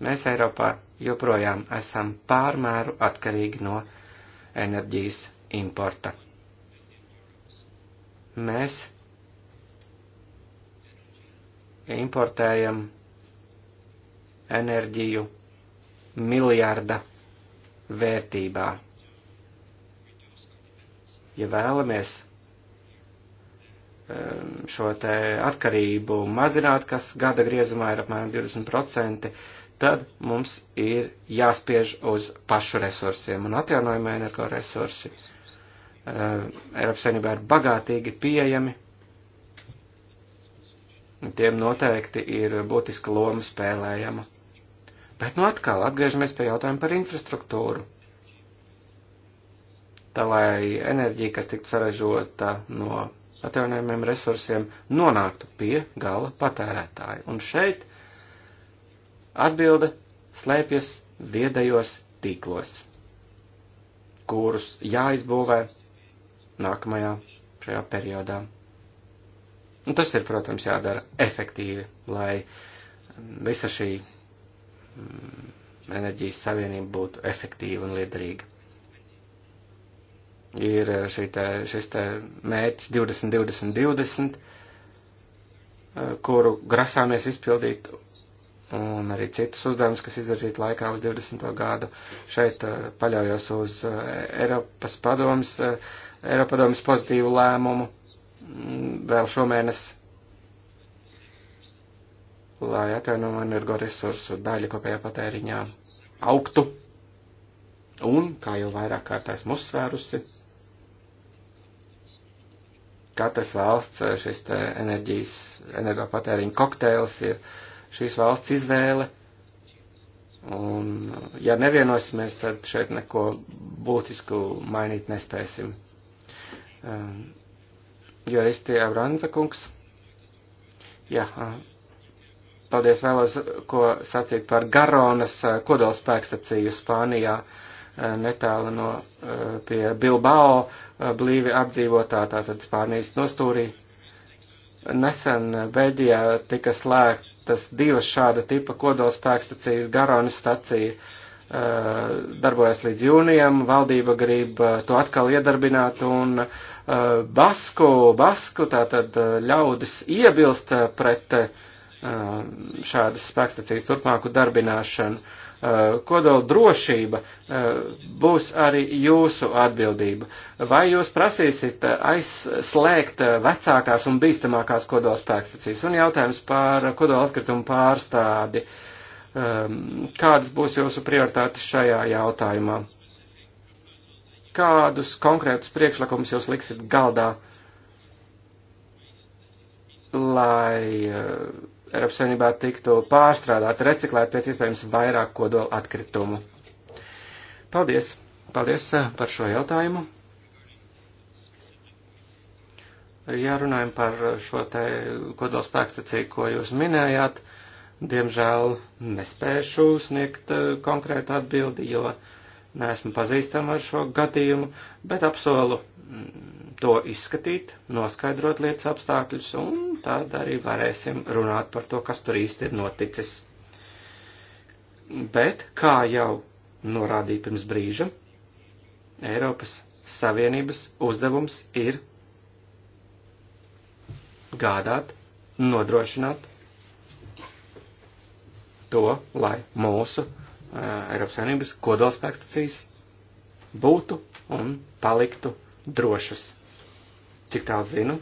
Mēs Eiropā joprojām esam pārmēru atkarīgi no enerģijas importa. Mēs importējam enerģiju miljarda vērtībā. Ja vēlamies um, šo te atkarību mazināt, kas gada griezumā ir apmēram 20%, tad mums ir jāspiež uz pašu resursiem un atjaunojumā energoresursi. resursi Eh, Eiropas saimnībā ir bagātīgi pieejami. Tiem noteikti ir būtiska loma spēlējama. Bet nu atkal atgriežamies pie jautājuma par infrastruktūru. Tā lai enerģija, kas tiktu saražota no atjaunojumiem resursiem, nonāktu pie gala patērētāja. Un šeit atbilde slēpjas viedajos tīklos, kurus jāizbūvē nākamajā šajā periodā. Un tas ir, protams, jādara efektīvi, lai visa šī mm, enerģijas savienība būtu efektīva un liederīga. Ir eh, te, šis te mērķis 20-20-20, eh, kuru grasāmies izpildīt, un arī citus uzdevumus, kas izvirzīti laikā uz 20. gadu. Šeit eh, paļaujos uz Eiropas padomas. Uh, Eiropadomas pozitīvu lēmumu mm, vēl šomēnes, lai atjaunojumu energoresursu daļa kopējā patēriņā augtu. Un, kā jau vairāk kārt esmu uzsvērusi, katras valsts šis te enerģijas, energopatēriņa kokteils ir šīs valsts izvēle. Un, ja nevienosimies, tad šeit neko būtisku mainīt nespēsim. Ehm, jo es tie Avranza kungs. Jā, paldies vēlos, ko sacīt par Garonas kodolspēkstaciju Spānijā netālu no pie Bilbao blīvi apdzīvotā, tātad Spānijas nostūrī. Nesen Beļģijā tika slēgtas divas šāda tipa kodolspēkstacijas Garonas stacija. Uh, Eh, darbojas līdz jūnijam, valdība grib eh, to atkal iedarbināt un eh, Basku, Basku tātad ļaudis iebilst pret šādas spēkstacijas turpmāku darbināšanu. Kodola drošība būs arī jūsu atbildība. Vai jūs prasīsit aizslēgt vecākās un bīstamākās kodola spēkstacijas? Un jautājums par kodola atkritumu pārstādi. Uh, Um, kādas būs jūsu prioritātes šajā jautājumā? Kādus konkrētus priekšlikumus jūs liksit galdā, lai uh, Eiropas Savienībā tiktu pārstrādāt, reciklēt pēc iespējams vairāk kodolu atkritumu? Paldies! Paldies uh, par šo jautājumu! ja runājam par šo te kodolspēkstaciju, ko jūs minējāt, uh, diemžēl nespēšu sniegt eh, konkrētu atbildi, jo neesmu pazīstama ar šo gadījumu, bet apsolu mm, to izskatīt, noskaidrot lietas apstākļus, un tad arī varēsim runāt par to, kas tur īsti ir noticis. Bet, kā jau norādīja pirms brīža, Eiropas Savienības uzdevums ir gādāt, nodrošināt to, lai mūsu uh, Eiropas Savienības kodolspēkstacijas būtu un paliktu drošas. Cik tā zinu,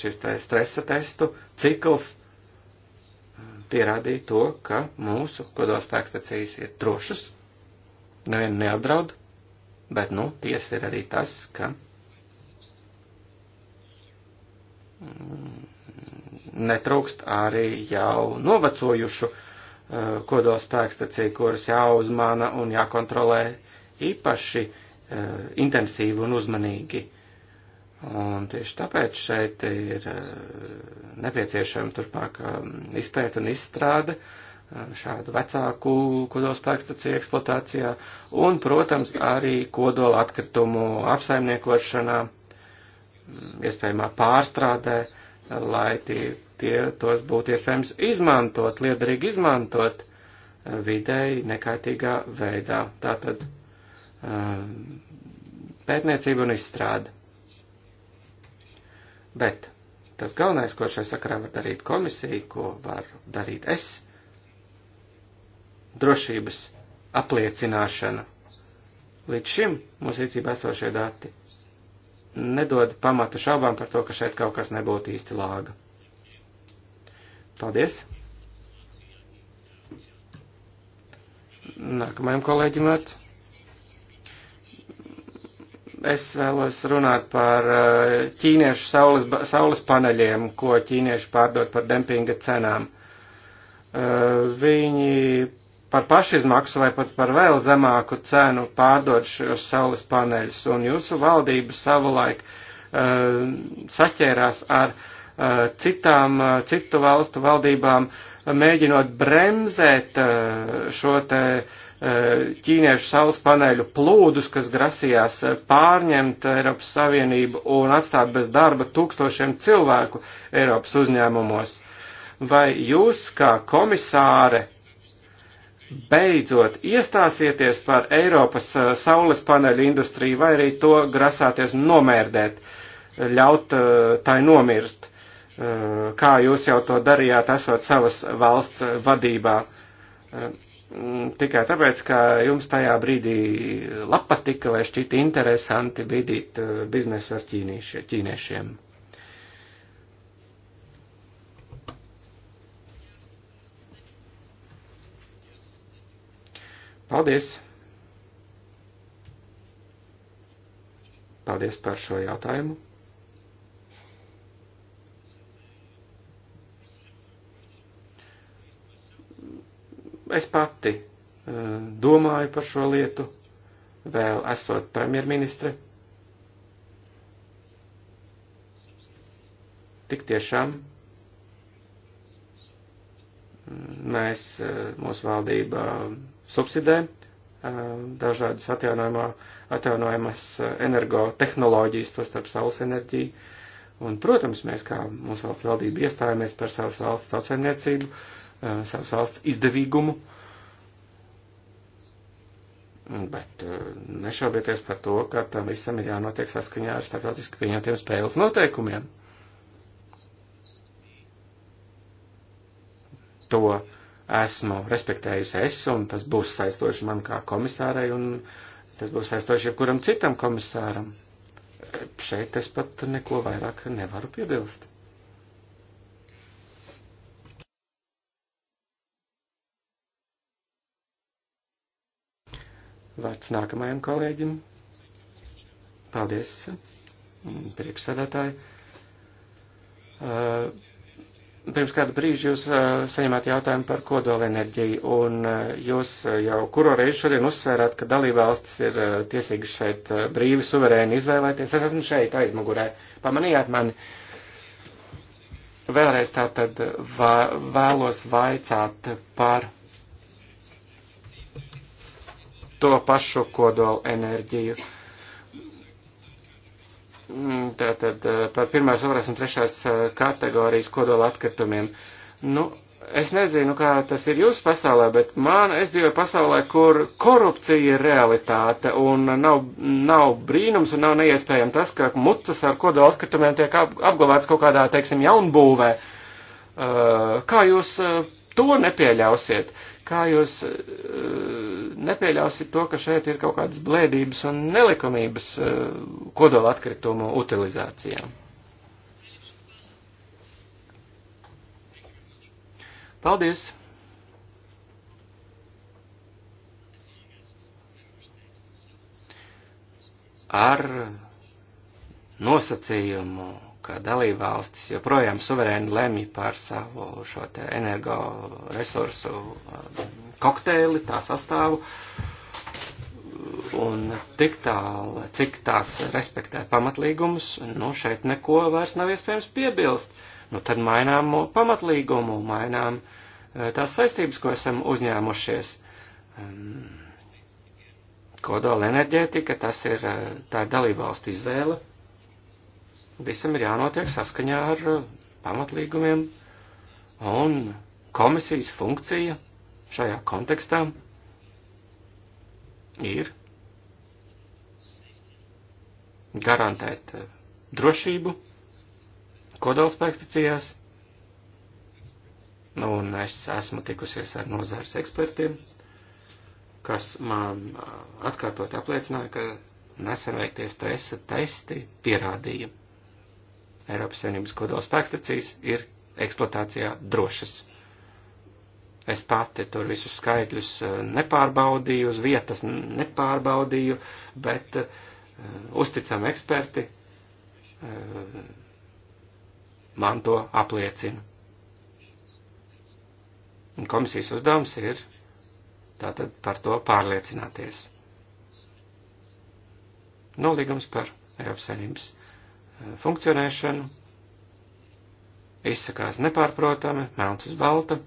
šis te stresa testu cikls pierādīja to, ka mūsu kodolspēkstacijas ir drošas, nevienu neapdraud, bet, nu, tiesa ir arī tas, ka. Mm, netrūkst arī jau novecojušu eh, kodolspēkstaciju, kuras jāuzmana un jākontrolē īpaši eh, intensīvi un uzmanīgi. Un tieši tāpēc šeit ir eh, nepieciešama turpmāk izpēta un izstrāde šādu vecāku kodolspēkstaciju eksploatācijā un, protams, arī kodola atkritumu apsaimniekošanā, mm, iespējamā pārstrādē lai tie, tie tos būtu iespējams izmantot, liederīgi izmantot eh, videi nekaitīgā veidā. Tātad eh, pētniecība un izstrāde. Bet tas galvenais, ko šai sakarā var darīt komisija, ko var darīt es, drošības apliecināšana. Līdz šim mūsu rīcībā esošie dati nedod pamatu šaubām par to, ka šeit kaut kas nebūtu īsti lāga. Paldies! Nākamajam kolēģim vārds. Es vēlos runāt par uh, ķīniešu saules, saules paneļiem, ko ķīnieši pārdod par dempinga cenām. Uh, viņi par pašizmaksu vai pat par vēl zemāku cenu pārdod šos saules paneļus, un jūsu valdība savulaik uh, saķērās ar uh, citām, uh, citu valstu valdībām, mēģinot bremzēt šo te ķīniešu saules paneļu plūdus, kas grasījās pārņemt Eiropas Savienību un atstāt bez darba tūkstošiem cilvēku Eiropas uzņēmumos. Vai jūs, kā komisāre, beidzot iestāsieties par Eiropas uh, saules paneļu industriju vai arī to grasāties nomērdēt, ļaut uh, tai nomirst, uh, kā jūs jau to darījāt, esot savas valsts vadībā. Tikai tāpēc, ka jums tajā brīdī lapa tika vai šķita interesanti bidīt biznesu ar ķīniešiem. Paldies! Paldies par šo jautājumu. Es pati eh, domāju par šo lietu, vēl esot premjerministre. Tik tiešām mm, mēs, eh, mūsu valdība, subsidē dažādas atjaunojamas energotehnoloģijas, to starp saules enerģiju. Un, protams, mēs kā mūsu valsts valdība iestājāmies par savas valsts tautsaimniecību, savas valsts izdevīgumu, bet nešaubieties par to, ka tam visam ir jānotiek saskaņā ar starptautiski pieņemtiem spēles noteikumiem. To esmu respektējusi es, un tas būs saistoši man kā komisārai, un tas būs saistoši jebkuram citam komisāram. Šeit es pat neko vairāk nevaru piebilst. Vārds nākamajam kolēģim. Paldies, priekšsēdētāji. Uh, Pirms kāda brīža jūs uh, saņemāt jautājumu par kodolenerģiju, un uh, jūs eh, jau kuro reizi šodien uzsvērāt, ka dalībvalstis ir uh, tiesīgi šeit uh, brīvi, suverēni izvēlēties. Es esmu šeit aizmugurē. Pamanījāt mani? Vēlreiz tā tad vēlos vaicāt par to pašu kodolenerģiju. enerģiju Mm, tātad eh, par pirmās, otrās un trešās eh, kategorijas kodola atkritumiem. Nu, es nezinu, kā tas ir jūsu pasaulē, bet man, es dzīvoju pasaulē, kur korupcija ir realitāte un nav, nav brīnums un nav neiespējami tas, ka mucas ar kodola atkritumiem tiek ap, apglabāts kaut kādā, teiksim, jaunbūvē. Eh, kā jūs to nepieļausiet? kā jūs eh, nepieļausiet to, ka šeit ir kaut kādas blēdības un nelikumības eh, kodola atkritumu utilizācijā? Paldies! Ar nosacījumu ka dalībvalstis joprojām suverēni lemj par savu šo te energoresursu um, kokteili, tā sastāvu, un tik tālu, cik tās respektē pamatlīgumus, nu šeit neko vairs nav iespējams piebilst. Nu tad mainām pamatlīgumu, mainām uh, tās saistības, ko esam uzņēmušies. Um, Kodola enerģētika, tas ir, uh, tā ir dalībvalstu izvēle visam ir jānotiek saskaņā ar uh, pamatlīgumiem, un komisijas funkcija šajā kontekstā ir garantēt uh, drošību kodolspēkstacijās, un es esmu tikusies ar nozars ekspertiem, kas man uh, atkārtot apliecināja, ka nesen veikties stresa testi pierādīja, Eiropas Savienības kodola spēkstacijas ir eksploatācijā drošas. Es pati tur visus skaitļus eh, nepārbaudīju, uz vietas nepārbaudīju, bet uh, uzticami eksperti uh, man to apliecina. Un komisijas uzdevums ir tātad par to pārliecināties. Nolīgums par Eiropas Savienības funkcionēšanu, izsakās nepārprotami, melns uz balta,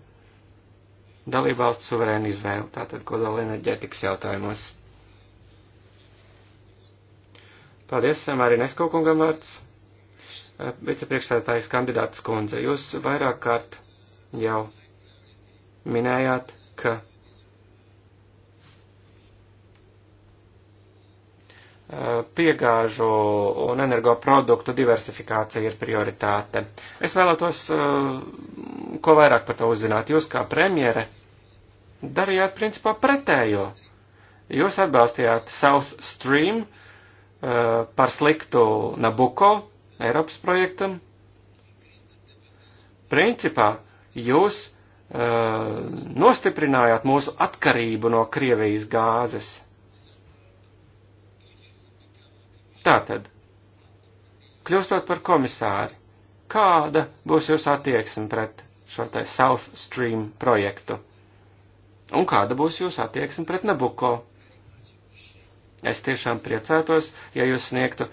dalībvalsts suverēna izvēle, tātad kodola enerģētikas jautājumos. Paldies, Marinesko kungam vārds. Eh, vicepriekšsēdētājs kandidāts kundze, jūs vairāk kārt jau minējāt, ka piegāžu un energoproduktu diversifikācija ir prioritāte. Es vēlētos, eh, ko vairāk par to uzzināt. Jūs kā premjere darījāt principā pretējo. Jūs atbalstījāt South Stream eh, par sliktu Nabuko Eiropas projektam. Principā jūs eh, nostiprinājāt mūsu atkarību no Krievijas gāzes. Tātad, kļūstot par komisāri, kāda būs jūsu attieksme pret šo te South Stream projektu? Un kāda būs jūsu attieksme pret Nabuko? Es tiešām priecētos, ja jūs sniegtu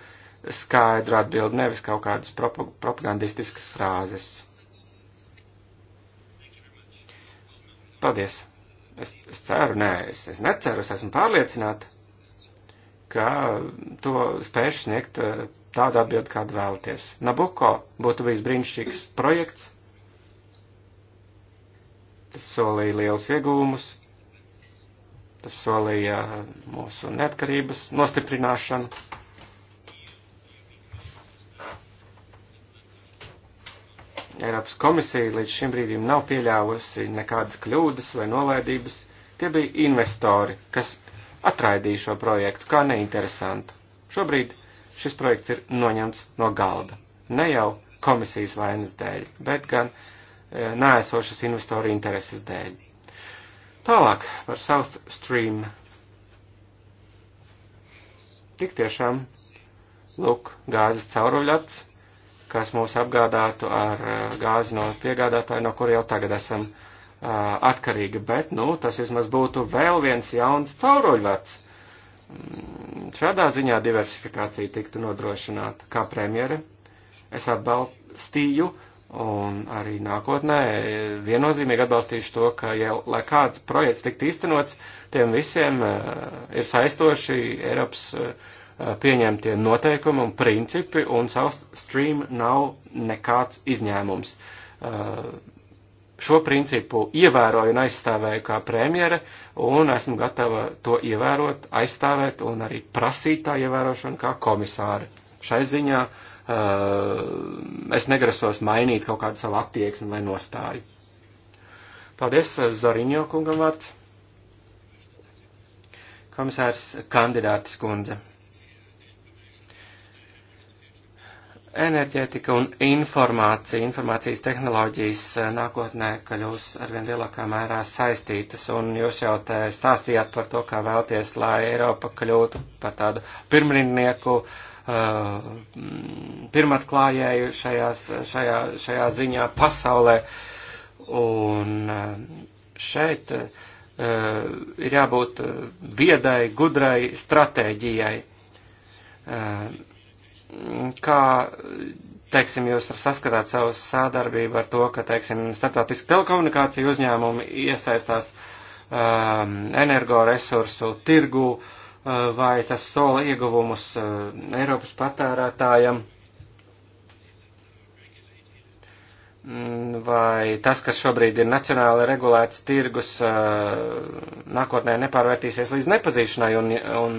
skaidru atbildi, nevis kaut kādas propagandistiskas frāzes. Paldies. Es, es ceru, nē, es, es neceru, es esmu pārliecināta ka to spēš sniegt eh, tādu atbildi, kādu vēlaties. Nabuko būtu bijis brīnišķīgs projekts, tas solīja liels iegūmus, tas solīja eh, mūsu neatkarības nostiprināšanu. Eiropas komisija līdz šim brīdim nav pieļāvusi nekādas kļūdas vai nolaidības. Tie bija investori, kas atraidīju šo projektu kā neinteresantu. Šobrīd šis projekts ir noņemts no galda. Ne jau komisijas vainas dēļ, bet gan e, nēsošas investoru intereses dēļ. Tālāk par South Stream. Tik tiešām, lūk, gāzes cauruļats, kas mūs apgādātu ar e, gāzi no piegādātāja, no kur jau tagad esam uh, atkarīga, bet, nu, tas vismaz būtu vēl viens jauns cauruļvats. Mm, šādā ziņā diversifikācija tiktu nodrošināta kā premjere. Es atbalstīju un arī nākotnē viennozīmīgi atbalstīšu to, ka, ja lai kāds projekts tiktu īstenots, tiem visiem ir saistoši Eiropas pieņemtie noteikumi un principi, un South Stream nav nekāds izņēmums šo principu ievēroju un aizstāvēju kā premjere, un esmu gatava to ievērot, aizstāvēt un arī prasīt tā ievērošanu kā komisāri. Šai ziņā uh, es negrasos mainīt kaut kādu savu attieksmi vai nostāju. Paldies, eh, Zoriņo kungam vārds. Komisārs kandidātis kundze. Enerģētika un informācija, informācijas tehnoloģijas eh, nākotnē kļūs arvien lielākā mērā saistītas, un jūs jau te stāstījāt par to, kā vēlties, lai Eiropa kļūtu par tādu pirmrinnieku, eh, pirmatklājēju šajās, šajā, šajā ziņā pasaulē, un eh, šeit ir jābūt viedai, gudrai stratēģijai kā, teiksim, jūs saskatāt savu sādarbību ar to, ka, teiksim, starptautiski telekomunikāciju uzņēmumi iesaistās um, energoresursu tirgu uh, vai tas sola ieguvumus uh, Eiropas patērētājiem? Mm, vai tas, kas šobrīd ir nacionāli regulēts tirgus, uh, nākotnē nepārvērtīsies līdz nepazīšanai un, un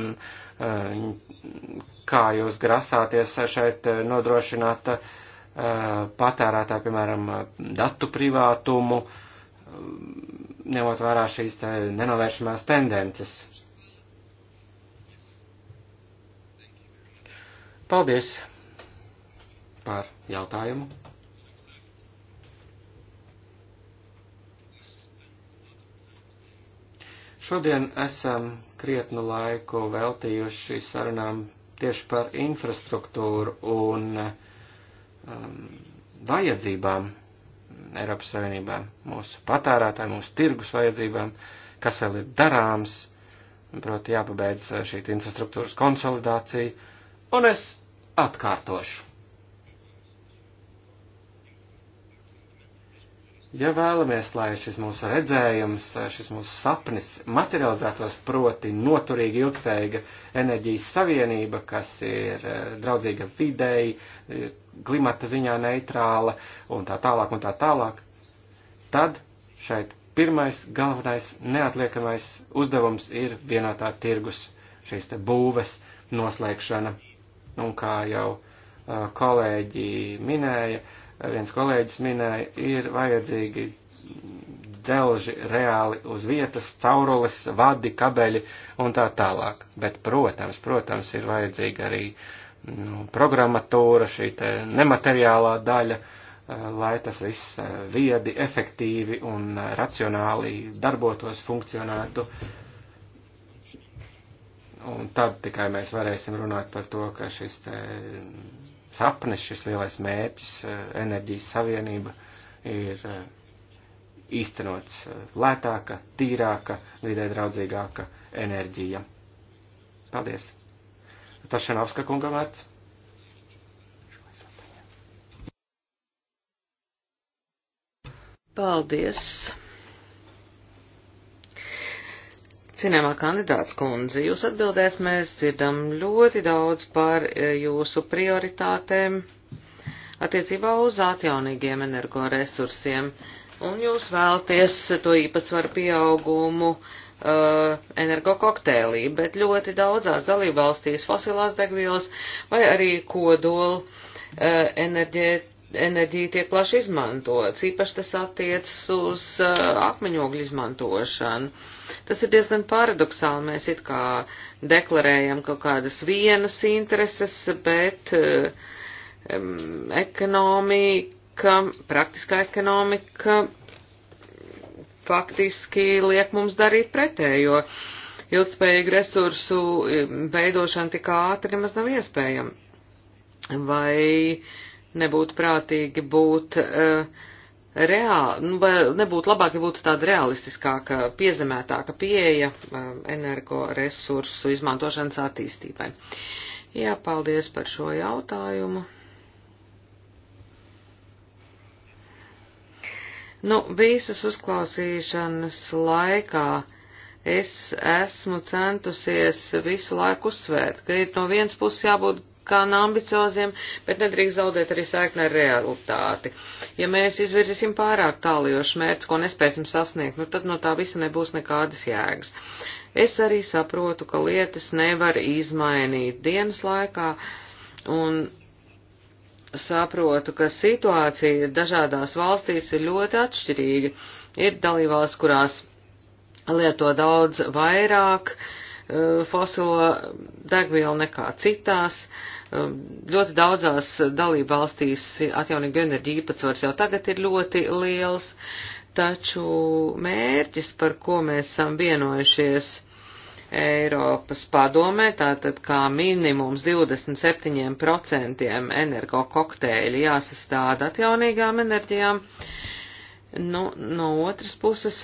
uh, kā jūs grasāties šeit nodrošināt eh, patērētāju, piemēram, datu privātumu, ņemot vērā šīs te nenovēršamās tendences. Paldies par jautājumu. Šodien esam krietnu laiku veltījuši sarunām tieši par infrastruktūru un um, vajadzībām Eiropas Savienībā, mūsu patērētāju, mūsu tirgus vajadzībām, kas vēl ir darāms, proti jāpabeidz šī infrastruktūras konsolidācija, un es atkārtošu. Ja vēlamies, lai šis mūsu redzējums, šis mūsu sapnis materializētos proti noturīga ilgteiga enerģijas savienība, kas ir eh, draudzīga videi, eh, klimata ziņā neitrāla un tā tālāk un tā tālāk, tad šeit pirmais galvenais neatliekamais uzdevums ir vienotā tirgus, šīs te būves noslēgšana. Un kā jau eh, kolēģi minēja, viens kolēģis minēja, ir vajadzīgi dzelži reāli uz vietas, caurules, vadi, kabeļi un tā tālāk. Bet, protams, protams, ir vajadzīga arī nu, programmatūra, šī nemateriālā daļa, eh, lai tas viss eh, viedi, efektīvi un eh, racionāli darbotos, funkcionētu. Un tad tikai mēs varēsim runāt par to, ka šis te sapnis, šis lielais mērķis, eh, enerģijas savienība ir eh, īstenots eh, lētāka, tīrāka, vidē draudzīgāka enerģija. Paldies! Tašanovska kungam vērts. Paldies! Cienējamā kandidāts kundze, jūs atbildēs mēs dzirdam ļoti daudz par e, jūsu prioritātēm attiecībā uz atjaunīgiem energoresursiem, un jūs vēlties to īpatsvaru pieaugumu uh, energokokteilī, bet ļoti daudzās dalībvalstīs fosilās degvielas vai arī kodola uh, e, enerģēt enerģija tiek plaši izmantots, īpaši tas attiecas uz uh, akmeņogļu izmantošanu. Tas ir diezgan paradoxāli, mēs it kā deklarējam kaut kādas vienas intereses, bet uh, um, ekonomika, praktiskā ekonomika faktiski liek mums darīt pretējo. Ilgspējīgu resursu um, veidošana tik ātri nemaz nav iespējama. Vai uh, nebūtu prātīgi būt uh, eh, reāli, nu, vai nebūtu labāk, ja būtu tāda realistiskāka, piezemētāka pieeja uh, energoresursu izmantošanas attīstībai. Jā, paldies par šo jautājumu. Nu, visas uzklausīšanas laikā es esmu centusies visu laiku uzsvērt, ka ir no vienas puses jābūt gan ambicioziem, bet nedrīkst zaudēt arī sēkni ar realitāti. Ja mēs izvirzīsim pārāk tālijošu mērķu, ko nespēsim sasniegt, nu tad no tā visa nebūs nekādas jēgas. Es arī saprotu, ka lietas nevar izmainīt dienas laikā, un saprotu, ka situācija dažādās valstīs ir ļoti atšķirīga. Ir dalībās, kurās lieto daudz vairāk Eh, fosilo degvielu nekā citās. Eh, ļoti daudzās dalība valstīs atjaunīga enerģija īpatsvars jau tagad ir ļoti liels, taču mērķis, par ko mēs esam vienojušies Eiropas padomē, tātad kā minimums 27% energo kokteļi jāsastāda atjaunīgām enerģijām, nu, no otras puses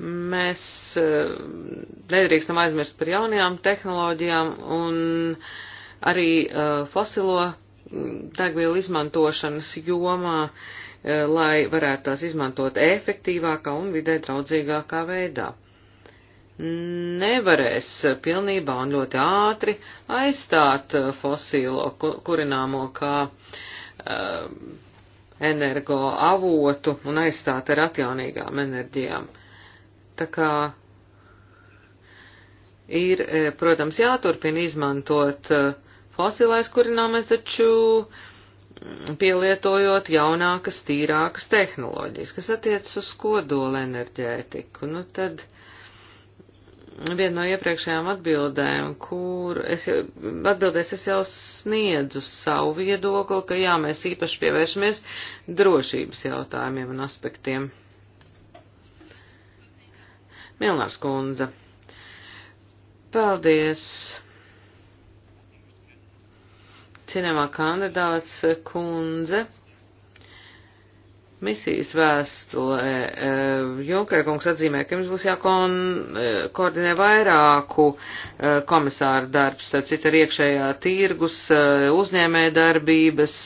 Mēs e, nedrīkstam aizmirst par jaunajām tehnoloģijām un arī e, fosilo degvielu izmantošanas jomā, e, lai varētu tās izmantot efektīvākā un vidē draudzīgākā veidā. Nevarēs pilnībā un ļoti ātri aizstāt fosīlo kurināmo kā energo avotu un aizstāt ar atjaunīgām enerģijām. Tā kā ir, e, protams, jāturpina izmantot e, fosilais kurināmais, taču mm, pielietojot jaunākas, tīrākas tehnoloģijas, kas attiecas uz kodola enerģētiku. Nu, tad mm, viena no iepriekšējām atbildēm, kur es jau, atbildēs es jau sniedzu savu viedokli, ka jā, mēs īpaši pievēršamies drošības jautājumiem un aspektiem. Milnārs kundze. Paldies. Cinemā kandidāts kundze. Misijas vēstulē eh, Junkerkungs atzīmē, ka jums būs jākoordinē eh, vairāku eh, komisāru darbs, cita ir iekšējā tirgus, uzņēmē darbības,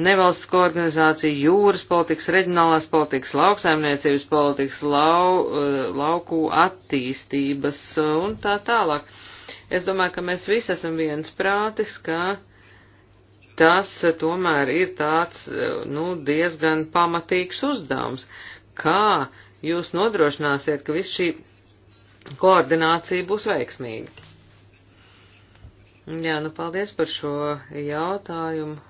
nevalstisko organizāciju, jūras politikas, reģionālās politikas, lauksaimniecības politikas, lau, eh, lauku attīstības eh, un tā tālāk. Es domāju, ka mēs visi esam viens prātis, ka tas eh, tomēr ir tāds, nu, diezgan pamatīgs uzdevums. Kā jūs nodrošināsiet, ka viss šī koordinācija būs veiksmīga? Jā, nu paldies par šo jautājumu.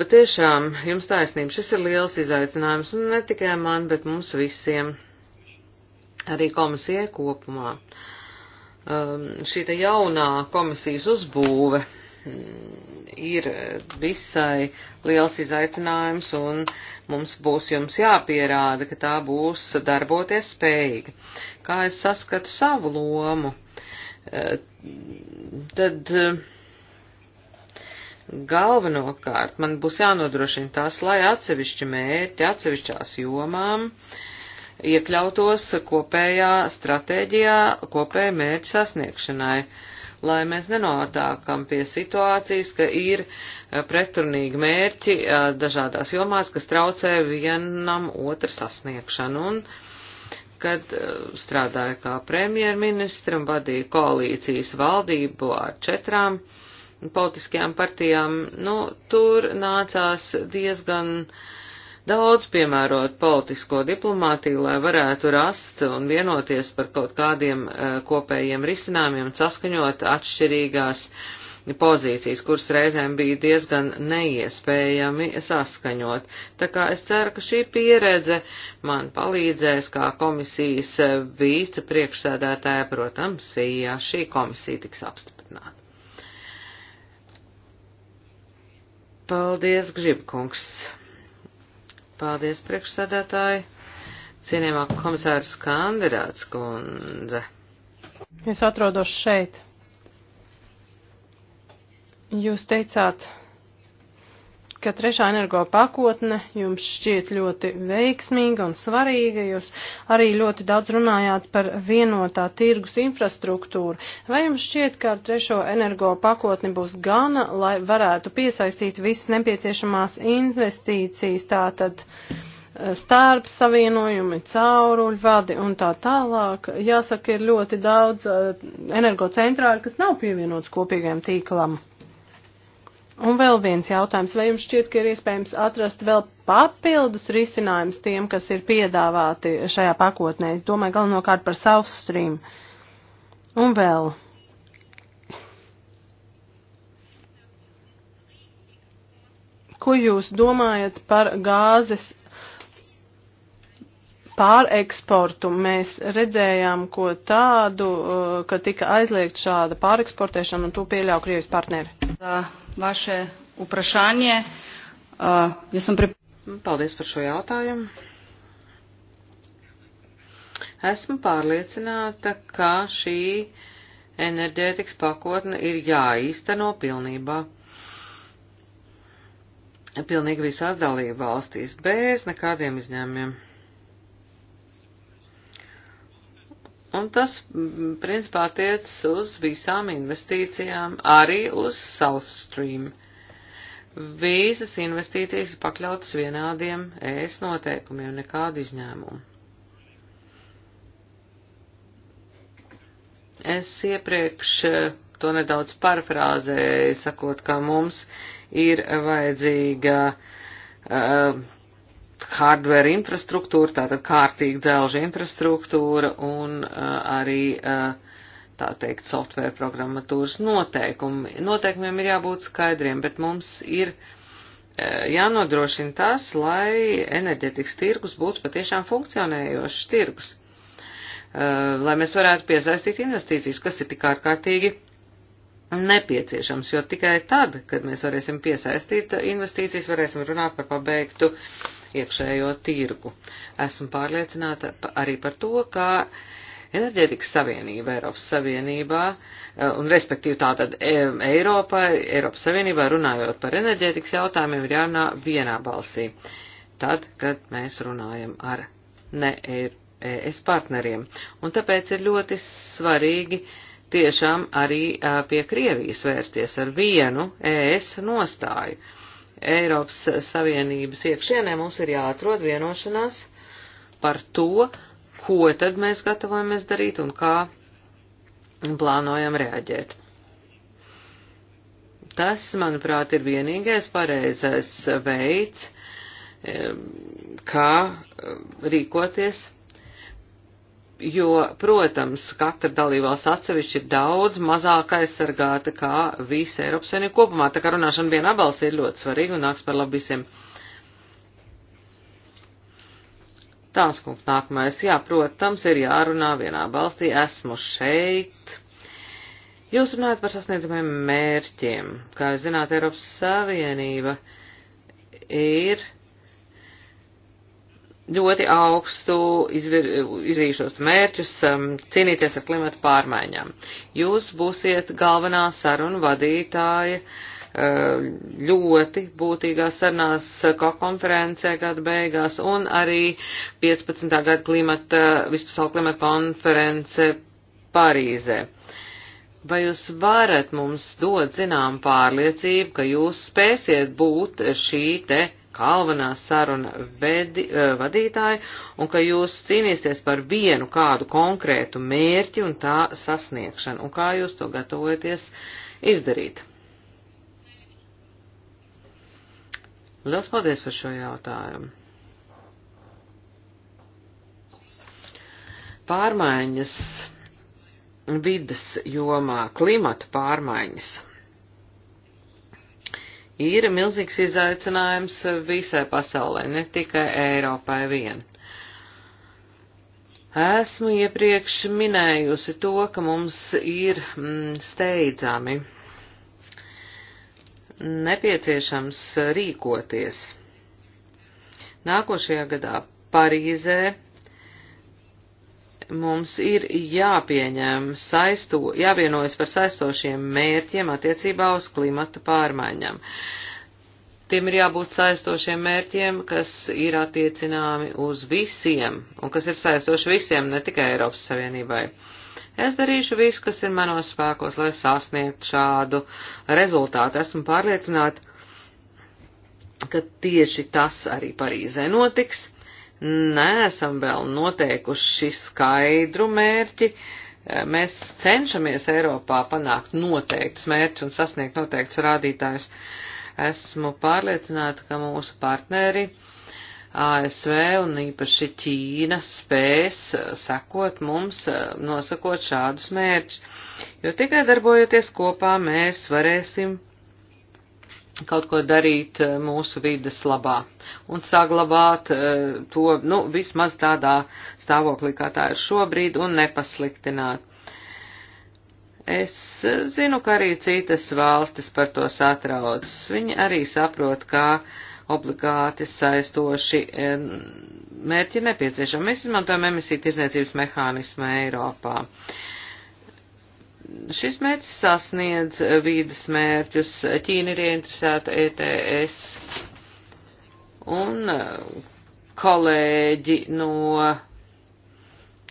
Patiešām, jums taisnība, šis ir liels izaicinājums, un ne tikai man, bet mums visiem, arī komisijai kopumā. Um, šī te jaunā komisijas uzbūve mm, ir visai liels izaicinājums, un mums būs jums jāpierāda, ka tā būs darboties spējīga. Kā es saskatu savu lomu, eh, tad. Uh, Galvenokārt man būs jānodrošina tas, lai atsevišķi mērķi atsevišķās jomām iekļautos kopējā stratēģijā, kopēja mērķa sasniegšanai, lai mēs nenotākam pie situācijas, ka ir eh, pretrunīgi mērķi eh, dažādās jomās, kas traucē vienam otru sasniegšanu. Un, kad eh, strādāju kā premjerministra un vadīju koalīcijas valdību ar četrām uh, politiskajām partijām, nu, tur nācās diezgan daudz piemērot politisko diplomātiju, lai varētu rast un vienoties par kaut kādiem eh, kopējiem risinājumiem, saskaņot atšķirīgās pozīcijas, kuras reizēm bija diezgan neiespējami saskaņot. Tā kā es ceru, ka šī pieredze man palīdzēs kā komisijas eh, vicepriekšsēdētāja, protams, ja šī komisija tiks apstiprināta. Paldies, Gribkungs. Paldies, priekšsēdētāji. Cienījamā komisārs kandidāts kundze. Es atrodos šeit. Jūs teicāt, ka trešā energo pakotne jums šķiet ļoti veiksmīga un svarīga. Jūs arī ļoti daudz runājāt par vienotā tirgus infrastruktūru. Vai jums šķiet, ka ar trešo energo pakotni būs gana, lai varētu piesaistīt visas nepieciešamās investīcijas, tātad eh, starp savienojumi, cauruļvadi un tā tālāk? Jāsaka, ir ļoti daudz eh, energocentrāļu, kas nav pievienots kopīgajam tīklam. Un vēl viens jautājums. Vai jums šķiet, ka ir iespējams atrast vēl papildus risinājums tiem, kas ir piedāvāti šajā pakotnē? Es domāju galvenokārt par South Stream. Un vēl. Ko jūs domājat par gāzes pāreksportu mēs redzējām ko tādu, uh, ka tika aizliegt šāda pāreksportēšana un to pieļauj Krievijas partneri. Tā. Uh, vaše vprašanje. Uh, ja sam pre... Paldies par šo jautājumu. Esmu pārliecināta, ka šī enerģētikas pakotne ir jāīsteno pilnībā. Pilnīgi visās dalība valstīs, bez nekādiem izņēmumiem. Un tas, mm, principā, tiec uz visām investīcijām, arī uz South Stream. Visas investīcijas ir pakļautas vienādiem ēs noteikumiem, nekādu izņēmumu. Es iepriekš eh, to nedaudz parafrāzēju, sakot, ka mums ir vajadzīga uh, hardware infrastruktūra, tātad kārtīga dzelža infrastruktūra un uh, arī, uh, tā teikt, software programmatūras noteikumi. Noteikumiem ir jābūt skaidriem, bet mums ir uh, jānodrošina tas, lai enerģetikas tirgus būtu patiešām funkcionējošs tirgus, uh, lai mēs varētu piesaistīt investīcijas, kas ir tik ārkārtīgi nepieciešams, jo tikai tad, kad mēs varēsim piesaistīt investīcijas, varēsim runāt par pabeigtu uh, iekšējo tirgu. Esmu pārliecināta arī par to, ka enerģētikas savienība Eiropas Savienībā, e, un respektīvi tātad e, Eiropai, Eiropas Savienībā runājot par enerģētikas jautājumiem, ir jārunā vienā balsī. Tad, kad mēs runājam ar ne ES e partneriem. Un tāpēc ir ļoti svarīgi tiešām arī pie Krievijas vērsties ar vienu ES nostāju Eiropas Savienības iekšienē mums ir jāatrod vienošanās par to, ko tad mēs gatavojamies darīt un kā plānojam reaģēt. Tas, manuprāt, ir vienīgais pareizais veids, kā rīkoties jo, protams, katra dalībvalsts atsevišķi ir daudz mazāk aizsargāta kā visa Eiropas Savienība kopumā, tā kā runāšana vienā balsī ir ļoti svarīga un nāks par labu visiem. Tās kungs nākamais, jā, protams, ir jārunā vienā balstī, esmu šeit. Jūs runājat par sasniedzamiem mērķiem. Kā jūs zināt, Eiropas Savienība ir ļoti augstu izvir, izrīšos mērķus um, cīnīties ar klimatu pārmaiņām. Jūs būsiet galvenā saruna vadītāja uh, ļoti būtīgās sarunās ko konferencē gada beigās un arī 15. gada klimata, vispasauli klimata konference Parīzē. Vai jūs varat mums dot zinām pārliecību, ka jūs spēsiet būt šī te uh, galvenā saruna vedi, eh, vadītāja un ka jūs cīnīsieties par vienu kādu konkrētu mērķi un tā sasniegšanu un kā jūs to gatavojaties izdarīt. Liels paldies par šo jautājumu. Pārmaiņas vidas jomā, klimatu pārmaiņas ir milzīgs izaicinājums visai pasaulē, ne tikai Eiropai vien. Esmu iepriekš minējusi to, ka mums ir mm, steidzami nepieciešams rīkoties. Nākošajā gadā Parīzē mums ir jāpieņem saisto, jāvienojas par saistošiem mērķiem attiecībā uz klimata pārmaiņām. Tiem ir jābūt saistošiem mērķiem, kas ir attiecināmi uz visiem un kas ir saistoši visiem, ne tikai Eiropas Savienībai. Es darīšu visu, kas ir manos spēkos, lai sasniegtu šādu rezultātu. Esmu pārliecināta, ka tieši tas arī Parīzē notiks neesam vēl noteikuši skaidru mērķi. Mēs cenšamies Eiropā panākt noteiktus mērķus un sasniegt noteiktus rādītājus. Esmu pārliecināta, ka mūsu partneri ASV un īpaši Ķīna spēs sekot mums, nosakot šādus mērķus, jo tikai darbojoties kopā mēs varēsim kaut ko darīt eh, mūsu vidas labā un saglabāt eh, to, nu, vismaz tādā stāvoklī, kā tā ir šobrīd, un nepasliktināt. Es zinu, ka arī citas valstis par to satrauc. Viņi arī saprot, ka obligāti saistoši eh, mērķi nepieciešami. Mēs izmantojam emisiju tirdzniecības mehānismu Eiropā. Uh, Šis mērķis sasniedz vīdas mērķus. Ķīna ir ieinteresēta ETS. Un uh, kolēģi no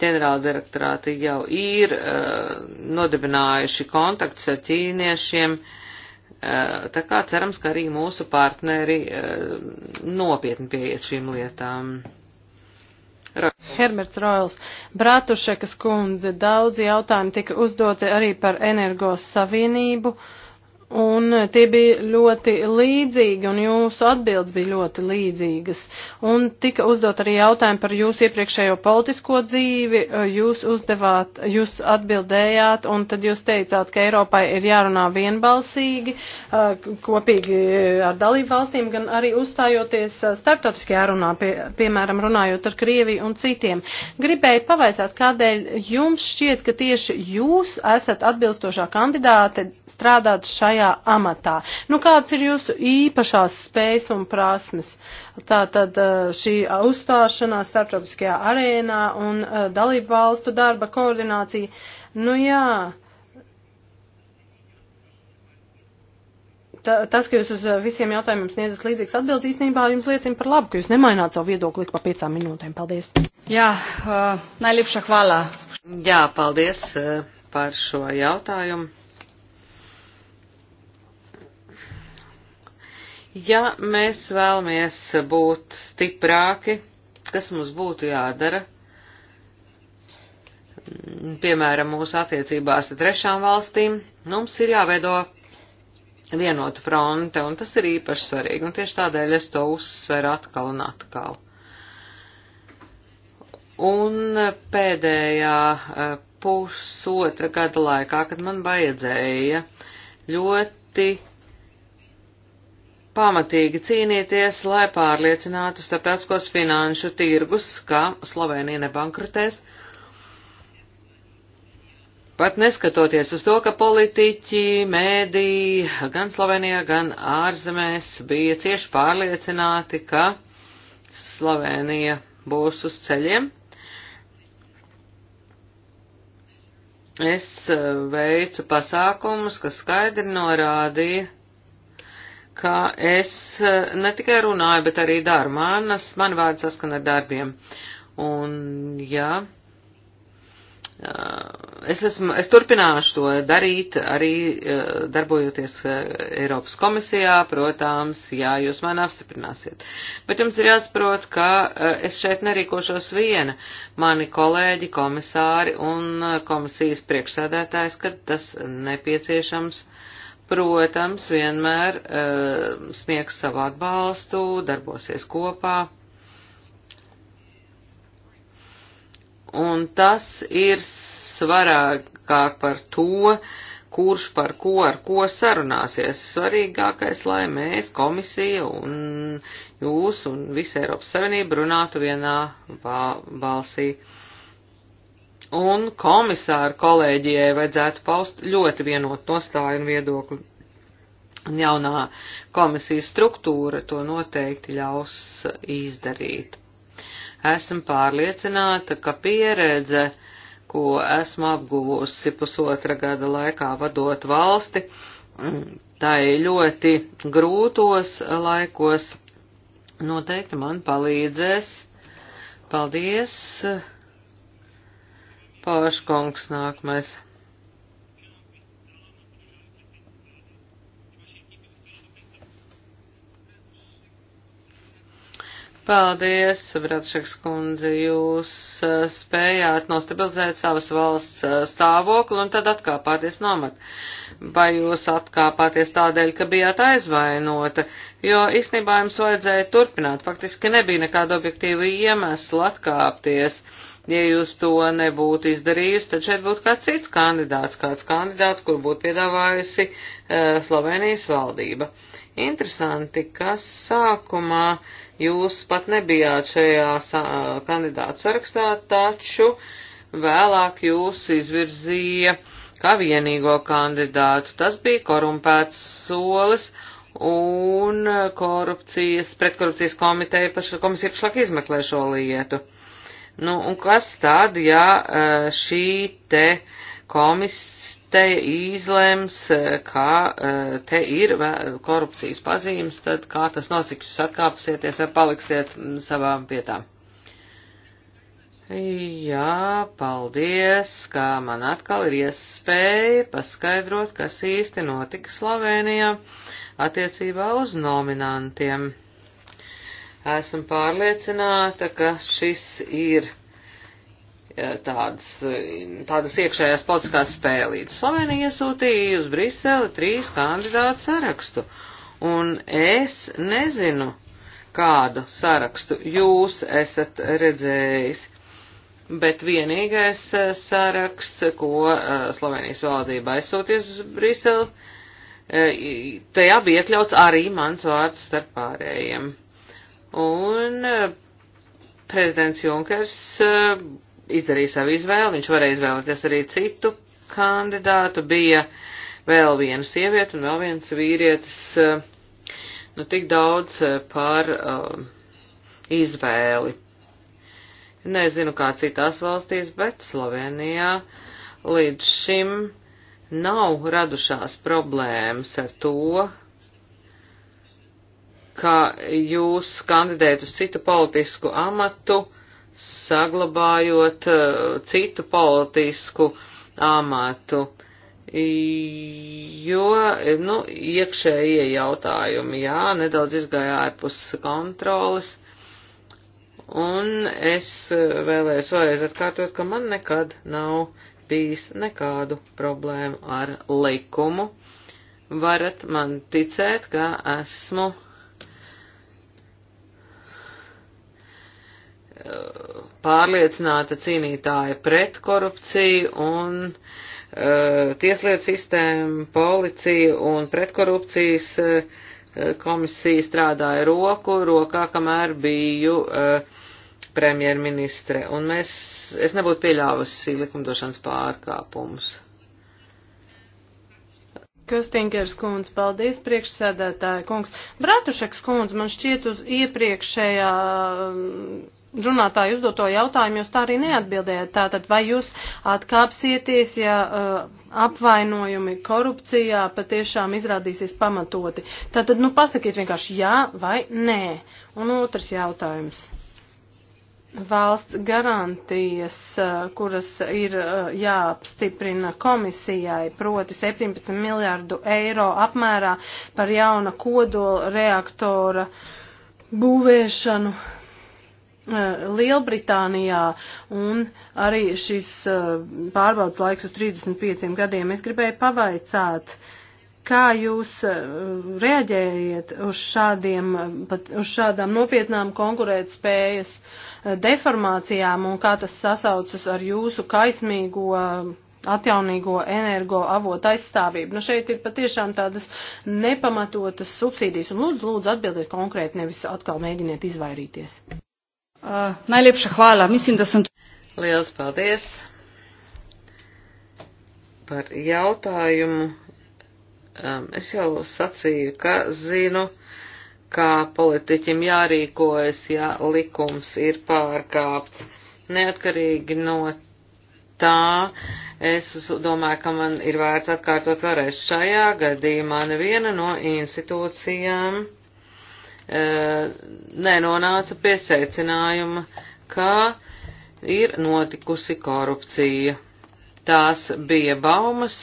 ģenerāla direktorāti jau ir uh, nodibinājuši kontaktus ar ķīniešiem, uh, tā kā cerams, ka arī mūsu partneri uh, nopietni pieiet šīm lietām. Herberts Royals, Bratušekas kundze, daudz jautājumu tika uzdoti arī par energos savienību. Uh, Un eh, tie bija ļoti līdzīgi, un jūsu atbildes bija ļoti līdzīgas. Un tika uzdot arī jautājumi par jūsu iepriekšējo politisko dzīvi, eh, jūs uzdevāt, jūs atbildējāt, un tad jūs teicāt, ka Eiropai ir jārunā vienbalsīgi, eh, kopīgi ar dalību valstīm, gan arī uzstājoties starptautiskajā runā, pie, piemēram, runājot ar Krieviju un citiem. Gribēju pavaicāt, kādēļ jums šķiet, ka tieši jūs esat atbilstošā kandidāte strādāt šajā amatā. Nu, kāds ir jūsu īpašās spējas un prasmes? Tā tad šī uzstāšanās starptautiskajā arēnā un dalību valstu darba koordinācija. Nu, jā. Ta, tas, ka jūs uz visiem jautājumiem sniedzat līdzīgas atbildes, īstenībā jums liecina par labu, ka jūs nemaināt savu viedokli pa piecām minūtēm. Paldies! Jā, uh, najlipša hvalā. Jā, paldies uh, par šo jautājumu. Ja mēs vēlamies būt stiprāki, kas mums būtu jādara? Piemēram, mūsu attiecībās ar trešām valstīm mums ir jāveido vienota fronte, un tas ir īpaši svarīgi, un tieši tādēļ es to uzsveru atkal un atkal. Un pēdējā eh, pusotra gada laikā, kad man vajadzēja ļoti pamatīgi cīnīties, lai pārliecinātu starptautiskos finanšu tirgus, ka Slovenija nebankrutēs. Pat neskatoties uz to, ka politiķi, mēdī, gan Slovenijā, gan ārzemēs bija cieši pārliecināti, ka Slovenija būs uz ceļiem. Es eh, veicu pasākumus, kas skaidri norādīja, ka es eh, ne tikai runāju, bet arī daru. Manas, man vārds saskan ar darbiem. Un, jā, eh, es, esmu, es turpināšu to darīt arī eh, darbojoties Eiropas komisijā, protams, jā, jūs mani apstiprināsiet. Bet jums ir jāsaprot, ka es šeit nerīkošos viena. Mani kolēģi, komisāri un komisijas priekšsēdētājs, kad tas nepieciešams. Uh, protams, vienmēr uh, sniegs savu atbalstu, darbosies kopā. Un tas ir svarīgāk par to, kurš par ko ar ko sarunāsies. Svarīgākais, lai mēs, komisija un jūs un visa Eiropas Savienība runātu vienā balsī. Ba un komisāru kolēģijai vajadzētu paust ļoti vienotu nostāju un viedokli. Un jaunā komisijas struktūra to noteikti ļaus izdarīt. Esmu pārliecināta, ka pieredze, ko esmu apguvusi pusotra gada laikā vadot valsti, mm, tai ļoti grūtos laikos noteikti man palīdzēs. Paldies! Pārškungs nākamais. Paldies, Bratšeks kundze, jūs spējāt nostabilizēt savas valsts stāvokli un tad atkāpāties nomet. Vai jūs atkāpāties tādēļ, ka bijāt aizvainota, jo īstenībā jums vajadzēja turpināt, faktiski nebija nekāda objektīva iemesla atkāpties. Uh, Ja jūs to nebūtu izdarījusi, tad šeit būtu kāds cits kandidāts, kāds kandidāts, kur būtu piedāvājusi uh, Slovenijas valdība. Interesanti, ka sākumā jūs pat nebijāt šajā sa kandidātu sarakstā, taču vēlāk jūs izvirzīja kā vienīgo kandidātu. Tas bija korumpēts solis un eh, korupcijas, pretkorupcijas komiteja paša, komisija pašlaik izmeklē šo lietu. Nu, un kas tad, ja e, šī te komisteja izlems, e, ka e, te ir korupcijas pazīmes, tad kā tas notiks, jūs atkāpsieties vai paliksiet savām vietām? Jā, paldies, kā man atkal ir iespēja paskaidrot, kas īsti notika Slovenijā attiecībā uz nominantiem. Esmu pārliecināta, ka šis ir tādas, tādas iekšējās politiskās spēlītas. Slovenija iesūtīja uz Briseli trīs kandidātu sarakstu, un es nezinu, kādu sarakstu jūs esat redzējis, bet vienīgais eh, saraksts, ko eh, Slovenijas valdība aizsūties uz Briseli, eh, tajā bija iekļauts arī mans vārds starp pārējiem. Un eh, prezidents Junkers eh, izdarīja savu izvēli, viņš varēja izvēlēties arī citu kandidātu, bija vēl viena sieviete un vēl viens vīrietis. Eh, nu, tik daudz par uh, izvēli. Nezinu, kā citās valstīs, bet Slovenijā līdz šim nav radušās problēmas ar to, ka jūs kandidējat uz citu politisku amatu, saglabājot uh, citu politisku amatu, jo, nu, iekšējie jautājumi, jā, nedaudz izgāja ārpus kontrolas, un es eh, vēlējos vēlreiz atkārtot, ka man nekad nav bijis nekādu problēmu ar likumu. Varat man ticēt, ka esmu pārliecināta cīnītāja pret korupciju un uh, tieslietu sistēmu, policiju un pretkorupcijas uh, eh, komisija strādāja roku rokā, kamēr biju uh, premjerministre. Un mēs, es nebūtu pieļāvusi likumdošanas pārkāpumus. Kastingers kundze, paldies priekšsēdētāja kungs. Bratušeks kundze, man šķiet uz iepriekšējā runātāju uzdoto jautājumu jūs tā arī neatbildējat. Tātad, vai jūs atkāpsieties, ja uh, apvainojumi korupcijā patiešām izrādīsies pamatoti? Tātad, nu, pasakiet vienkārši jā vai nē. Un otrs jautājums. Valsts garantijas, uh, kuras ir uh, jāapstiprina komisijai, proti 17 miljārdu eiro apmērā par jauna kodola reaktora būvēšanu Eh, Lielbritānijā un arī šis eh, pārbaudas laiks uz 35 gadiem. Es gribēju pavaicāt, kā jūs eh, reaģējat uz, šādiem, uz šādām nopietnām konkurētspējas deformācijām un kā tas sasaucas ar jūsu kaismīgo atjaunīgo energo avotu aizstāvību. Nu, šeit ir patiešām tādas nepamatotas subsīdijas, un lūdzu, lūdzu atbildiet konkrēti, nevis atkal mēģiniet izvairīties. Uh, najlepša hvala. Mislim, da sem. Liels paldies par jautājumu. Um, es jau sacīju, ka zinu, kā politiķim jārīkojas, ja likums ir pārkāpts. Neatkarīgi no tā, es domāju, ka man ir vērts atkārtot vēlreiz šajā gadījumā neviena no institūcijām E, nenonāca pie secinājuma, ka ir notikusi korupcija. Tās bija baumas,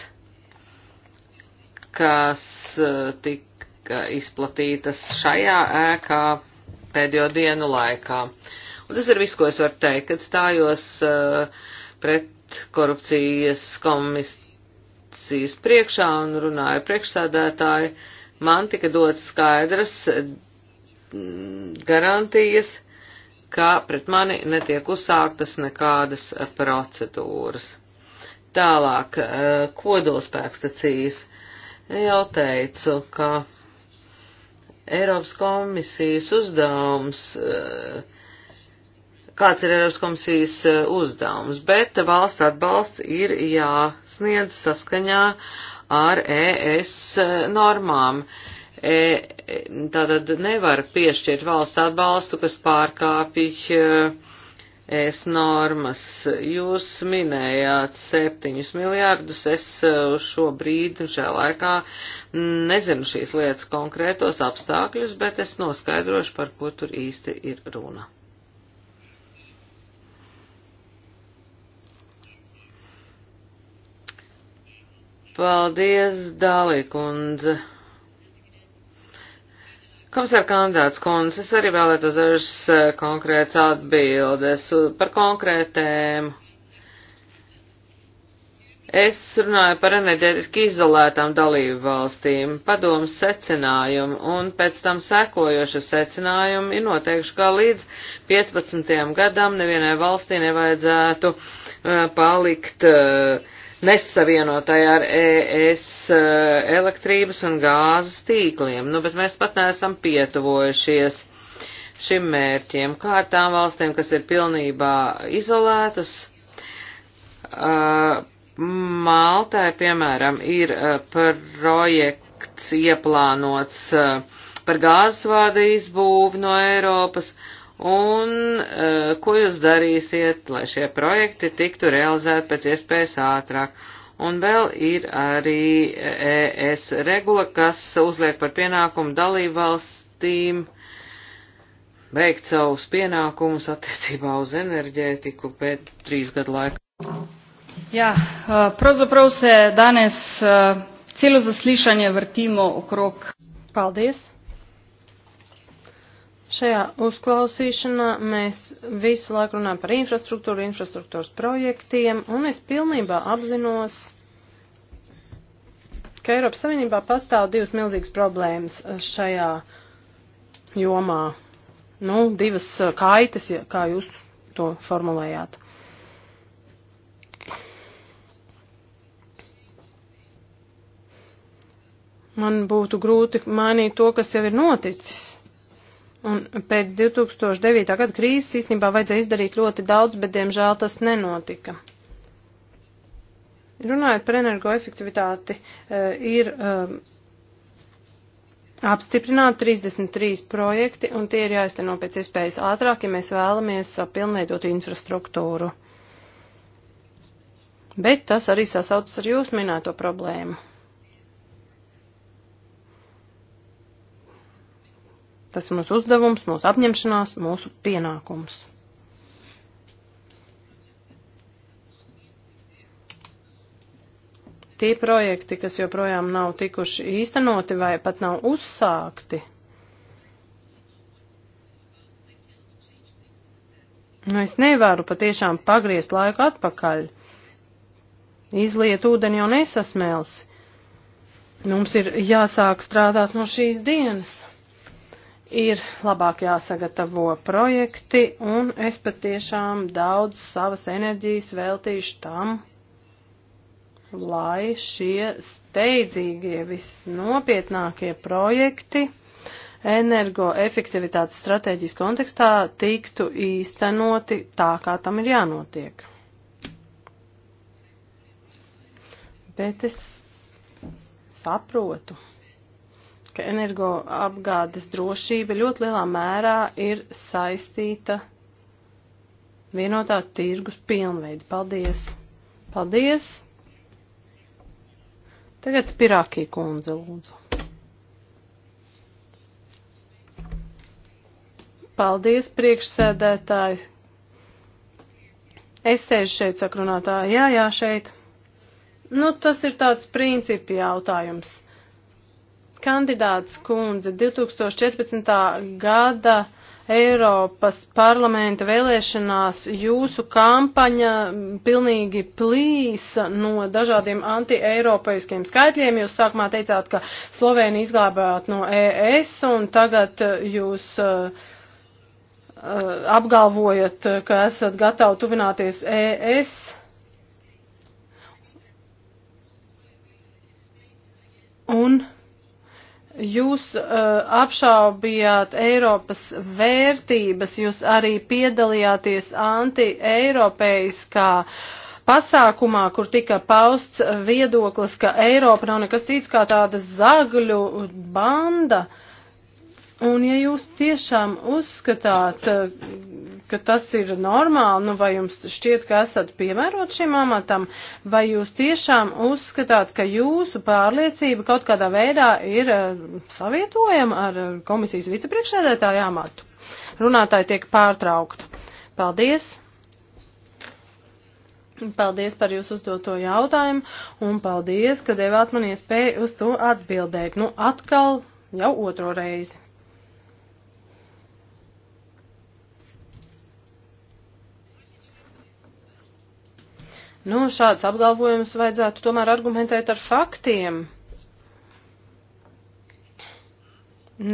kas e, tika izplatītas šajā ēkā pēdējo dienu laikā. Un tas ir viss, ko es varu teikt, kad stājos e, pret korupcijas komisijas priekšā un runāju priekšsēdētāju, man tika dots skaidras Mm, garantijas, ka pret mani netiek uzsāktas nekādas procedūras. Tālāk, eh, kodolspēkstacijas. Jau teicu, ka Eiropas komisijas uzdevums, eh, kāds ir Eiropas komisijas eh, uzdevums, bet valsts atbalsts ir jāsniedz saskaņā ar ES normām. Uh, E, tātad nevar piešķirt valsts atbalstu, kas pārkāpj e, es normas. Jūs minējāt 7 miljārdus, es e, šobrīd šajā laikā nezinu šīs lietas konkrētos apstākļus, bet es noskaidrošu, par ko tur īsti ir runa. Paldies, Dālī kundze. Komisāra kandidāts Kunz, es arī vēlētos dažas eh, konkrētas atbildes par konkrētēm. Es runāju par enerģētiski izolētām dalību valstīm, padomu secinājumu un pēc tam sekojošu secinājumu ir noteikšu, ka līdz 15. gadam nevienai valstī nevajadzētu uh, palikt uh, nesavienotai ar ES eh, elektrības un gāzes tīkliem, nu, bet mēs pat neesam pietuvojušies šim mērķiem, kā ar tām valstīm, kas ir pilnībā izolētas. Eh, Maltai, piemēram, ir eh, projekts ieplānots par gāzes vādu izbūvi no Eiropas, uh, Un e, ko jūs darīsiet, lai šie projekti tiktu realizēti pēc iespējas ātrāk? Un vēl ir arī ES regula, kas uzliek par pienākumu dalību valstīm veikt savus pienākumus attiecībā uz enerģētiku pēc trīs gadu laika. Ja, e, pravzaprav se danes e, celo zaslišanje vrtimo okrog. Paldies. Šajā uzklausīšanā mēs visu laiku runājam par infrastruktūru, infrastruktūras projektiem, un es pilnībā apzinos, ka Eiropas Savienībā pastāv divas milzīgas problēmas eh, šajā jomā. Nu, divas eh, kaitas, kā jūs to formulējāt. Man būtu grūti mainīt to, kas jau ir noticis. Un pēc 2009. gada krīzes īstenībā vajadzēja izdarīt ļoti daudz, bet diemžēl tas nenotika. Runājot par energoefektivitāti, e, ir e, apstiprināti 33 projekti, un tie ir jāizteno pēc iespējas ātrāk, ja mēs vēlamies pilnveidot infrastruktūru. Bet tas arī sasaucas ar jūsu minēto problēmu. Tas ir mūsu uzdevums, mūsu apņemšanās, mūsu pienākums. Tie projekti, kas joprojām nav tikuši īstenoti vai pat nav uzsākti, nu es nevaru patiešām pagriezt laiku atpakaļ. Izliet ūdeni jau nesasmēlsi. Mums ir jāsāk strādāt no šīs dienas ir labāk jāsagatavo projekti, un es patiešām daudz savas enerģijas veltīšu tam, lai šie steidzīgie, visnopietnākie projekti energoefektivitātes stratēģijas kontekstā tiktu īstenoti tā, kā tam ir jānotiek. Bet es saprotu ka energoapgādes drošība ļoti lielā mērā ir saistīta vienotā tirgus pilnveidi. Paldies! Paldies! Tagad Spirākī kundze lūdzu. Paldies, priekšsēdētāji. Es sēžu šeit, sakrunātāji. Jā, jā, šeit. Nu, tas ir tāds principi jautājums. Kandidāts kundze 2014. gada Eiropas parlamenta vēlēšanās jūsu kampaņa pilnīgi plīsa no dažādiem anti-eiropeiskiem skaitļiem. Jūs sākumā teicāt, ka Slovēnija izglābāt no ES un tagad jūs uh, uh, apgalvojat, ka esat gatavi tuvināties ES. Un Jūs uh, apšaubījāt Eiropas vērtības, jūs arī piedalījāties anti-eiropeiskā pasākumā, kur tika pausts viedoklis, ka Eiropa nav nekas cits kā tāda zagļu banda. Un ja jūs tiešām uzskatāt, uh, ka tas ir normāli, nu vai jums šķiet, ka esat piemērot šim amatam, vai jūs tiešām uzskatāt, ka jūsu pārliecība kaut kādā veidā ir eh, savietojama ar eh, komisijas vicepriekšsēdētāju amatu? Runātāji tiek pārtraukta. Paldies! Paldies par jūsu uzdoto jautājumu un paldies, ka devāt man iespēju uz to atbildēt. Nu, atkal jau otro reizi. Nu, šāds apgalvojums vajadzētu tomēr argumentēt ar faktiem.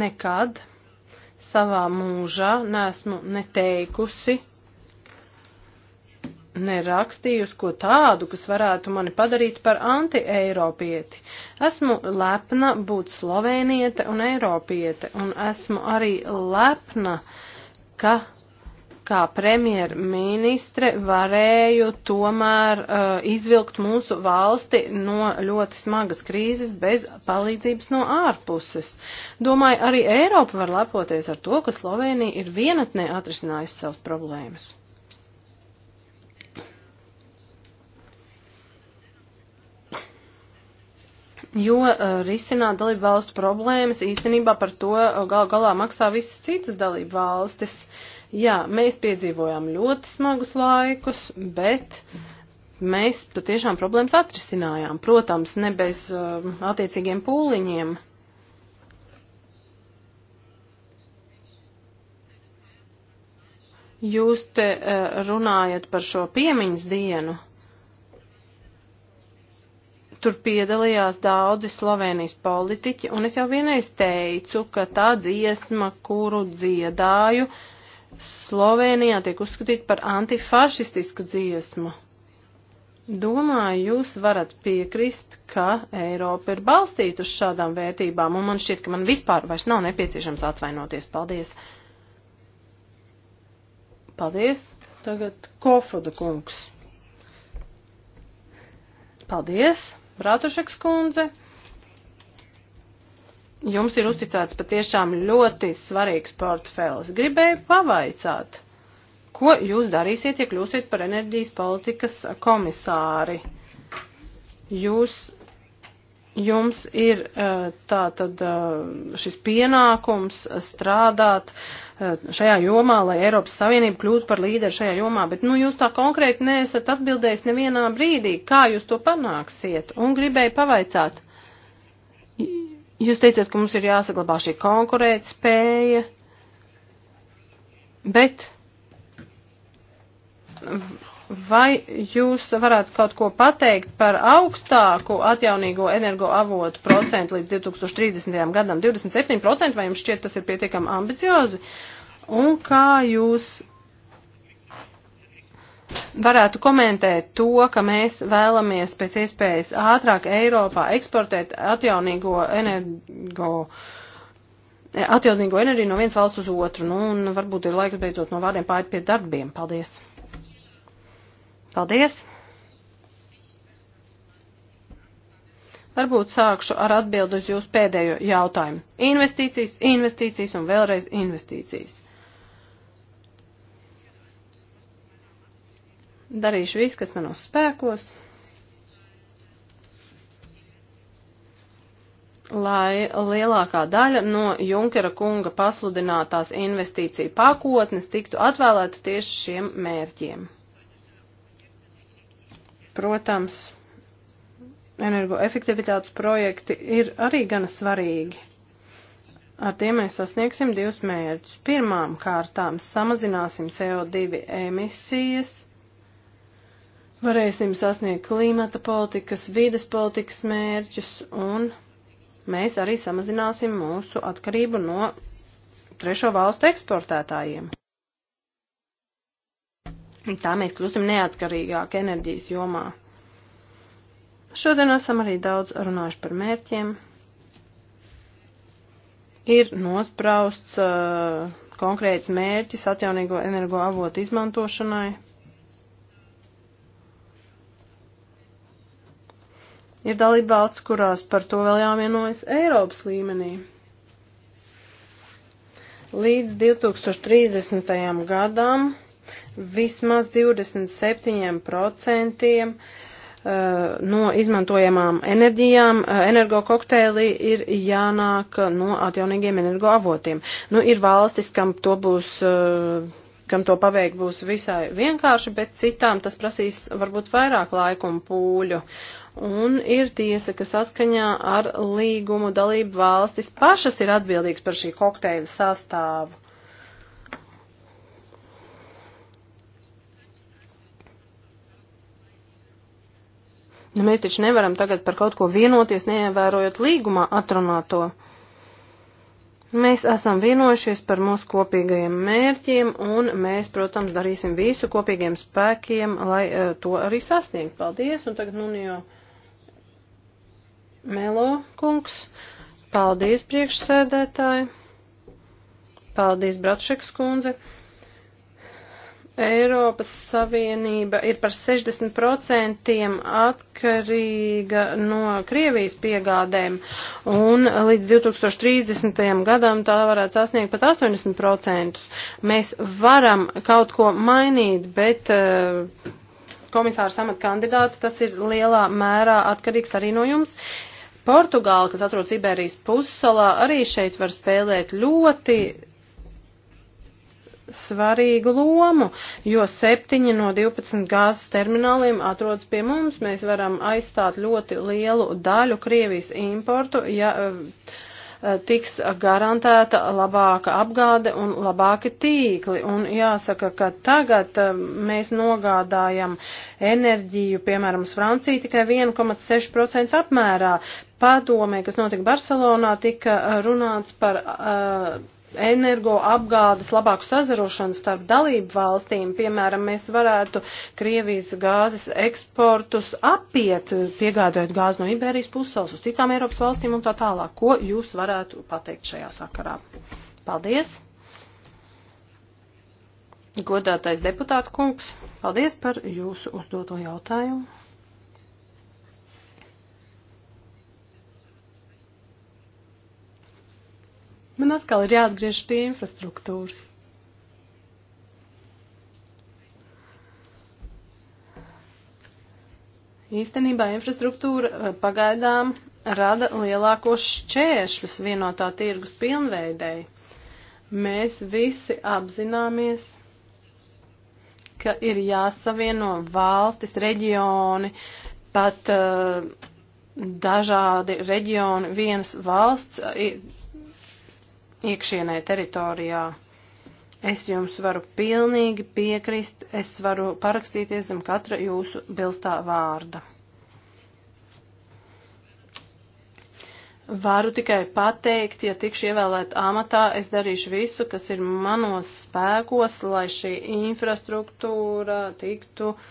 Nekad savā mūžā neesmu neteikusi, nerakstījusi ko tādu, kas varētu mani padarīt par anti-eiropieti. Esmu lepna būt slovēniete un eiropiete, un esmu arī lepna, ka kā premjerministre varēju tomēr uh, izvilkt mūsu valsti no ļoti smagas krīzes bez palīdzības no ārpuses. Domāju, arī Eiropa var lepoties ar to, ka Slovenija ir vienatnē atrisinājusi savas problēmas. Jo uh, risināt dalību valstu problēmas īstenībā par to uh, gal galā maksā visas citas dalību valstis. Uh, Jā, mēs piedzīvojām ļoti smagus laikus, bet mēs patiešām problēmas atrisinājām. Protams, ne bez uh, attiecīgiem pūliņiem. Jūs te uh, runājat par šo piemiņas dienu. Tur piedalījās daudzi Slovenijas politiķi, un es jau vienreiz teicu, ka tā dziesma, kuru dziedāju, uh, Slovenijā tiek uzskatīta par antifašistisku dziesmu. Domāju, jūs varat piekrist, ka Eiropa ir balstīta uz šādām vērtībām, un man šķiet, ka man vispār vairs nav nepieciešams atvainoties. Paldies! Paldies! Tagad Kofoda kungs. Paldies, Bratušeks kundze! jums ir uzticēts patiešām ļoti svarīgs portfels. Gribēju pavaicāt, ko jūs darīsiet, ja kļūsiet par enerģijas politikas komisāri? Jūs, jums ir eh, tā tad eh, šis pienākums strādāt eh, šajā jomā, lai Eiropas Savienība kļūtu par līderi šajā jomā, bet nu, jūs tā konkrēti neesat atbildējis nevienā brīdī, kā jūs to panāksiet, un gribēju pavaicāt Jūs teicāt, ka mums ir jāsaglabā šī konkurētspēja, bet vai jūs varētu kaut ko pateikt par augstāku atjaunīgo energoavotu procentu līdz 2030. gadam? 27% vai jums šķiet tas ir pietiekami ambiciozi? Un kā jūs varētu komentēt to, ka mēs vēlamies pēc iespējas ātrāk Eiropā eksportēt atjaunīgo energo atjaunīgo enerģiju no vienas valsts uz otru. Nu, un varbūt ir laiks beidzot no vārdiem pāriet pie darbiem. Paldies! Paldies! Varbūt sākšu ar atbildu uz jūsu pēdējo jautājumu. Investīcijas, investīcijas un vēlreiz investīcijas. Darīšu visu, kas manos spēkos, lai lielākā daļa no Junkera kunga pasludinātās investīciju pakotnes tiktu atvēlēta tieši šiem mērķiem. Protams, energoefektivitātes projekti ir arī gana svarīgi. Ar tiem mēs sasniegsim divus mērķus. Pirmām kārtām samazināsim CO2 emisijas varēsim sasniegt klimata politikas, vides politikas mērķus un mēs arī samazināsim mūsu atkarību no trešo valstu eksportētājiem. Tā mēs kļūsim neatkarīgāk enerģijas jomā. Šodien esam arī daudz runājuši par mērķiem. Ir nosprausts uh, konkrēts mērķis atjaunīgo energoavotu izmantošanai, Ir dalība valsts, kurās par to vēl jāvienojas Eiropas līmenī. Līdz 2030. gadam vismaz 27% eh, no izmantojamām enerģijām, eh, energokokteili ir jānāk no atjaunīgiem energoavotiem. Nu, ir valstis, kam to būs eh, kam to paveikt būs visai vienkārši, bet citām tas prasīs varbūt vairāk laiku un pūļu. Un ir tiesa, ka saskaņā ar līgumu dalību valstis pašas ir atbildīgs par šī kokteļa sastāvu. Nu, mēs taču nevaram tagad par kaut ko vienoties, neievērojot līgumā atrunāto. to. Mēs esam vienojušies par mūsu kopīgajiem mērķiem, un mēs, protams, darīsim visu kopīgiem spēkiem, lai uh, to arī sasniegtu. Paldies, un tagad, nu, jau Melo kungs, paldies priekšsēdētāji, paldies Bratšeks kundze. Eiropas Savienība ir par 60% atkarīga no Krievijas piegādēm, un līdz 2030. gadam tā varētu sasniegt pat 80%. Mēs varam kaut ko mainīt, bet eh, komisāra samat kandidāts tas ir lielā mērā atkarīgs arī no jums. Portugāla, kas atrodas Iberijas pussalā, arī šeit var spēlēt ļoti svarīgu lomu, jo 7 no 12 gāzes termināliem atrodas pie mums. Mēs varam aizstāt ļoti lielu daļu Krievijas importu, ja eh, eh, tiks garantēta labāka apgāde un labāki tīkli. Un jāsaka, ka tagad eh, mēs nogādājam enerģiju, piemēram, uz Franciju tikai 1,6% apmērā. Padomē, kas notika Barcelonā, tika runāts par uh, energoapgādes labāku sazarošanu starp dalību valstīm. Piemēram, mēs varētu Krievijas gāzes eksportus apiet, piegādājot gāzi no Iberijas puses uz citām Eiropas valstīm un tā tālāk. Ko jūs varētu pateikt šajā sakarā? Paldies! Godātais deputāta kungs, paldies par jūsu uzdoto jautājumu. Man atkal ir jāatgriež pie infrastruktūras. Īstenībā infrastruktūra eh, pagaidām rada lielākos šķēršļus vienotā tirgus pilnveidēji. Mēs visi apzināmies, ka ir jāsavieno valstis, reģioni, pat uh, dažādi reģioni vienas valsts iekšienē teritorijā. Es jums varu pilnīgi piekrist, es varu parakstīties zem katra jūsu bilstā vārda. Varu tikai pateikt, ja tikšu ievēlēt amatā, es darīšu visu, kas ir manos spēkos, lai šī infrastruktūra tiktu uh,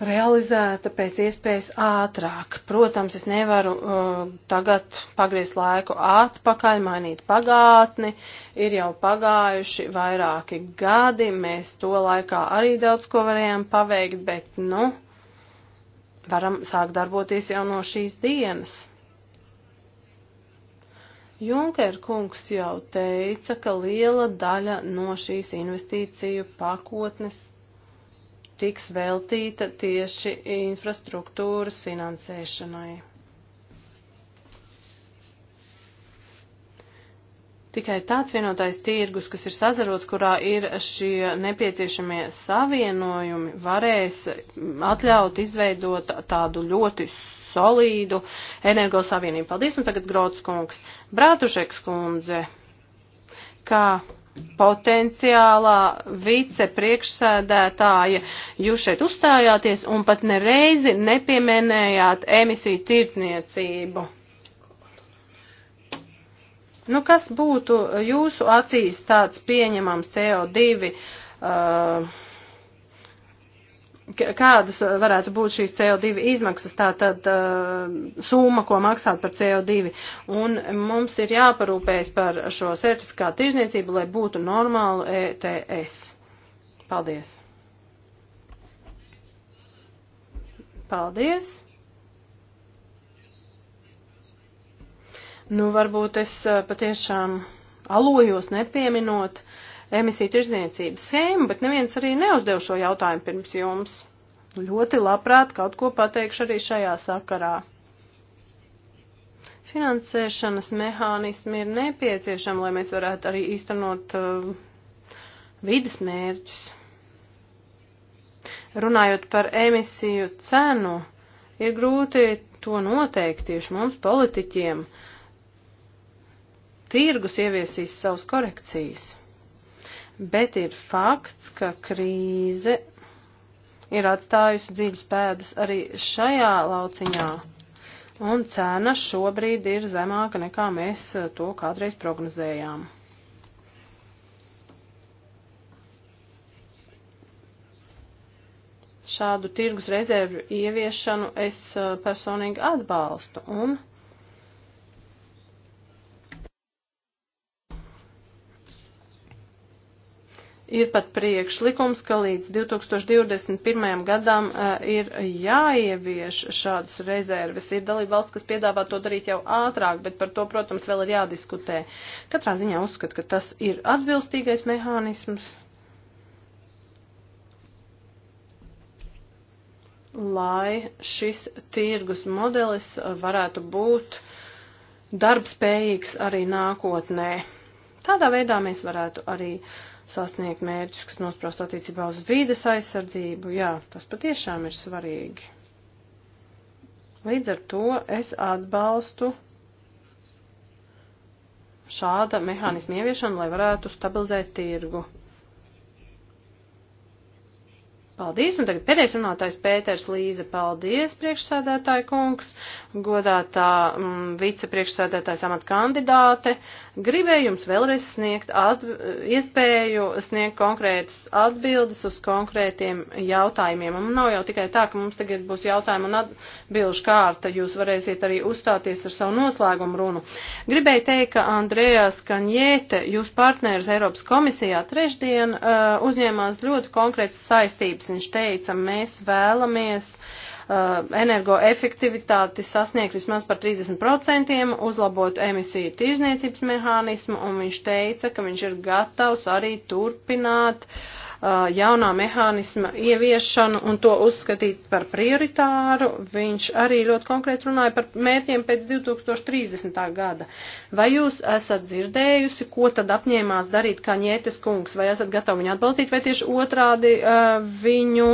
realizēta pēc iespējas ātrāk. Protams, es nevaru uh, tagad pagriezt laiku atpakaļ, mainīt pagātni, ir jau pagājuši vairāki gadi, mēs to laikā arī daudz ko varējām paveikt, bet, nu, varam sākt darboties jau no šīs dienas. Junker kungs jau teica, ka liela daļa no šīs investīciju pakotnes tiks veltīta tieši infrastruktūras finansēšanai. Tikai tāds vienotais tirgus, kas ir sazarots, kurā ir šie nepieciešamie savienojumi, varēs atļaut izveidot tādu ļoti solīdu energosavienību. Paldies, un tagad Grots kungs. Brātušeks kundze, kā potenciālā vicepriekšsēdētāja, jūs šeit uzstājāties un pat nereizi nepieminējāt emisiju tirdzniecību. Nu, kas būtu jūsu acīs tāds pieņemams CO2 uh, kādas varētu būt šīs CO2 izmaksas, tā tad uh, summa, ko maksāt par CO2. Un mums ir jāparūpējas par šo certifikātu tirzniecību, lai būtu normālu ETS. Paldies! Paldies! Nu, varbūt es uh, patiešām alojos nepieminot uh, emisiju tirzniecības schēmu, bet neviens arī neuzdev šo jautājumu pirms jums. Ļoti labprāt kaut ko pateikšu arī šajā sakarā. Finansēšanas mehānismi ir nepieciešami, lai mēs varētu arī īstenot uh, vidas mērķus. Runājot par emisiju cenu, ir grūti to noteikt tieši mums politiķiem. Tirgus ieviesīs savus korekcijas bet ir fakts, ka krīze ir atstājusi dziļas pēdas arī šajā lauciņā. Un cena šobrīd ir zemāka nekā mēs eh, to kādreiz prognozējām. Šādu tirgus rezervu ieviešanu es eh, personīgi atbalstu un Ir pat priekšlikums, ka līdz 2021. gadam uh, ir jāievieš šādas rezerves. Ir dalība valsts, kas piedāvā to darīt jau ātrāk, bet par to, protams, vēl ir jādiskutē. Katrā ziņā uzskat, ka tas ir atbilstīgais mehānisms. lai šis tirgus modelis varētu būt darbspējīgs arī nākotnē. Tādā veidā mēs varētu arī uh, sasniegt mērķus, kas nosprost attiecībā uz vīdes aizsardzību. Jā, tas patiešām ir svarīgi. Līdz ar to es atbalstu šāda mehānisma ieviešanu, lai varētu stabilizēt tirgu. Paldies, un tagad pēdējais runātājs Pēters Līze. Paldies, priekšsēdētāja kungs, godātā mm, vicepriekšsēdētājs amat kandidāte. Gribēju jums vēlreiz sniegt atb iespēju sniegt konkrētas atbildes uz konkrētiem jautājumiem. Un nav jau tikai tā, ka mums tagad būs jautājumu un atbilžu kārta. Jūs varēsiet arī uzstāties ar savu noslēgumu runu. Gribēju teikt, ka Andrējas Kanjēte, jūs partneris Eiropas komisijā, trešdien uh, uzņēmās ļoti konkrētas saistības Viņš teica, mēs vēlamies uh, energoefektivitāti sasniegt vismaz par 30%, uzlabot emisiju tirzniecības mehānismu, un viņš teica, ka viņš ir gatavs arī turpināt uh, jaunā mehānisma ieviešanu un to uzskatīt par prioritāru. Viņš arī ļoti konkrēti runāja par mērķiem pēc 2030. gada. Vai jūs esat dzirdējusi, ko tad apņēmās darīt Kaņietes kungs? Vai esat gatavi viņu atbalstīt vai tieši otrādi viņu?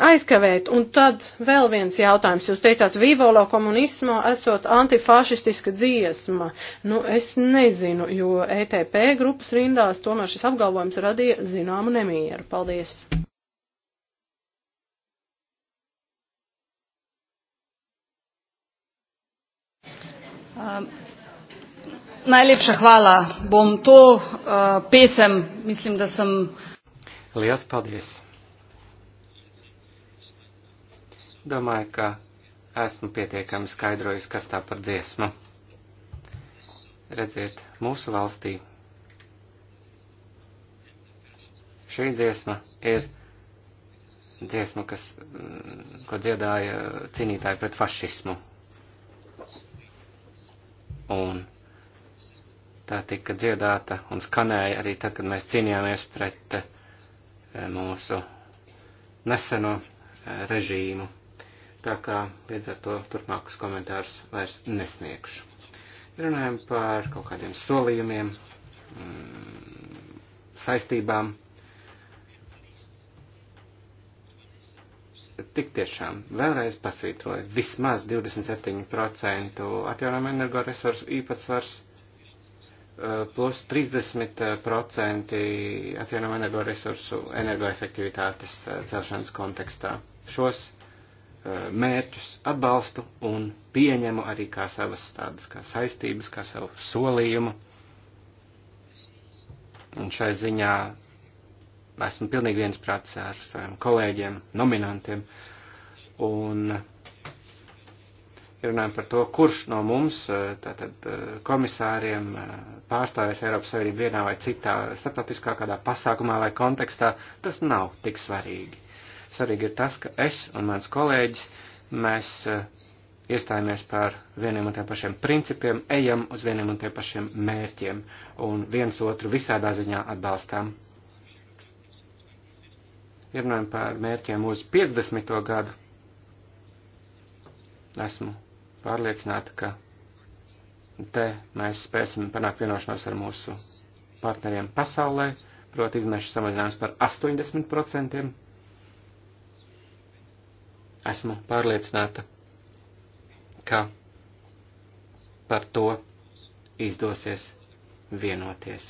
aizkavēt. Un tad vēl viens jautājums. Jūs teicāt, vivolo komunismo esot antifašistiska dziesma. Nu, es nezinu, jo ETP grupas rindās tomēr šis apgalvojums radīja zināmu nemieru. Paldies! Um, najlepša hvala. Bom to uh, pesem, mislim, da sem. Liels paldies! Domāju, ka esmu pietiekami skaidrojis, kas tā par dziesmu. Redziet, mūsu valstī šī dziesma ir dziesma, kas, mm, ko dziedāja cīnītāji pret fašismu. Un tā tika dziedāta un skanēja arī tad, kad mēs cīnījāmies pret eh, mūsu neseno eh, režīmu tā kā līdz ar to turpmākus komentārus vairs nesniegšu. Runājam par kaut kādiem solījumiem, mm, saistībām. Tik tiešām, vēlreiz pasvītroju, vismaz 27% atjaunojama energoresursu īpatsvars eh, plus 30% atjaunojama energoresursu energoefektivitātes eh, celšanas kontekstā. Šos Eh, mērķus atbalstu un pieņemu arī kā savas tādas kā saistības, kā savu solījumu. Un šai ziņā esmu pilnīgi viensprāts ar saviem kolēģiem, nominantiem. Un runājam par to, kurš no mums, eh, tātad eh, komisāriem, pārstāvēs Eiropas Savienību vienā vai citā starptautiskā kādā pasākumā vai kontekstā, tas nav tik svarīgi Svarīgi ir tas, ka es un mans kolēģis, mēs eh, iestājāmies par vieniem un tiem pašiem principiem, ejam uz vieniem un tiem pašiem mērķiem un viens otru visādā ziņā atbalstām. Ja runājam par mērķiem uz 50. gadu, esmu pārliecināta, ka te mēs spēsim panākt vienošanos ar mūsu partneriem pasaulē, proti izmešu samazinājums par 80%, Esmu pārliecināta, ka par to izdosies vienoties.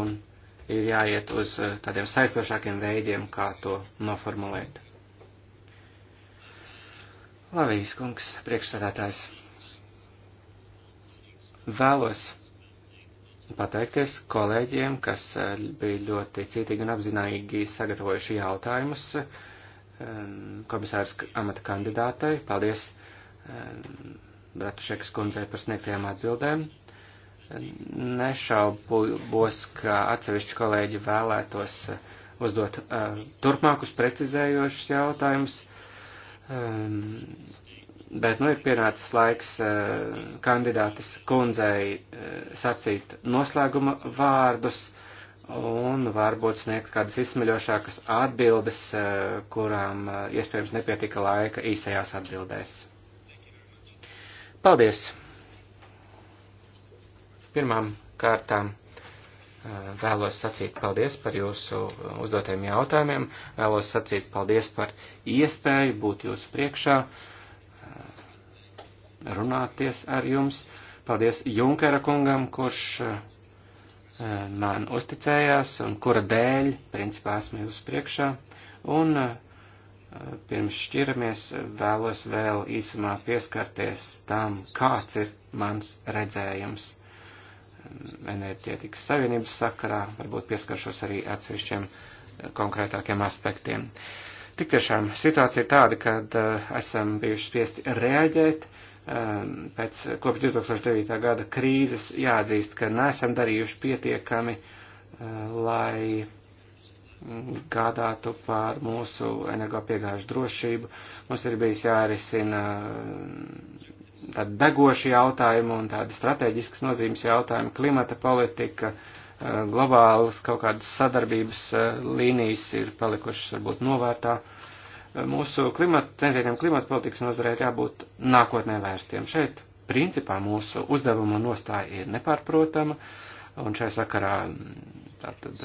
Un ir jāiet uz eh, tādiem saistošākiem veidiem, kā to noformulēt. Lavijas kungs, priekšsādātājs, vēlos pateikties kolēģiem, kas eh, bija ļoti cietīgi un apzinājīgi sagatavojuši jautājumus ehm, komisārs amata kandidātei. Paldies ehm, Bratušekas kundzei par sniegtajām atbildēm. Ehm, nešaubos, ka atsevišķi kolēģi vēlētos eh, uzdot eh, turpmākus precizējošus jautājumus bet nu ir pienācis laiks eh, kandidātes kundzei eh, sacīt noslēguma vārdus un varbūt sniegt kādas izsmeļošākas atbildes, eh, kurām iespējams nepietika laika īsajās atbildēs. Paldies! Pirmām kārtām vēlos sacīt paldies par jūsu uzdotajiem jautājumiem, vēlos sacīt paldies par iespēju būt jūsu priekšā. Uh, runāties ar jums. Paldies Junkera kungam, kurš eh, man uzticējās un kura dēļ, principā, esmu jūs priekšā. Un eh, pirms šķiramies, vēlos vēl īsumā pieskarties tam, kāds ir mans redzējums eh, enerģētikas savienības sakarā, varbūt pieskaršos arī atsevišķiem konkrētākiem aspektiem. Tik tiešām situācija ir tāda, kad esam bijuši spiesti reaģēt, uh, Ehm, pēc kopš 2009. gada krīzes jāatzīst, ka nesam darījuši pietiekami, eh, lai mm, gādātu par mūsu energopiegāžu drošību. Mums ir bijis jārisina ehm, tādi degoši jautājumi un tādi strateģiskas nozīmes jautājumi, klimata politika, ehm, globālas kaut kādas sadarbības līnijas ir palikušas varbūt novērtā. Uh, mūsu klimata, centieniem klimata politikas nozarē ir jābūt nākotnē vērstiem. Šeit, principā, mūsu uzdevuma nostāja ir nepārprotama, un šai sakarā tātad,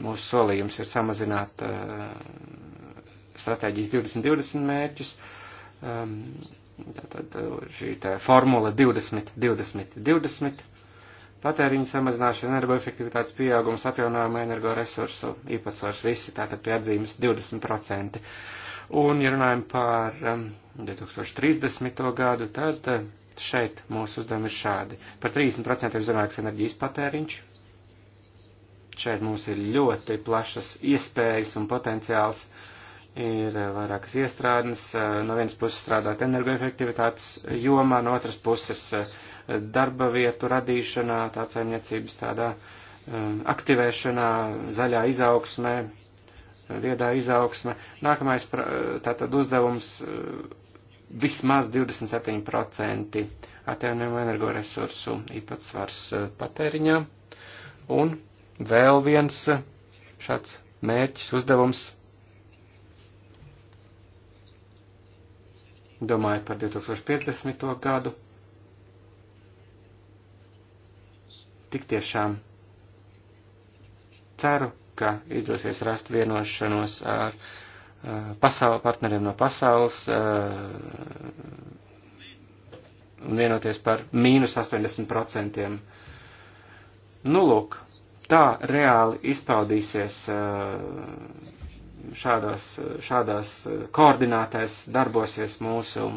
mūsu solījums ir samazināt eh, stratēģijas 2020 mērķus. Ehm, tātad šī tā formula 20, 20, 20 patēriņa samazināšana, energoefektivitātes pieaugums, atjaunojama energoresursu īpatsvars, visi tātad pie atzīmes 20%. Un, ja runājam par 2030. Um, gadu, tad uh, šeit mūsu uzdevumi ir šādi. Par 30% ir zemāks enerģijas patēriņš. Šeit mums ir ļoti plašas iespējas un potenciāls. Ir uh, vairākas iestrādes, uh, no vienas puses strādāt energoefektivitātes jomā, no otras puses darba vietu radīšanā, tā saimniecības tādā um, aktivēšanā, zaļā izaugsmē, viedā izaugsme. Nākamais tātad uzdevums eh, vismaz 27% atjaunojumu energoresursu īpatsvars eh, patēriņā. Un vēl viens eh, šāds mērķis, uzdevums. Domāju par 2050. gadu. Tik tiešām ceru, ka izdosies rast vienošanos ar eh, pasauli, partneriem no pasaules eh, un vienoties par mīnus 80%. Nu, lūk, tā reāli izpaudīsies eh, šādās, šādās koordinātēs darbosies mūsu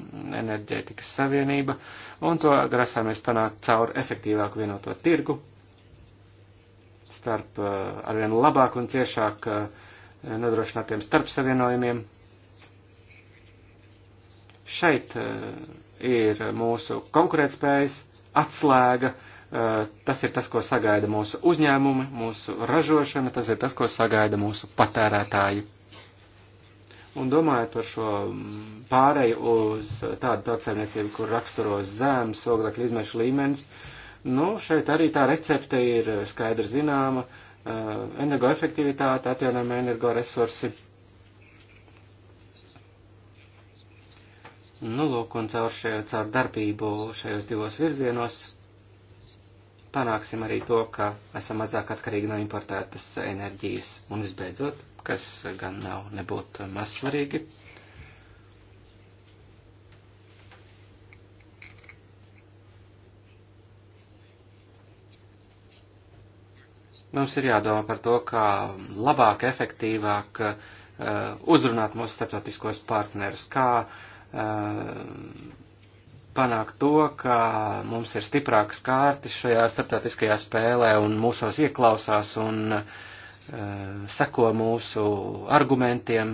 enerģētikas savienība, un to grasāmies panākt caur efektīvāku vienoto tirgu, starp eh, arvien labāk un ciešāk eh, nodrošinātiem starpsavienojumiem. Šeit eh, ir mūsu konkurētspējas atslēga, tas ir tas, ko sagaida mūsu uzņēmumi, mūsu ražošana, tas ir tas, ko sagaida mūsu patērētāji. Un domājot par šo mm, pāreju uz tādu tautsēmniecību, kur raksturos zēms, oglekļu izmešu līmenis, uh, Nu, šeit arī tā recepte ir skaidri zināma eh, - energoefektivitāte, atjaunojama energoresursi. Nu, lūk, un caur, šajā, caur darbību šajos divos virzienos panāksim arī to, ka esam mazāk atkarīgi no importētas enerģijas. Un visbeidzot, kas gan nav nebūtu maz svarīgi Mums ir jādomā par to, kā labāk, efektīvāk uh, uzrunāt mūsu starptautiskos partnerus, kā uh, panākt to, ka mums ir stiprākas kārtas šajā starptautiskajā spēlē un mūsos ieklausās un uh, seko mūsu argumentiem.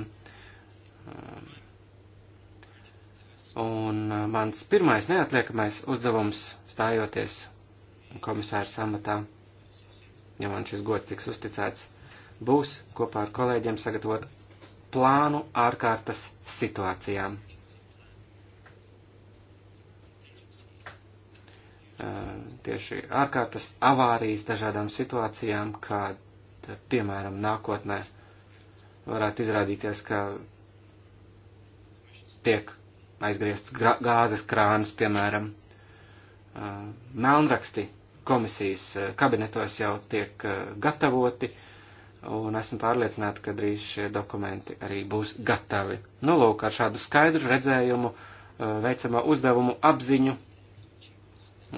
Un uh, mans pirmais neatliekamais uzdevums stājoties komisāra samatā ja man šis gods tiks uzticēts, būs kopā ar kolēģiem sagatavot plānu ārkārtas situācijām. Tieši ārkārtas avārijas dažādām situācijām, kad, piemēram, nākotnē varētu izrādīties, ka tiek aizgriezts gāzes krāns, piemēram, melnraksti komisijas eh, kabinetos jau tiek eh, gatavoti, un esmu pārliecināta, ka drīz šie dokumenti arī būs gatavi. Nu, lūk, ar šādu skaidru redzējumu, eh, veicamā uzdevumu apziņu,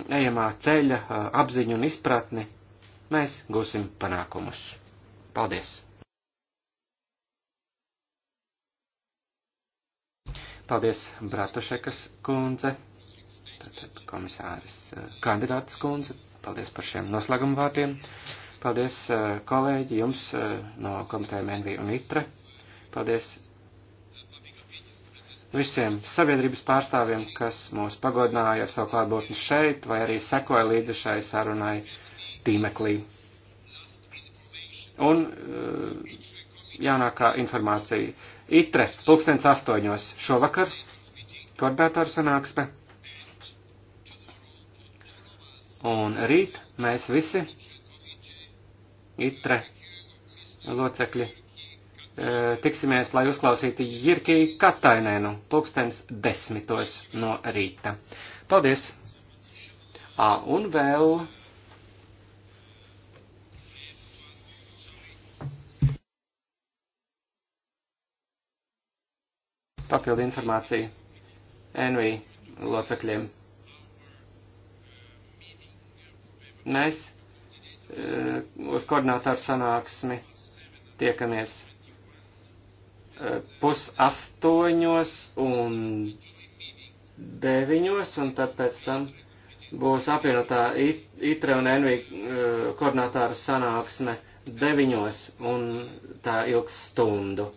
ejamā ceļa apziņu un izpratni, mēs gūsim panākumus. Paldies! Paldies, Bratušekas kundze, tātad komisāris kandidātas kundze. Paldies par šiem noslēguma vārdiem. Paldies, eh, kolēģi, jums eh, no komitējiem NV un ITRE. Paldies visiem sabiedrības pārstāvjiem, kas mūs pagodināja ar savu klātbūtni šeit, vai arī sekoja līdzi šai sarunai tīmeklī. Un eh, jaunākā informācija. ITRE, pulkstens astoņos šovakar, koordinātors sanāksme. Un rīt mēs visi, itre locekļi, e, tiksimies, lai uzklausītu Jirkī Katainēnu pulkstens desmitos no rīta. Paldies! À, un vēl. Papildu informāciju NV locekļiem. mēs eh, uz koordinātoru sanāksmi tiekamies eh, pusastoņos un deviņos, un tad pēc tam būs apvienotā ITRE un NV eh, koordinātāru sanāksme deviņos, un tā ilgs stundu.